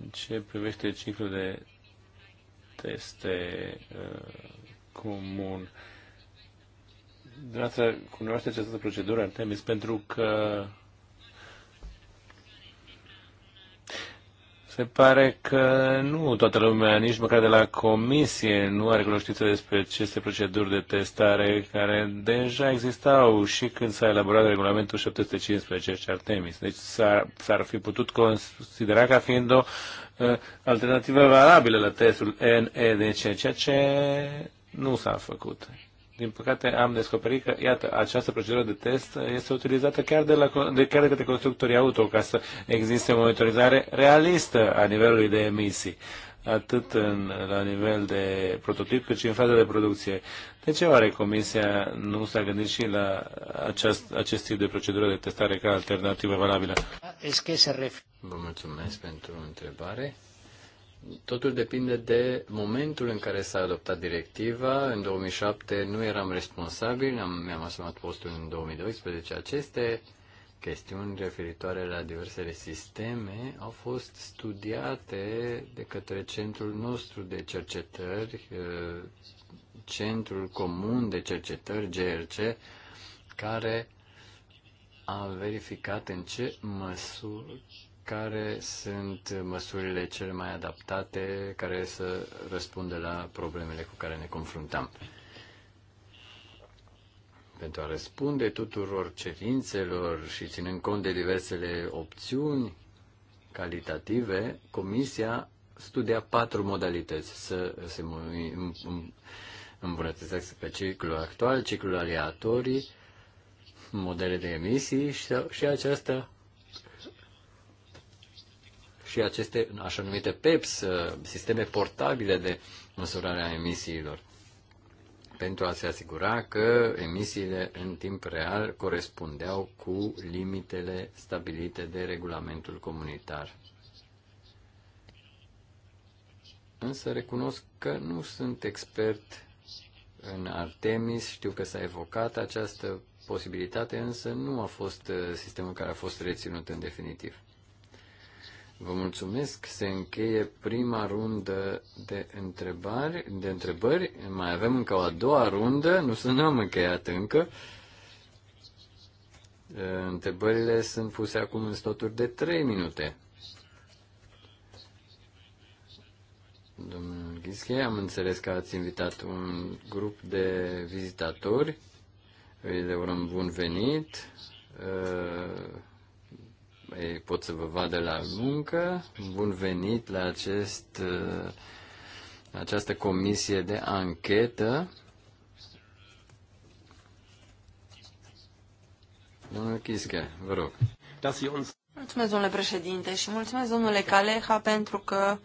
în ce privește ciclul de teste uh, comun, dumneavoastră cunoașteți această procedură, Artemis, pentru că Se pare că nu toată lumea, nici măcar de la comisie, nu are cunoștință despre aceste proceduri de testare care deja existau și când s-a elaborat regulamentul 715 Artemis. Deci s-ar, fi putut considera ca fiind o uh, alternativă valabilă la testul NEDC, ceea ce nu s-a făcut din păcate, am descoperit că, iată, această procedură de test este utilizată chiar de, la, de, chiar de către constructorii auto ca să existe monitorizare realistă a nivelului de emisii atât în, la nivel de prototip, cât și în faza de producție. De ce oare Comisia nu s-a gândit și la aceast, acest tip de procedură de testare ca alternativă valabilă? Vă mulțumesc pentru întrebare. Totul depinde de momentul în care s-a adoptat directiva. În 2007 nu eram responsabil, am, mi-am asumat postul în 2012. Aceste chestiuni referitoare la diversele sisteme au fost studiate de către centrul nostru de cercetări, eh, Centrul Comun de Cercetări, GRC, care a verificat în ce măsură care sunt măsurile cele mai adaptate care să răspundă la problemele cu care ne confruntăm. Pentru a răspunde tuturor cerințelor și ținând cont de diversele opțiuni calitative, Comisia studia patru modalități să se îmbunătățească ciclul actual, ciclul aleatorii, modele de emisii și, și aceasta și aceste așa numite PEPS, uh, sisteme portabile de măsurare a emisiilor, pentru a se asigura că emisiile în timp real corespundeau cu limitele stabilite de regulamentul comunitar. Însă recunosc că nu sunt expert în Artemis, știu că s-a evocat această posibilitate, însă nu a fost uh, sistemul care a fost reținut în definitiv. Vă mulțumesc. Se încheie prima rundă de întrebări. De întrebări. Mai avem încă o a doua rundă. Nu sunt am încheiat încă. Întrebările sunt puse acum în stoturi de 3 minute. Domnul Ghische, am înțeles că ați invitat un grup de vizitatori. Îi le urăm bun venit. Uh, pot să vă vadă la muncă. Bun venit la acest, uh, această comisie de anchetă. Domnul Chischea, vă rog. Da, mulțumesc, domnule președinte, și mulțumesc, domnule Caleha, pentru că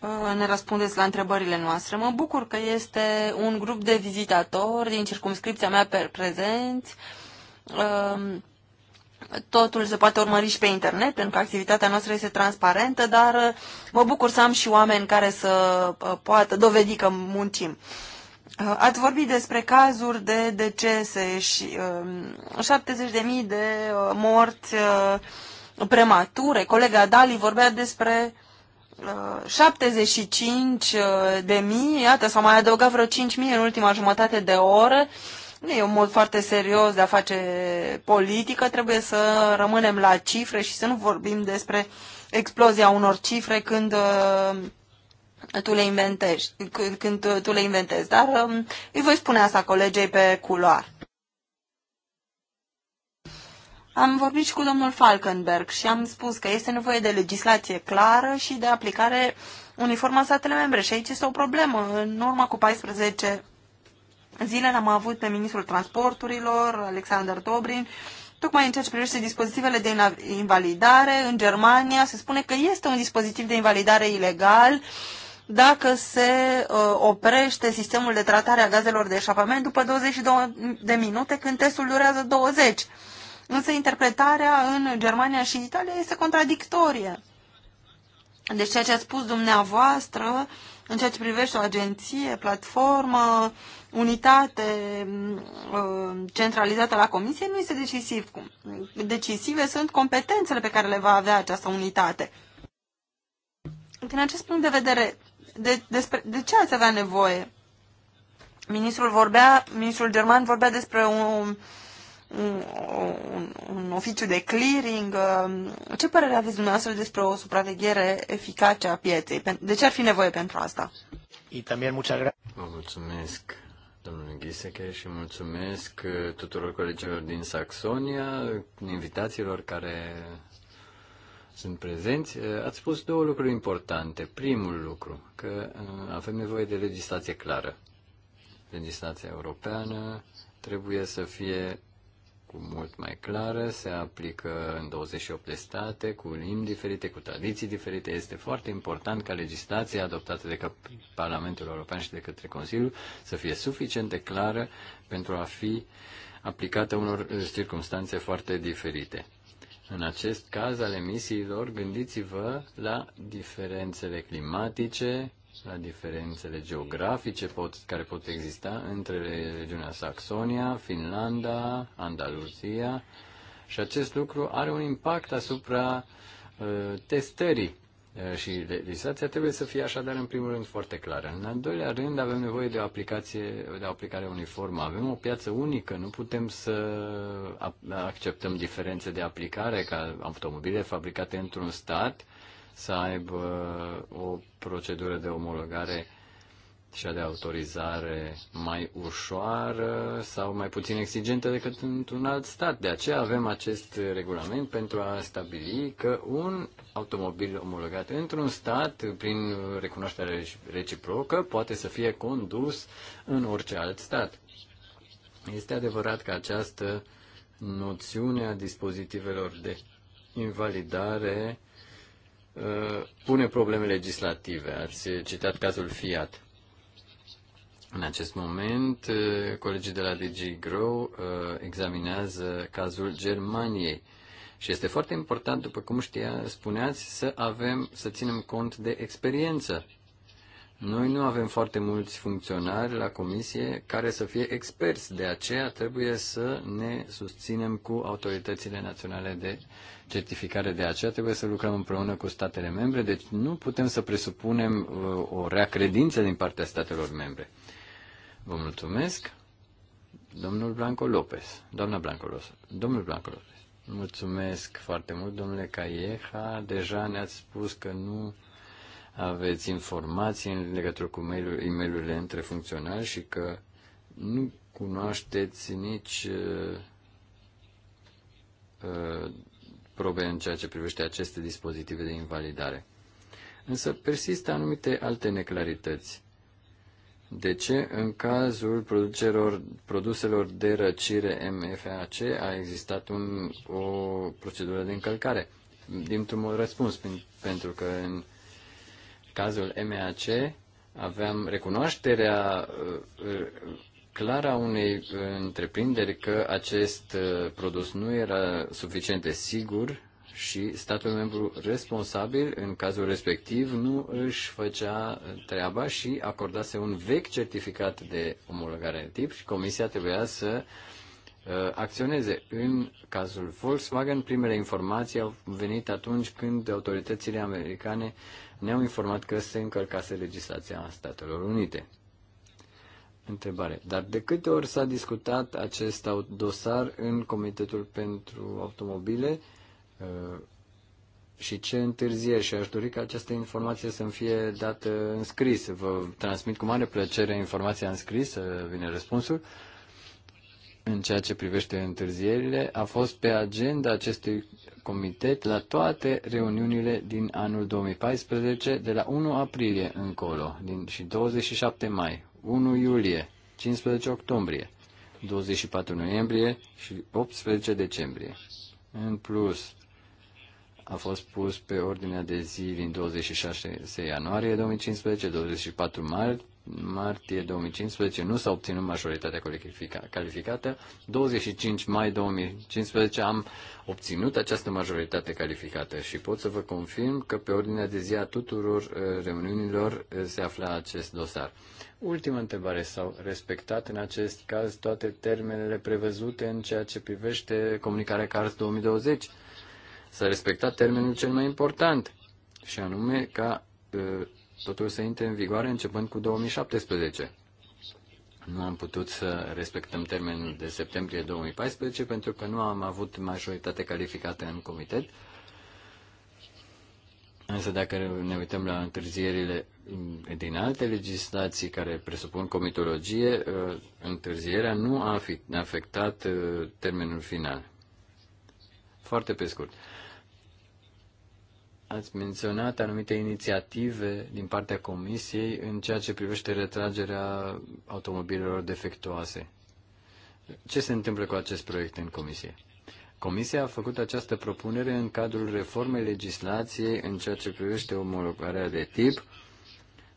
uh, ne răspundeți la întrebările noastre. Mă bucur că este un grup de vizitatori din circumscripția mea pe prezenți. Uh, totul se poate urmări și pe internet, pentru că activitatea noastră este transparentă, dar uh, mă bucur să am și oameni care să uh, poată dovedi că muncim. Uh, ați vorbit despre cazuri de decese și 70.000 de morți premature. Colega Dali vorbea despre 75.000, iată, s-au mai adăugat vreo 5.000 în ultima jumătate de oră. Nu e un mod foarte serios de a face politică, trebuie să rămânem la cifre și să nu vorbim despre explozia unor cifre când uh, tu le inventezi, când tu le inventezi. Dar um, îi voi spune asta colegei pe culoar. Am vorbit și cu domnul Falkenberg și am spus că este nevoie de legislație clară și de aplicare uniformă a statele membre. Și aici este o problemă. În urmă cu 14 zilele am avut pe ministrul transporturilor, Alexander Dobrin, tocmai în ceea ce privește dispozitivele de invalidare. În Germania se spune că este un dispozitiv de invalidare ilegal dacă se uh, oprește sistemul de tratare a gazelor de eșapament după 22 de minute când testul durează 20. Însă interpretarea în Germania și Italia este contradictorie. Deci ceea ce a spus dumneavoastră în ceea ce privește o agenție, platformă, unitate uh, centralizată la comisie nu este decisiv. Decisive sunt competențele pe care le va avea această unitate. Din acest punct de vedere, de, despre, de ce ați avea nevoie? Ministrul, vorbea, ministrul german vorbea despre un, un, un, un oficiu de clearing. Ce părere aveți dumneavoastră despre o supraveghere eficace a pieței? De ce ar fi nevoie pentru asta? Vă mulțumesc domnule Ghiseche și mulțumesc uh, tuturor colegilor din Saxonia, invitațiilor care sunt prezenți. Uh, ați spus două lucruri importante. Primul lucru, că uh, avem nevoie de legislație clară. Legislația europeană trebuie să fie cu mult mai clară, se aplică în 28 de state, cu limbi diferite, cu tradiții diferite. Este foarte important ca legislația adoptată de Parlamentul European și de către Consiliu să fie suficient de clară pentru a fi aplicată unor circunstanțe foarte diferite. În acest caz al emisiilor, gândiți-vă la diferențele climatice, la diferențele geografice pot, care pot exista între regiunea Saxonia, Finlanda, Andaluzia și acest lucru are un impact asupra uh, testării uh, și legislația trebuie să fie așadar în primul rând foarte clară. În al doilea rând avem nevoie de o aplicație, de o aplicare uniformă. Avem o piață unică, nu putem să acceptăm diferențe de aplicare ca automobile fabricate într-un stat uh, să aibă o procedură de omologare și de autorizare mai ușoară sau mai puțin exigentă decât într-un alt stat. De aceea avem acest regulament pentru a stabili că un automobil omologat într-un stat, prin recunoaștere reciprocă, poate să fie condus în orice alt stat. Este adevărat că această noțiune a dispozitivelor de invalidare Uh, pune probleme legislative. Ați citat cazul Fiat. În acest moment, uh, colegii de la DG Grow uh, examinează cazul Germaniei. Și este foarte important, după cum știa, spuneați, să avem, să ținem cont de experiență. Noi nu avem foarte mulți funcționari la comisie care să fie experți, de aceea trebuie să ne susținem cu autoritățile naționale de certificare de aceea trebuie să lucrăm împreună cu statele membre, deci nu putem să presupunem uh, o rea credință din partea statelor membre. Vă mulțumesc. Domnul Blanco Lopez. Doamna Blanco Lopez. Domnul Blanco Lopez. Mulțumesc foarte mult, domnule Caieha. Deja ne-ați spus că nu aveți informații în legătură cu e mail între funcționari și că nu cunoașteți nici uh, uh probe în ceea ce privește aceste dispozitive de invalidare. Însă persistă anumite alte neclarități. De ce, în cazul produselor, de răcire MFAC, a existat un, o procedură de încălcare? Dintr-un răspuns, pentru că în cazul MAC aveam recunoașterea uh, uh, clar a unei uh, întreprinderi că acest uh, produs nu era suficient de sigur și statul membru responsabil în cazul respectiv nu își făcea treaba și acordase un vechi certificat de omologare de tip și comisia trebuia să uh, acționeze. În cazul Volkswagen, primele informații au venit atunci când autoritățile americane ne-au informat că se încălcase legislația Statelor Unite întrebare. Dar de câte ori s-a discutat acest dosar în Comitetul pentru Automobile uh, și ce întârzieri? Și aș dori ca această informație să-mi fie dată în scris. Vă transmit cu mare plăcere informația în scris, să vine răspunsul. În ceea ce privește întârzierile, a fost pe agenda acestui comitet la toate reuniunile din anul 2014, de la 1 aprilie încolo din, și 27 mai. 1 iulie, 15 octombrie, 24 noiembrie și 18 decembrie. În plus, a fost pus pe ordinea de zi din 26 ianuarie 2015, 24 martie, martie 2015 nu s-a obținut majoritatea calificată. 25 mai 2015 am obținut această majoritate calificată și pot să vă confirm că pe ordinea de zi a tuturor uh, reuniunilor uh, se afla acest dosar. Ultima întrebare. S-au respectat în acest caz toate termenele prevăzute în ceea ce privește comunicarea CARS 2020? S-a respectat termenul cel mai important, și anume ca ă, totul să intre în vigoare începând cu 2017. Nu am putut să respectăm termenul de septembrie 2014 pentru că nu am avut majoritate calificată în comitet Însă dacă ne uităm la întârzierile din alte legislații care presupun comitologie, uh, întârzierea nu a afectat uh, termenul final. Foarte pe scurt. Ați menționat anumite inițiative din partea Comisiei în ceea ce privește retragerea automobilelor defectuoase. Ce se întâmplă cu acest proiect în Comisie? Comisia a făcut această propunere în cadrul reformei legislației în ceea ce privește omologarea de tip,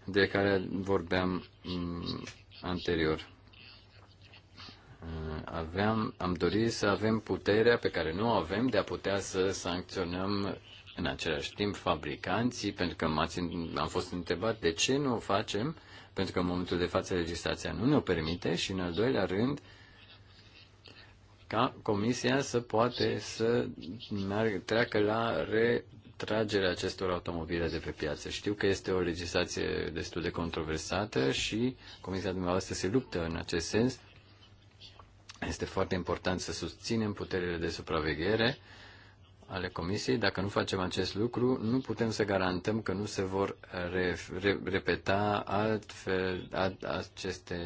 de care vorbeam mm, anterior. Uh, aveam, am dorit să avem puterea pe care nu o avem de a putea să sancționăm în același timp fabricanții, pentru că am fost întrebat de ce nu o facem, pentru că în momentul de față legislația nu ne-o permite și în al doilea rând uh, ca Comisia să poate să meargă, treacă la retragerea acestor automobile de pe piață. Știu că este o legislație destul de controversată și Comisia dumneavoastră se luptă în acest sens. Este foarte important să susținem puterile de supraveghere ale Comisiei. Dacă nu facem acest lucru, nu putem să garantăm că nu se vor re, re, repeta altfel, a, aceste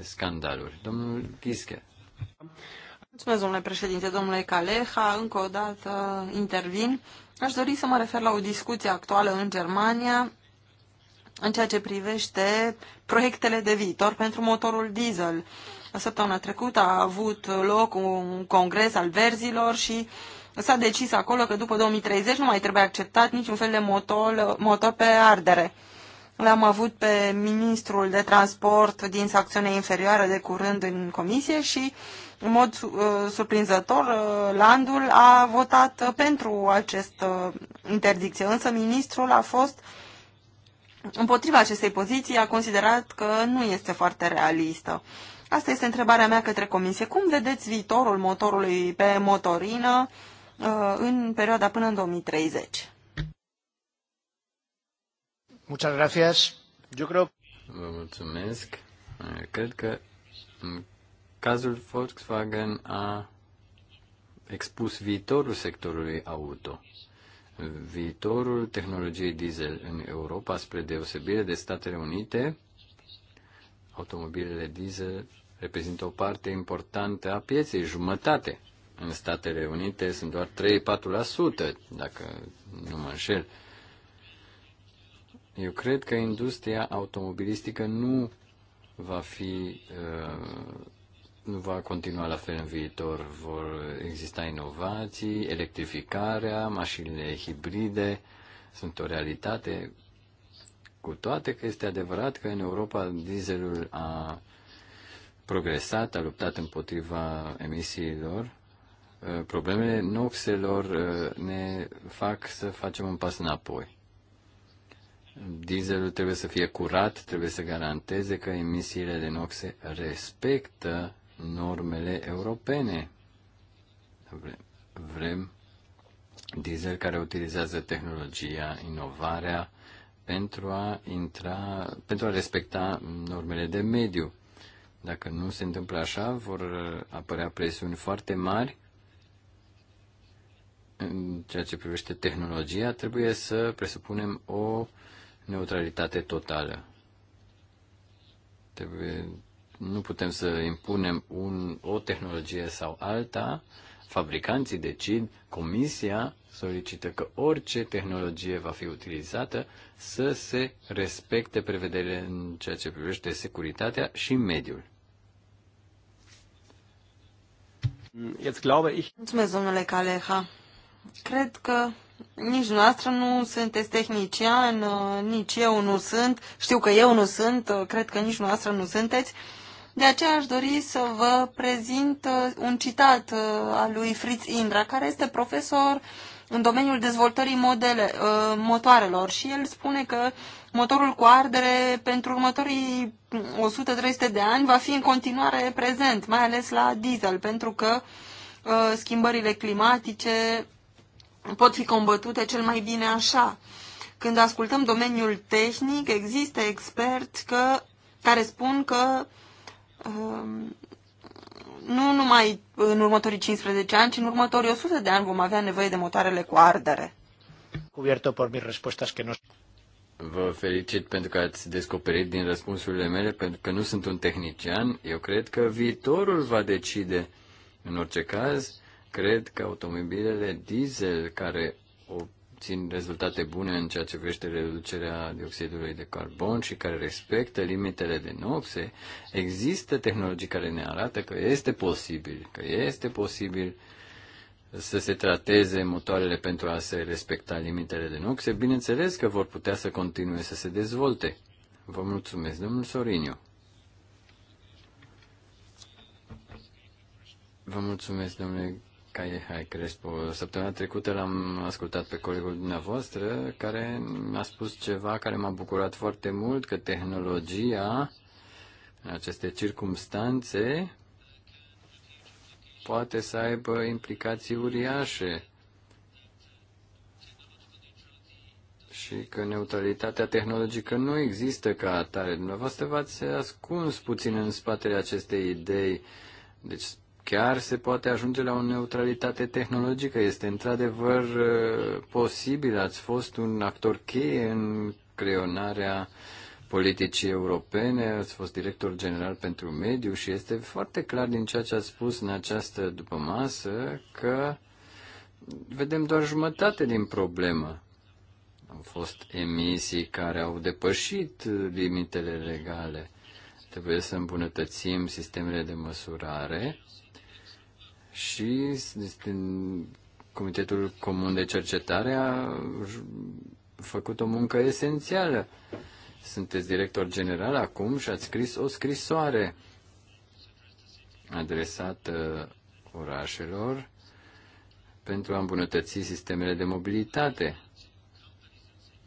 scandaluri. Domnul Ghische. Mulțumesc, domnule președinte, domnule Caleha. Încă o dată intervin. Aș dori să mă refer la o discuție actuală în Germania în ceea ce privește proiectele de viitor pentru motorul diesel. Săptămâna trecută a avut loc un congres al verzilor și s-a decis acolo că după 2030 nu mai trebuie acceptat niciun fel de motor, motor pe ardere. L-am avut pe ministrul de transport din sancțiune inferioară de curând în comisie și uh, în mod uh, surprinzător, uh, Landul a votat uh, pentru această interdicție, însă ministrul a fost împotriva acestei poziții, a considerat că nu este foarte realistă. Asta este întrebarea mea către comisie. Cum vedeți viitorul motorului pe motorină în perioada până în 2030? Muchas gracias. Yo creo... Vă mulțumesc. Cred că Cazul Volkswagen a expus viitorul sectorului auto. Viitorul tehnologiei diesel în Europa, spre deosebire de Statele Unite, automobilele diesel reprezintă o parte importantă a pieței, jumătate. În Statele Unite sunt doar 3-4%, dacă nu mă înșel. Eu cred că industria automobilistică nu va fi uh, va continua la fel în viitor. Vor exista inovații, electrificarea, mașinile hibride sunt o realitate. Cu toate că este adevărat că în Europa dieselul a progresat, a luptat împotriva emisiilor, uh, problemele noxelor uh, ne fac să facem un pas înapoi. Dieselul trebuie să fie curat, trebuie să garanteze că emisiile de noxe respectă normele europene. Vrem diesel care utilizează tehnologia, inovarea pentru a intra, pentru a respecta normele de mediu. Dacă nu se întâmplă așa, vor apărea presiuni foarte mari în ceea ce privește tehnologia, trebuie să presupunem o neutralitate totală. Trebuie nu putem să impunem un, o tehnologie sau alta, fabricanții decid, comisia solicită că orice tehnologie va fi utilizată să se respecte prevederile în ceea ce privește securitatea și mediul. Jetzt glaube ich... Mulțumesc, domnule Caleha. Cred că nici noastră nu sunteți tehnician, nici eu nu sunt. Știu că eu nu sunt, cred că nici noastră nu sunteți. De aceea aș dori să vă prezint uh, un citat uh, al lui Fritz Indra, care este profesor în domeniul dezvoltării modele, uh, motoarelor și el spune că motorul cu ardere pentru următorii 100-300 de ani va fi în continuare prezent, mai ales la diesel, pentru că schimbările climatice pot fi combătute cel mai bine așa. Când ascultăm domeniul tehnic, există experți că, care spun că Um, nu numai în următorii 15 ani, ci în următorii 100 de ani vom avea nevoie de motoarele cu ardere. Cubierto por mis respuestas que no... Vă felicit pentru că ați descoperit din răspunsurile mele, pentru că nu sunt un tehnician. Eu cred că viitorul va decide. În orice caz, cred că automobilele diesel care obțin rezultate bune în ceea ce privește reducerea dioxidului de carbon și care respectă limitele de nopse, există tehnologii care ne arată că este posibil, că este posibil să se trateze motoarele pentru a se respecta limitele de noxe, bineînțeles că vor putea să continue să se dezvolte. Vă mulțumesc, domnul Soriniu. Vă mulțumesc, domnule Hai Crespo. Săptămâna trecută l-am ascultat pe colegul dumneavoastră care mi-a spus ceva care m-a bucurat foarte mult, că tehnologia în aceste circumstanțe poate să aibă implicații uriașe și că neutralitatea tehnologică nu există ca atare. Dumneavoastră v-ați ascuns puțin în spatele acestei idei. Deci chiar se poate ajunge la o neutralitate tehnologică. Este într-adevăr uh, posibil. Ați fost un actor cheie în creionarea politicii europene, ați fost director general pentru mediu și este foarte clar din ceea ce ați spus în această după masă că vedem doar jumătate din problemă. Au fost emisii care au depășit limitele legale. Trebuie să îmbunătățim sistemele de măsurare și din Comitetul Comun de Cercetare a făcut o muncă esențială. Sunteți director general acum și ați scris o scrisoare adresată orașelor pentru a îmbunătăți sistemele de mobilitate.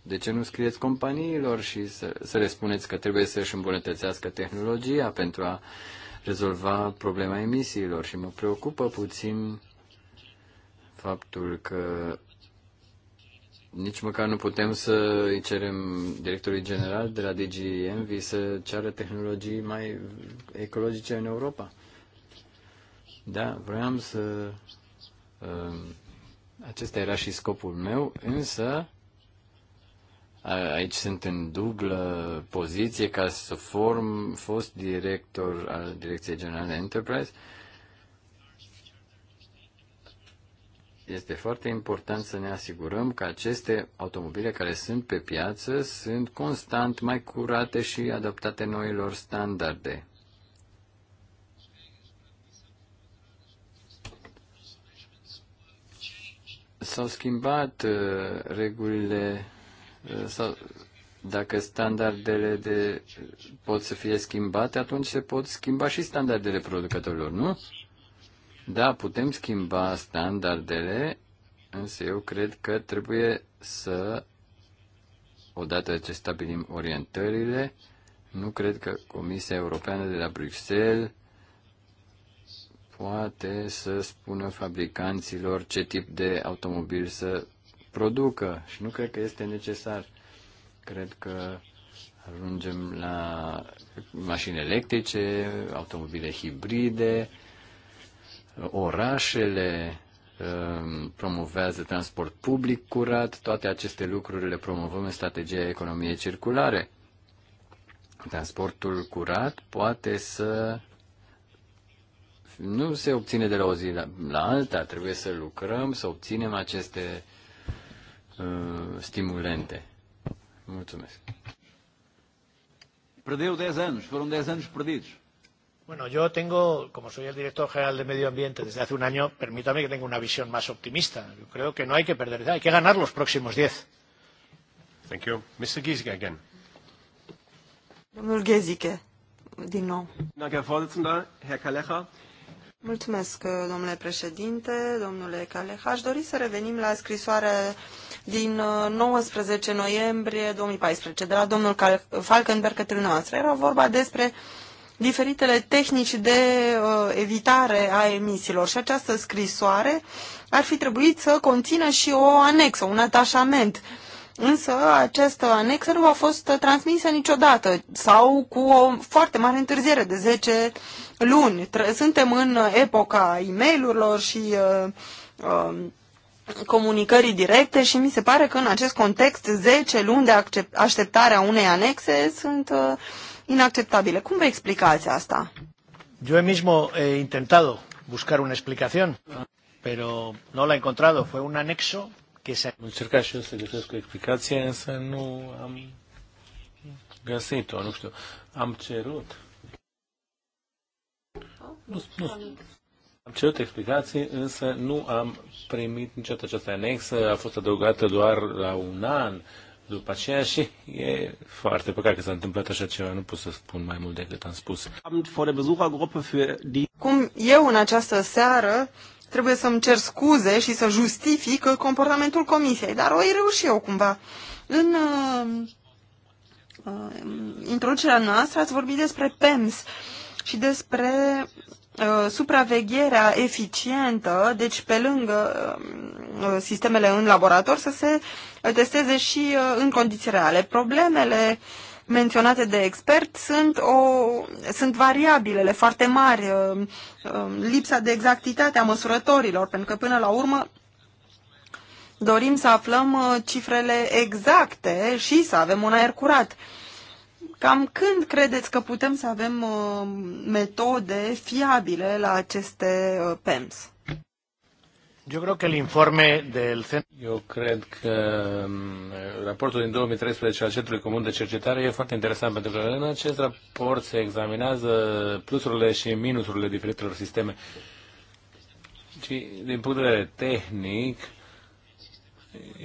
De ce nu scrieți companiilor și să, să le spuneți că trebuie să-și îmbunătățească tehnologia pentru a rezolva problema emisiilor și mă preocupă puțin faptul că nici măcar nu putem să îi cerem directorului general de la DG Envy să ceară tehnologii mai ecologice în Europa. Da, vreau să... Um, acesta era și scopul meu, însă Aici sunt în dublă poziție ca să form fost director al Direcției Generale Enterprise. Este foarte important să ne asigurăm că aceste automobile care sunt pe piață sunt constant mai curate și adaptate noilor standarde. S-au schimbat uh, regulile sau dacă standardele de, pot să fie schimbate, atunci se pot schimba și standardele producătorilor, nu? Da, putem schimba standardele, însă eu cred că trebuie să, odată ce stabilim orientările, nu cred că Comisia Europeană de la Bruxelles poate să spună fabricanților ce tip de automobil să producă și nu cred că este necesar. Cred că ajungem la mașini electrice, automobile hibride, orașele um, promovează transport public curat, toate aceste lucruri le promovăm în strategia economiei circulare. Transportul curat poate să nu se obține de la o zi la, la alta, trebuie să lucrăm, să obținem aceste Uh, stimulente. Mulțumesc. Perdeu 10 ani, fueron 10 ani perdidos. Bueno, yo tengo, como soy el director general de Medio Ambiente desde hace un año, permítame que tenga una visión más optimista. Yo creo que no hay que perder, hay que ganar los próximos 10. Thank you. Mr. Giesecke again. Domnul Giesecke, din nou. Danke, Herr Vorsitzender, Herr Kalecha. Mulțumesc, domnule președinte, domnule Caleha. Aș dori să revenim la scrisoarea din 19 uh, noiembrie 2014 de la domnul Falkenberg către noastră. Era vorba despre diferitele tehnici de uh, evitare a emisiilor și această scrisoare ar fi trebuit să conțină și o anexă, un atașament. Însă această anexă nu a fost transmisă niciodată sau cu o foarte mare întârziere de 10 luni. Suntem în epoca e-mail-urilor și uh, uh, comunicării directe și mi se pare că în acest context 10 luni de așteptare a unei anexe sunt uh, inacceptabile. Cum vă explicați asta? Eu he mismo he intentado buscar una explicación, pero no la he encontrado. Fue un anexo que se... Am încercat și eu să găsesc o explicație, însă nu am găsit-o, nu știu. Am cerut nu, nu. Am cerut explicații, însă nu am primit niciodată această anexă. A fost adăugată doar la un an după aceea și e foarte păcat că s-a întâmplat așa ceva. Nu pot să spun mai mult decât am spus. Cum eu în această seară trebuie să-mi cer scuze și să justific comportamentul comisiei, dar o reuși eu cumva. În uh, uh, introducerea noastră ați vorbit despre PEMS și despre Uh, supravegherea eficientă, deci pe lângă um, uh, sistemele în laborator, să se testeze și uh, în condiții reale. Problemele menționate de expert sunt, o, sunt variabilele foarte mari, um, lipsa de exactitate a măsurătorilor, pentru că până la urmă dorim să aflăm cifrele exacte și să avem un aer curat. Cam când credeți că putem să avem uh, metode fiabile la aceste uh, PEMS? Eu cred că el informe del Eu cred că um, raportul din 2013 al Centrului Comun de Cercetare e foarte interesant pentru că în acest raport se examinează plusurile și minusurile diferitelor sisteme. Și din punct de vedere tehnic,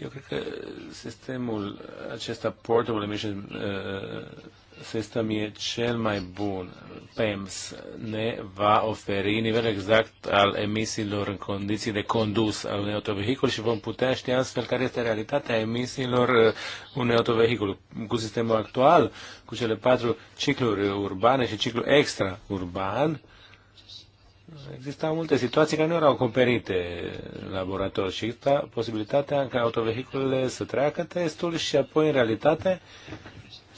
eu cred că sistemul acesta Portable Emission uh, sistem e cel mai bun. PEMS ne va oferi nivel exact al emisiilor în condiții de condus al unui autovehicul și vom putea ști astfel care este realitatea emisiilor uh, unui autovehicul. Cu sistemul actual, cu cele patru cicluri urbane și ciclu extraurban, Existau multe situații care nu erau acoperite laborator și exista posibilitatea ca autovehiculele să treacă testul și apoi, în realitate,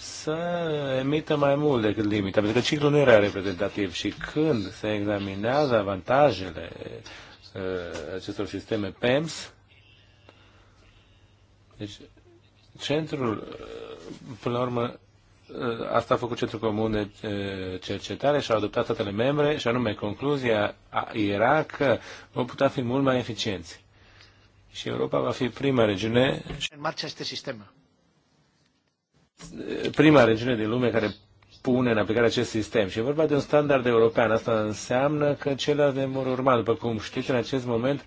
să emită mai mult decât limita, pentru că ciclul nu era reprezentativ și când se examinează avantajele uh, acestor sisteme PEMS, deci centrul, uh, până la urmă, uh, asta a făcut Centrul Comun de uh, Cercetare și au adoptat statele membre și anume concluzia era că vom putea fi mult mai eficienți. Și Europa va fi prima regiune. În marcea este sistemul prima regiune din lume care pune în aplicare acest sistem. Și e vorba de un standard european. Asta înseamnă că celelalte vor urma. După cum știți, în acest moment,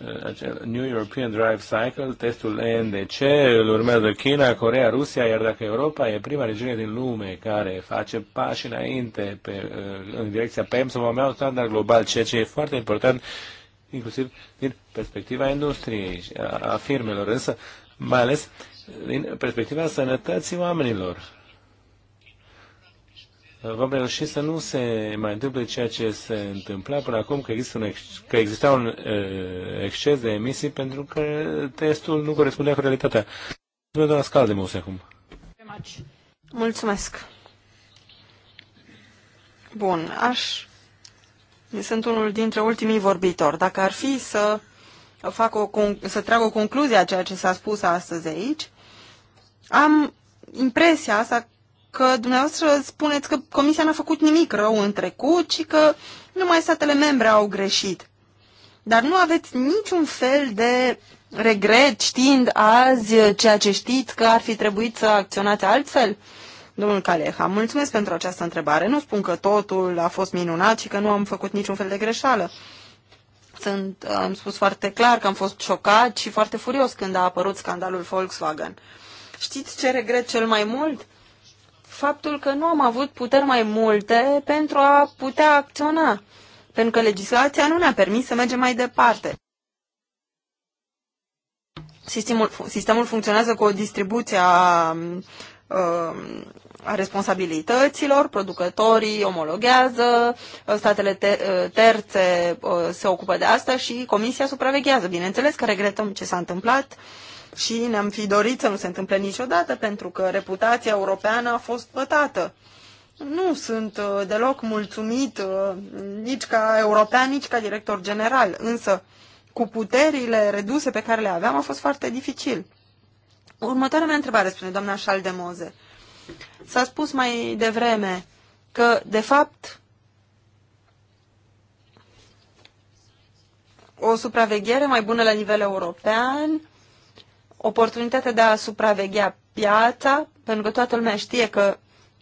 uh, New European Drive Cycle, testul ENDC, îl urmează China, Corea, Rusia, iar dacă Europa e prima regiune din lume care face pași înainte pe, uh, în direcția PEM, să vom avea un standard global, ceea ce e foarte important, inclusiv din perspectiva industriei, a firmelor, însă mai ales din perspectiva sănătății oamenilor. Vom reuși să nu se mai întâmple ceea ce se întâmpla până acum, că, există un ex- că exista un uh, exces de emisii pentru că testul nu corespundea cu realitatea. Doamna Scaldemus acum. Mulțumesc. Bun, aș... Sunt unul dintre ultimii vorbitori. Dacă ar fi să fac o, să trag o concluzie a ceea ce s-a spus astăzi aici, am impresia asta că dumneavoastră spuneți că Comisia n-a făcut nimic rău în trecut și că numai statele membre au greșit. Dar nu aveți niciun fel de regret știind azi ceea ce știți că ar fi trebuit să acționați altfel? Domnul Caleha, mulțumesc pentru această întrebare. Nu spun că totul a fost minunat și că nu am făcut niciun fel de greșeală. Sunt, am spus foarte clar că am fost șocat și foarte furios când a apărut scandalul Volkswagen. Știți ce regret cel mai mult? Faptul că nu am avut puteri mai multe pentru a putea acționa, pentru că legislația nu ne-a permis să mergem mai departe. Sistemul, sistemul funcționează cu o distribuție a um, a responsabilităților, producătorii omologează, uh, statele uh, terțe uh, se ocupă de asta și comisia supraveghează. Bineînțeles că regretăm ce s-a întâmplat și ne-am fi dorit să nu se întâmple niciodată pentru că reputația europeană a fost pătată. Nu sunt deloc mulțumit nici ca european, nici ca director general, însă cu puterile reduse pe care le aveam a fost foarte dificil. Următoarea mea întrebare, spune doamna Șaldemoze. S-a spus mai devreme că, de fapt, o supraveghere mai bună la nivel european, oportunitatea de a supraveghea piața, pentru că toată lumea știe că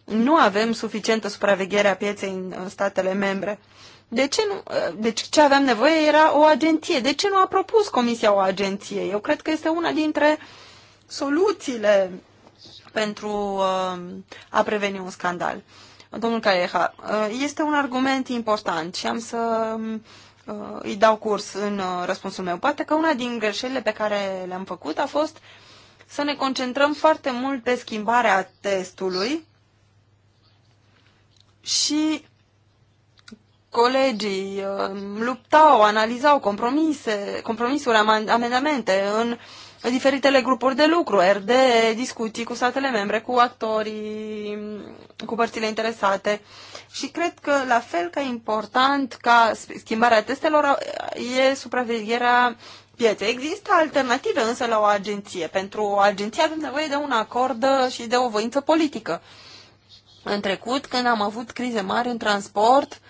nu avem suficientă supraveghere a pieței în statele membre. De ce nu? Deci ce aveam nevoie era o agenție. De ce nu a propus Comisia o agenție? Eu cred că este una dintre soluțiile pentru uh, a preveni un scandal. Domnul Caleha, uh, este un argument important și am să um, uh, îi dau curs în răspunsul meu. Poate că una din greșelile pe care le-am făcut a fost să ne concentrăm foarte mult pe schimbarea testului și colegii um, luptau, analizau compromise, compromisuri, amendamente în uh, diferitele grupuri de lucru, RD, discuții cu statele membre, cu actorii, cu părțile interesate. Și cred că la fel ca important ca schimbarea testelor e supravegherea pieței. Există alternative însă la o agenție. Pentru o agenție avem nevoie de un acord și de o voință politică. În trecut, când am avut crize mari în transport,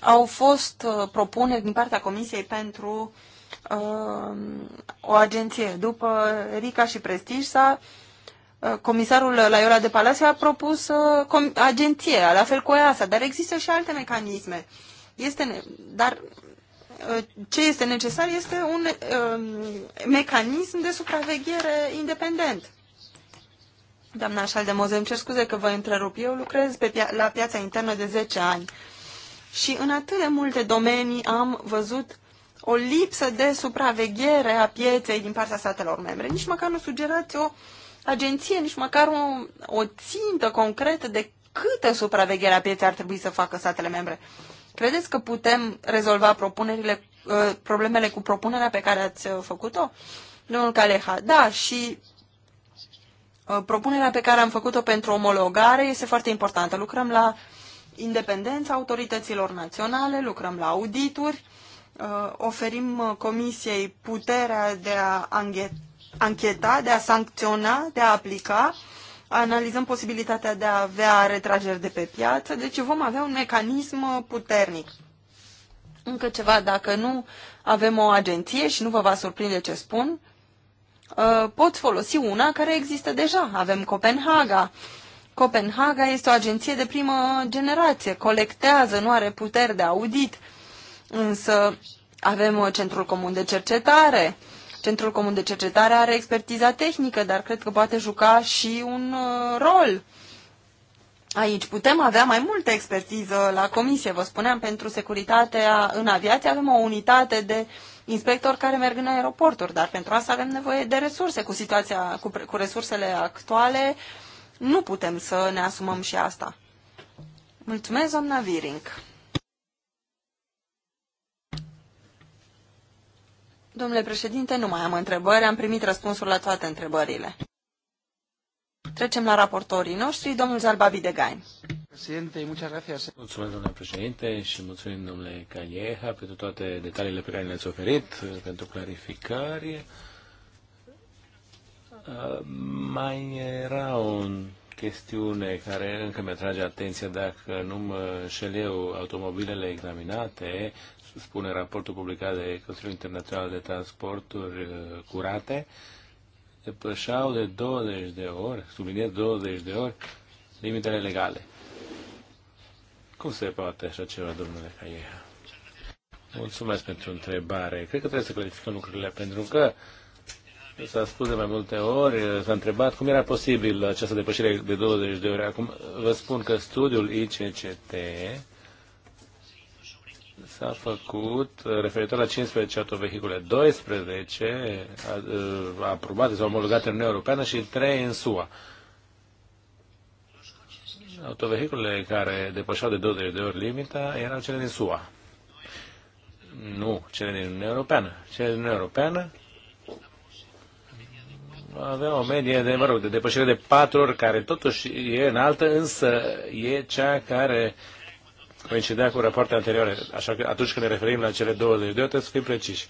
au fost uh, propuneri din partea Comisiei pentru uh, uh, o agenție. După Rica și Prestige s-a uh, Comisarul Laiola de Palace a propus uh, agenție, la fel cu EASA, dar există și alte mecanisme. Este, dar uh, ce este necesar este un um, mecanism de supraveghere independent. Doamna Șaldemoze, îmi cer scuze că vă întrerup. Eu lucrez pe pia- la piața internă de 10 ani și în atât de multe domenii am văzut o lipsă de supraveghere a pieței din partea statelor membre. Nici măcar nu sugerați o agenție, nici măcar o, o țintă concretă de câtă supraveghere a pieței ar trebui să facă statele membre. Credeți că putem rezolva propunerile, uh, problemele cu propunerea pe care ați uh, făcut-o? Domnul Caleha, da, și uh, propunerea pe care am făcut-o pentru omologare este foarte importantă. Lucrăm la independența autorităților naționale, lucrăm la audituri, Uh, oferim uh, comisiei puterea de a ancheta, de a sancționa, de a aplica, analizăm posibilitatea de a avea retrageri de pe piață, deci vom avea un mecanism uh, puternic. Încă ceva, dacă nu avem o agenție și nu vă va surprinde ce spun, pot folosi una care există deja. Avem Copenhaga. Copenhaga este o agenție de primă generație, colectează, nu are puteri de audit, însă avem uh, Centrul Comun de Cercetare. Centrul Comun de Cercetare are expertiza tehnică, dar cred că poate juca și un uh, rol. Aici putem avea mai multă expertiză la comisie, vă spuneam, pentru securitatea în aviație avem o unitate de inspectori care merg în aeroporturi, dar pentru asta avem nevoie de resurse. Cu situația, cu, cu resursele actuale, nu putem să ne asumăm și asta. Mulțumesc, doamna Viring. Domnule președinte, nu mai am întrebări, am primit răspunsul la toate întrebările. Trecem la raportorii noștri, domnul Zalbabi de Gain. Mulțumesc, domnule președinte, și mulțumim, domnule Calieha, pentru toate detaliile pe care le-ați oferit, pentru clarificări. Uh, mai era o chestiune care încă mi atrage atenția, dacă nu mă șel eu, automobilele examinate spune raportul publicat de Consiliul Internațional de Transporturi uh, Curate, depășau de 20 de ori, subliniez 20 de ori, limitele legale. Cum se poate așa ceva, domnule Caieha? Mulțumesc pentru întrebare. Cred că trebuie să clarificăm lucrurile, pentru că s-a spus de mai multe ori, s-a întrebat cum era posibil această depășire de 20 de ori. Acum vă spun că studiul ICCT s-a făcut uh, referitor la 15 autovehicule, 12 uh, uh, aprobate sau omologate în Uniunea Europeană și 3 în SUA. Autovehiculele care depășeau de 20 de ori limita erau cele din SUA. Nu, cele din Uniunea Europeană. Cele din Uniunea Europeană avea o medie de, mă rog, de depășire de 4 ori, care totuși e înaltă, însă e cea care uh, coincidea cu rapoarte anterioare, așa că atunci când ne referim la cele 20 de ori trebuie să fim preciși,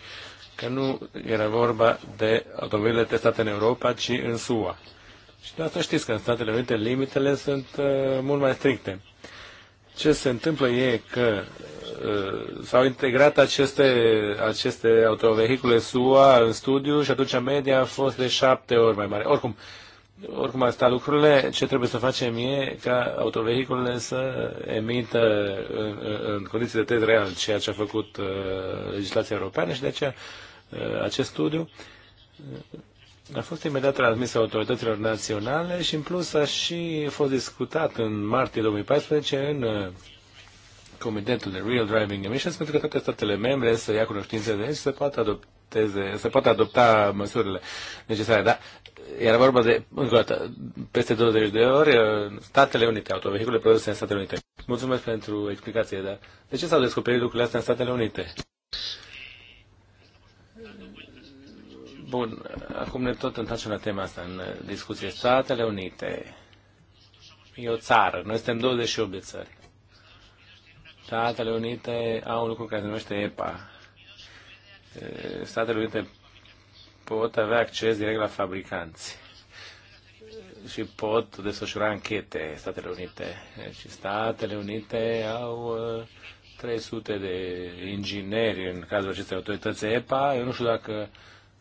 că nu era vorba de automobile testate în Europa, ci în SUA. Și de asta știți că în Statele Unite limitele sunt uh, mult mai stricte. Ce se întâmplă e că uh, s-au integrat aceste, aceste autovehicule SUA în studiu și atunci media a fost de șapte ori mai mare. Oricum, uh, oricum asta lucrurile, ce trebuie să facem e ca autovehiculele să emită în, în condiții de test real ceea ce a făcut uh, legislația europeană și de aceea uh, acest studiu uh, a fost imediat transmis autorităților naționale și în plus a și fost discutat în martie 2014 în uh, Comitetul de Real Driving Emissions pentru că toate statele membre să ia cunoștință de aici și să poată adopta adopteze, să poată adopta măsurile necesare. Dar era vorba de, încă o dată, peste 20 de ori, uh, Statele Unite, autovehicule produse în Statele Unite. Mulțumesc pentru explicație, dar de ce s-au descoperit lucrurile astea în Statele Unite? Bun, acum ne tot întoarcem la tema asta în discuție. Statele Unite e o țară, noi suntem 28 de țări. Statele Unite au un lucru care se numește EPA, Statele Unite pot avea acces direct la fabricanți și pot desfășura închete Statele Unite. Și deci, Statele Unite au 300 uh, de ingineri în cazul acestei autorități EPA. Eu nu știu dacă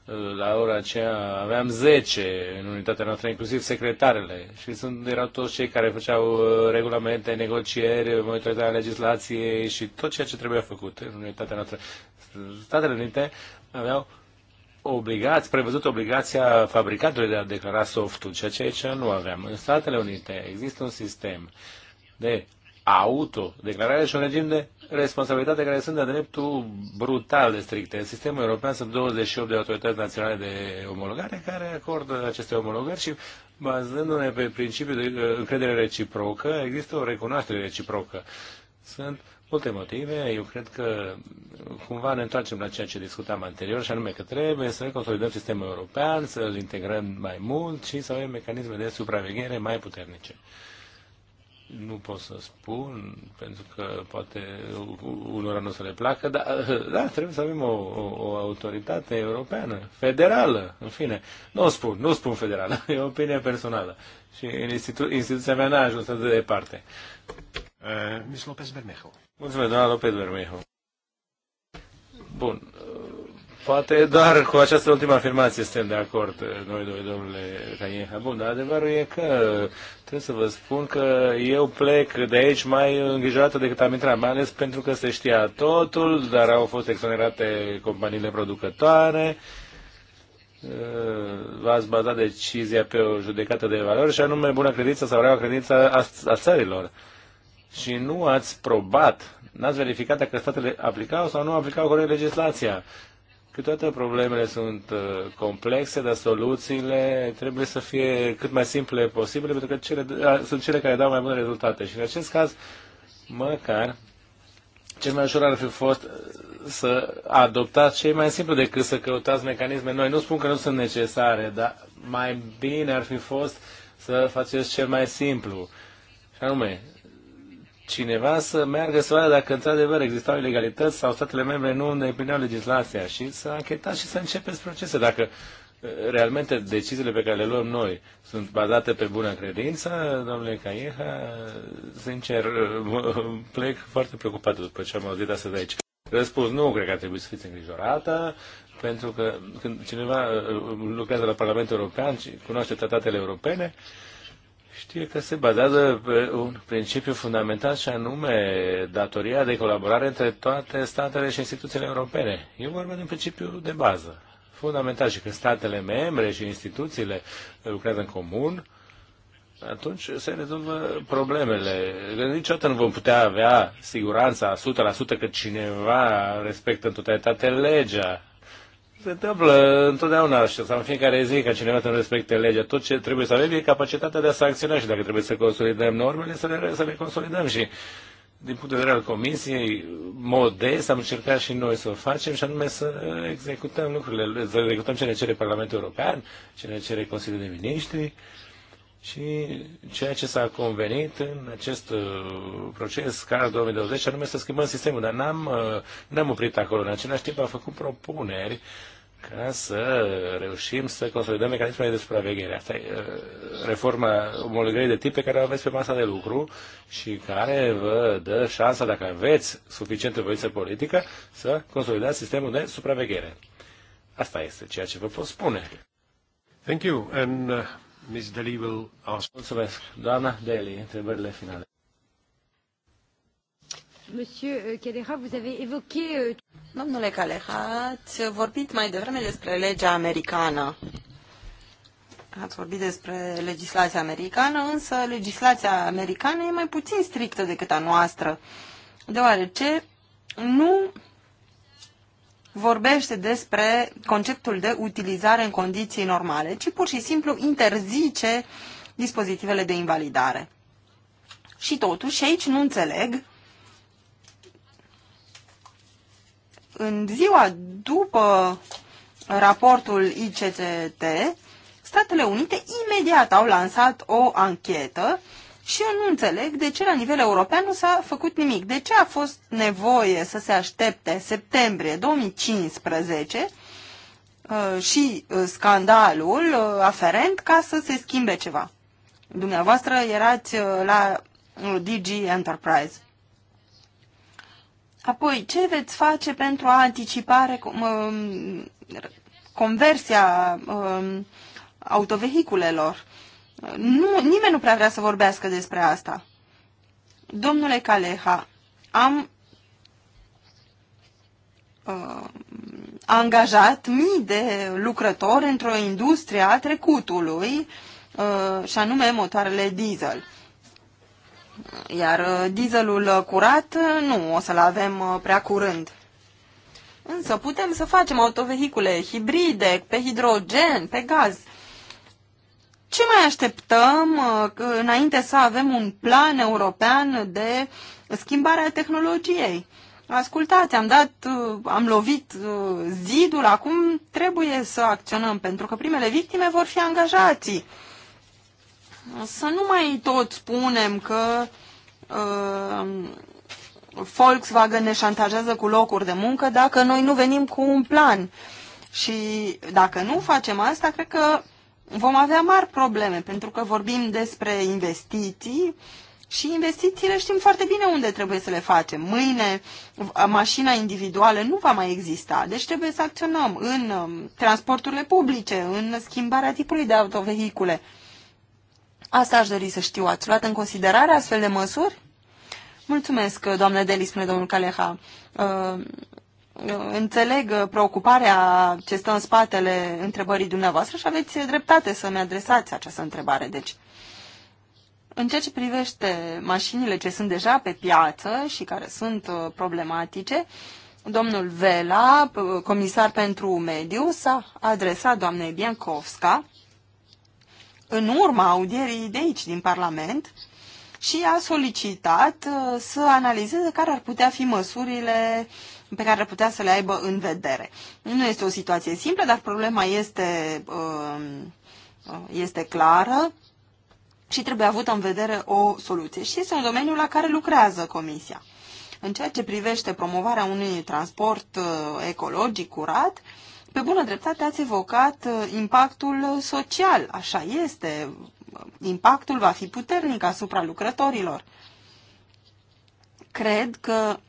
uh, la ora aceea aveam 10 în unitatea noastră, inclusiv secretarele. Și sunt, erau toți cei care făceau uh, regulamente, negocieri, monitorizarea legislației și tot ceea ce trebuia făcut în unitatea noastră. Statele Unite aveau obligați, prevăzut obligația fabricatului de a declara softul, ceea ce aici nu aveam. În Statele Unite există un sistem de autodeclarare și un regim de responsabilitate care sunt de dreptul brutal de stricte. În sistemul european sunt 28 de autorități naționale de omologare care acordă aceste omologări și bazându-ne pe principiul de încredere reciprocă, există o recunoaștere reciprocă. Sunt multe motive. Eu cred că cumva ne întoarcem la ceea ce discutam anterior, și anume că trebuie să consolidăm sistemul european, să-l integrăm mai mult și să avem mecanisme de supraveghere mai puternice. Nu pot să spun, pentru că poate unora nu să le placă, dar da, trebuie să avem o, o, o autoritate europeană, federală, în fine. Nu o spun, nu spun federală, e o opinie personală. Și institu- instituția mea n-a ajuns atât de departe. Uh, Miss Lopez Bermejo. Mulțumesc, doamna Lopez Bermejo. Bun. Uh, poate doar cu această ultimă afirmație suntem de acord uh, noi doi, domnule Caieha. Bun, dar adevărul e că trebuie să vă spun că eu plec de aici mai îngrijorată decât am intrat, mai ales pentru că se știa totul, dar au fost exonerate companiile producătoare, uh, v-ați bazat decizia pe o judecată de valori și anume bună credință sau rea credință a, a țărilor și nu ați probat, n-ați verificat dacă statele aplicau sau nu aplicau corect legislația. Câteodată problemele sunt uh, complexe, dar soluțiile trebuie să fie cât mai simple posibile, pentru că cele, uh, sunt cele care dau mai bune rezultate. Și în acest caz, măcar, cel mai ușor ar fi fost uh, să adoptați cei mai simplu decât să căutați mecanisme noi. Nu spun că nu sunt necesare, dar mai bine ar fi fost să faceți cel mai simplu. Și anume, cineva să meargă să vadă dacă într-adevăr existau ilegalități sau statele membre nu îndeplineau legislația și să anchetați și să începeți procese. Dacă uh, realmente deciziile pe care le luăm noi sunt bazate pe bună credință, domnule Caieha, sincer, plec foarte preocupat după ce am auzit astăzi aici. Răspuns, nu cred că ar trebui să fiți îngrijorată, pentru că când cineva uh, lucrează la Parlamentul European și cunoaște tratatele europene, știe că se bazează pe un principiu fundamental și anume datoria de colaborare între toate statele și instituțiile europene. Eu vorba de un principiu de bază, fundamental și când statele membre și instituțiile lucrează în comun, atunci se rezolvă problemele. Niciodată nu vom putea avea siguranța 100% că cineva respectă în totalitate legea se întâmplă întotdeauna și sau în fiecare zi ca cineva să nu respecte legea. Tot ce trebuie să avem e capacitatea de a sancționa și dacă trebuie să consolidăm normele, să le, să le consolidăm și din punct de vedere al Comisiei, modest, am încercat și noi să o facem și anume să executăm lucrurile, să executăm ce ne cere Parlamentul European, ce ne cere Consiliul de Ministri și ceea ce s-a convenit în acest uh, proces ca 2020, anume să schimbăm sistemul, dar n-am, uh, n-am oprit acolo. În același timp am făcut propuneri ca să reușim să consolidăm mecanismele de supraveghere. Asta e reforma omologării de tip pe care o aveți pe masa de lucru și care vă dă șansa, dacă aveți suficientă voință politică, să consolidați sistemul de supraveghere. Asta este ceea ce vă pot spune. Thank you. And, uh, Ms. will ask... Mulțumesc. Doamna Deli, întrebările finale. Monsieur euh, Calera, vous avez évoqué... Euh, Domnule Calera, ați vorbit mai devreme despre legea americană. Ați vorbit despre legislația americană, însă legislația americană e mai puțin strictă decât a noastră, deoarece nu vorbește despre conceptul de utilizare în condiții normale, ci pur și simplu interzice dispozitivele de invalidare. Și totuși aici nu înțeleg în ziua după raportul ICCT, Statele Unite imediat au lansat o anchetă și eu nu înțeleg de ce la nivel european nu s-a făcut nimic. De ce a fost nevoie să se aștepte septembrie 2015 uh, și uh, scandalul uh, aferent ca să se schimbe ceva? Dumneavoastră erați la DG Enterprise. Apoi, ce veți face pentru a anticipa um, conversia um, autovehiculelor? Nu, nimeni nu prea vrea să vorbească despre asta. Domnule Caleha, am uh, angajat mii de lucrători într-o industrie a trecutului, uh, și anume motoarele diesel. Iar uh, dieselul uh, curat uh, nu o să-l avem prea curând. Însă putem să facem autovehicule hibride, pe hidrogen, pe gaz. Ce mai așteptăm înainte să avem un plan european de schimbarea tehnologiei? Ascultați, am dat, am lovit zidul, acum trebuie să acționăm, pentru că primele victime vor fi angajații să nu mai tot spunem că uh, Volkswagen ne șantajează cu locuri de muncă dacă noi nu venim cu un plan. Și dacă nu facem asta, cred că vom avea mari probleme, pentru că vorbim despre investiții și investițiile știm foarte bine unde trebuie să le facem. Mâine mașina individuală nu va mai exista, deci trebuie să acționăm în um, transporturile publice, în schimbarea tipului de autovehicule. Asta aș dori să știu. Ați luat în considerare astfel de măsuri? Mulțumesc, doamnă Deli, spune domnul Caleha. Uh, uh, înțeleg preocuparea ce stă în spatele întrebării dumneavoastră și aveți dreptate să-mi adresați această întrebare. Deci, în ceea ce privește mașinile ce sunt deja pe piață și care sunt uh, problematice, domnul Vela, uh, comisar pentru mediu, s-a adresat doamnei Biancovska în urma audierii de aici, din Parlament, și a solicitat uh, să analizeze care ar putea fi măsurile pe care ar putea să le aibă în vedere. Nu este o situație simplă, dar problema este, um, uh, este clară și trebuie avută în vedere o soluție. Și este un domeniu la care lucrează Comisia. În ceea ce privește promovarea unui transport uh, ecologic curat, uh, pe bună dreptate ați evocat uh, impactul social, așa este. Impactul va fi puternic asupra lucrătorilor. Cred că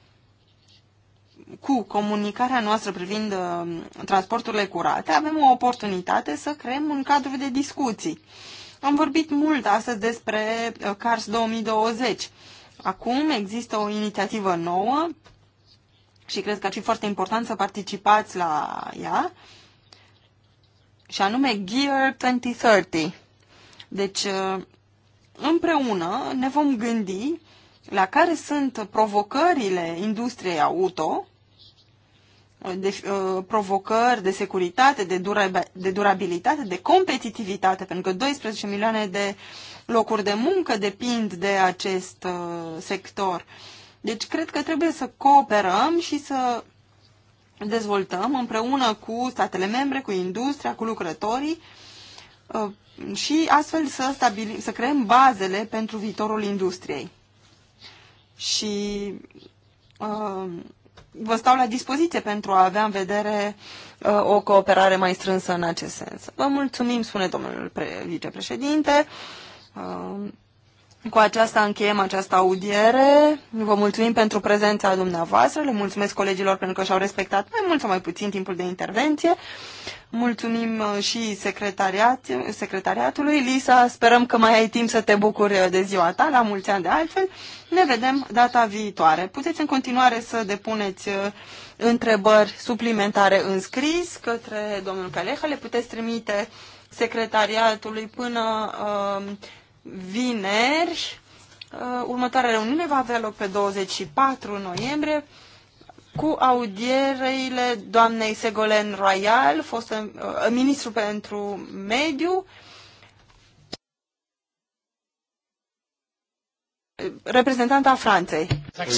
cu comunicarea noastră privind uh, transporturile curate, avem o oportunitate să creăm un cadru de discuții. Am vorbit mult astăzi despre uh, CARS 2020. Acum există o inițiativă nouă și cred că ar fi foarte important să participați la ea, și anume Gear 2030. Deci, uh, împreună ne vom gândi la care sunt provocările industriei auto, uh, de, uh, provocări de securitate, de, dura, de durabilitate, de competitivitate, pentru că 12 milioane de locuri de muncă depind de acest uh, sector. Uh, deci cred că trebuie să cooperăm și să dezvoltăm împreună cu statele membre, cu industria, cu lucrătorii uh, și astfel să, stabilim, să creăm bazele pentru viitorul industriei. Și uh, vă stau la dispoziție pentru a avea în vedere uh, o cooperare mai strânsă în acest sens. Vă mulțumim, spune domnul vicepreședinte. Uh, cu aceasta încheiem această audiere. Vă mulțumim pentru prezența dumneavoastră, le mulțumesc colegilor pentru că și-au respectat mai mult sau mai puțin timpul de intervenție. Mulțumim uh, și secretariat, secretariatului. Lisa, sperăm că mai ai timp să te bucuri uh, de ziua ta, la mulți ani de altfel. Ne vedem data viitoare. Puteți în continuare să depuneți uh, întrebări suplimentare în scris către domnul Caleha. Le puteți trimite secretariatului până uh, vineri. Uh, următoarea reuniune va avea loc pe 24 noiembrie cu audierile doamnei Segolen Royal, fost uh, uh, ministru pentru mediu, reprezentanta Franței. Okay.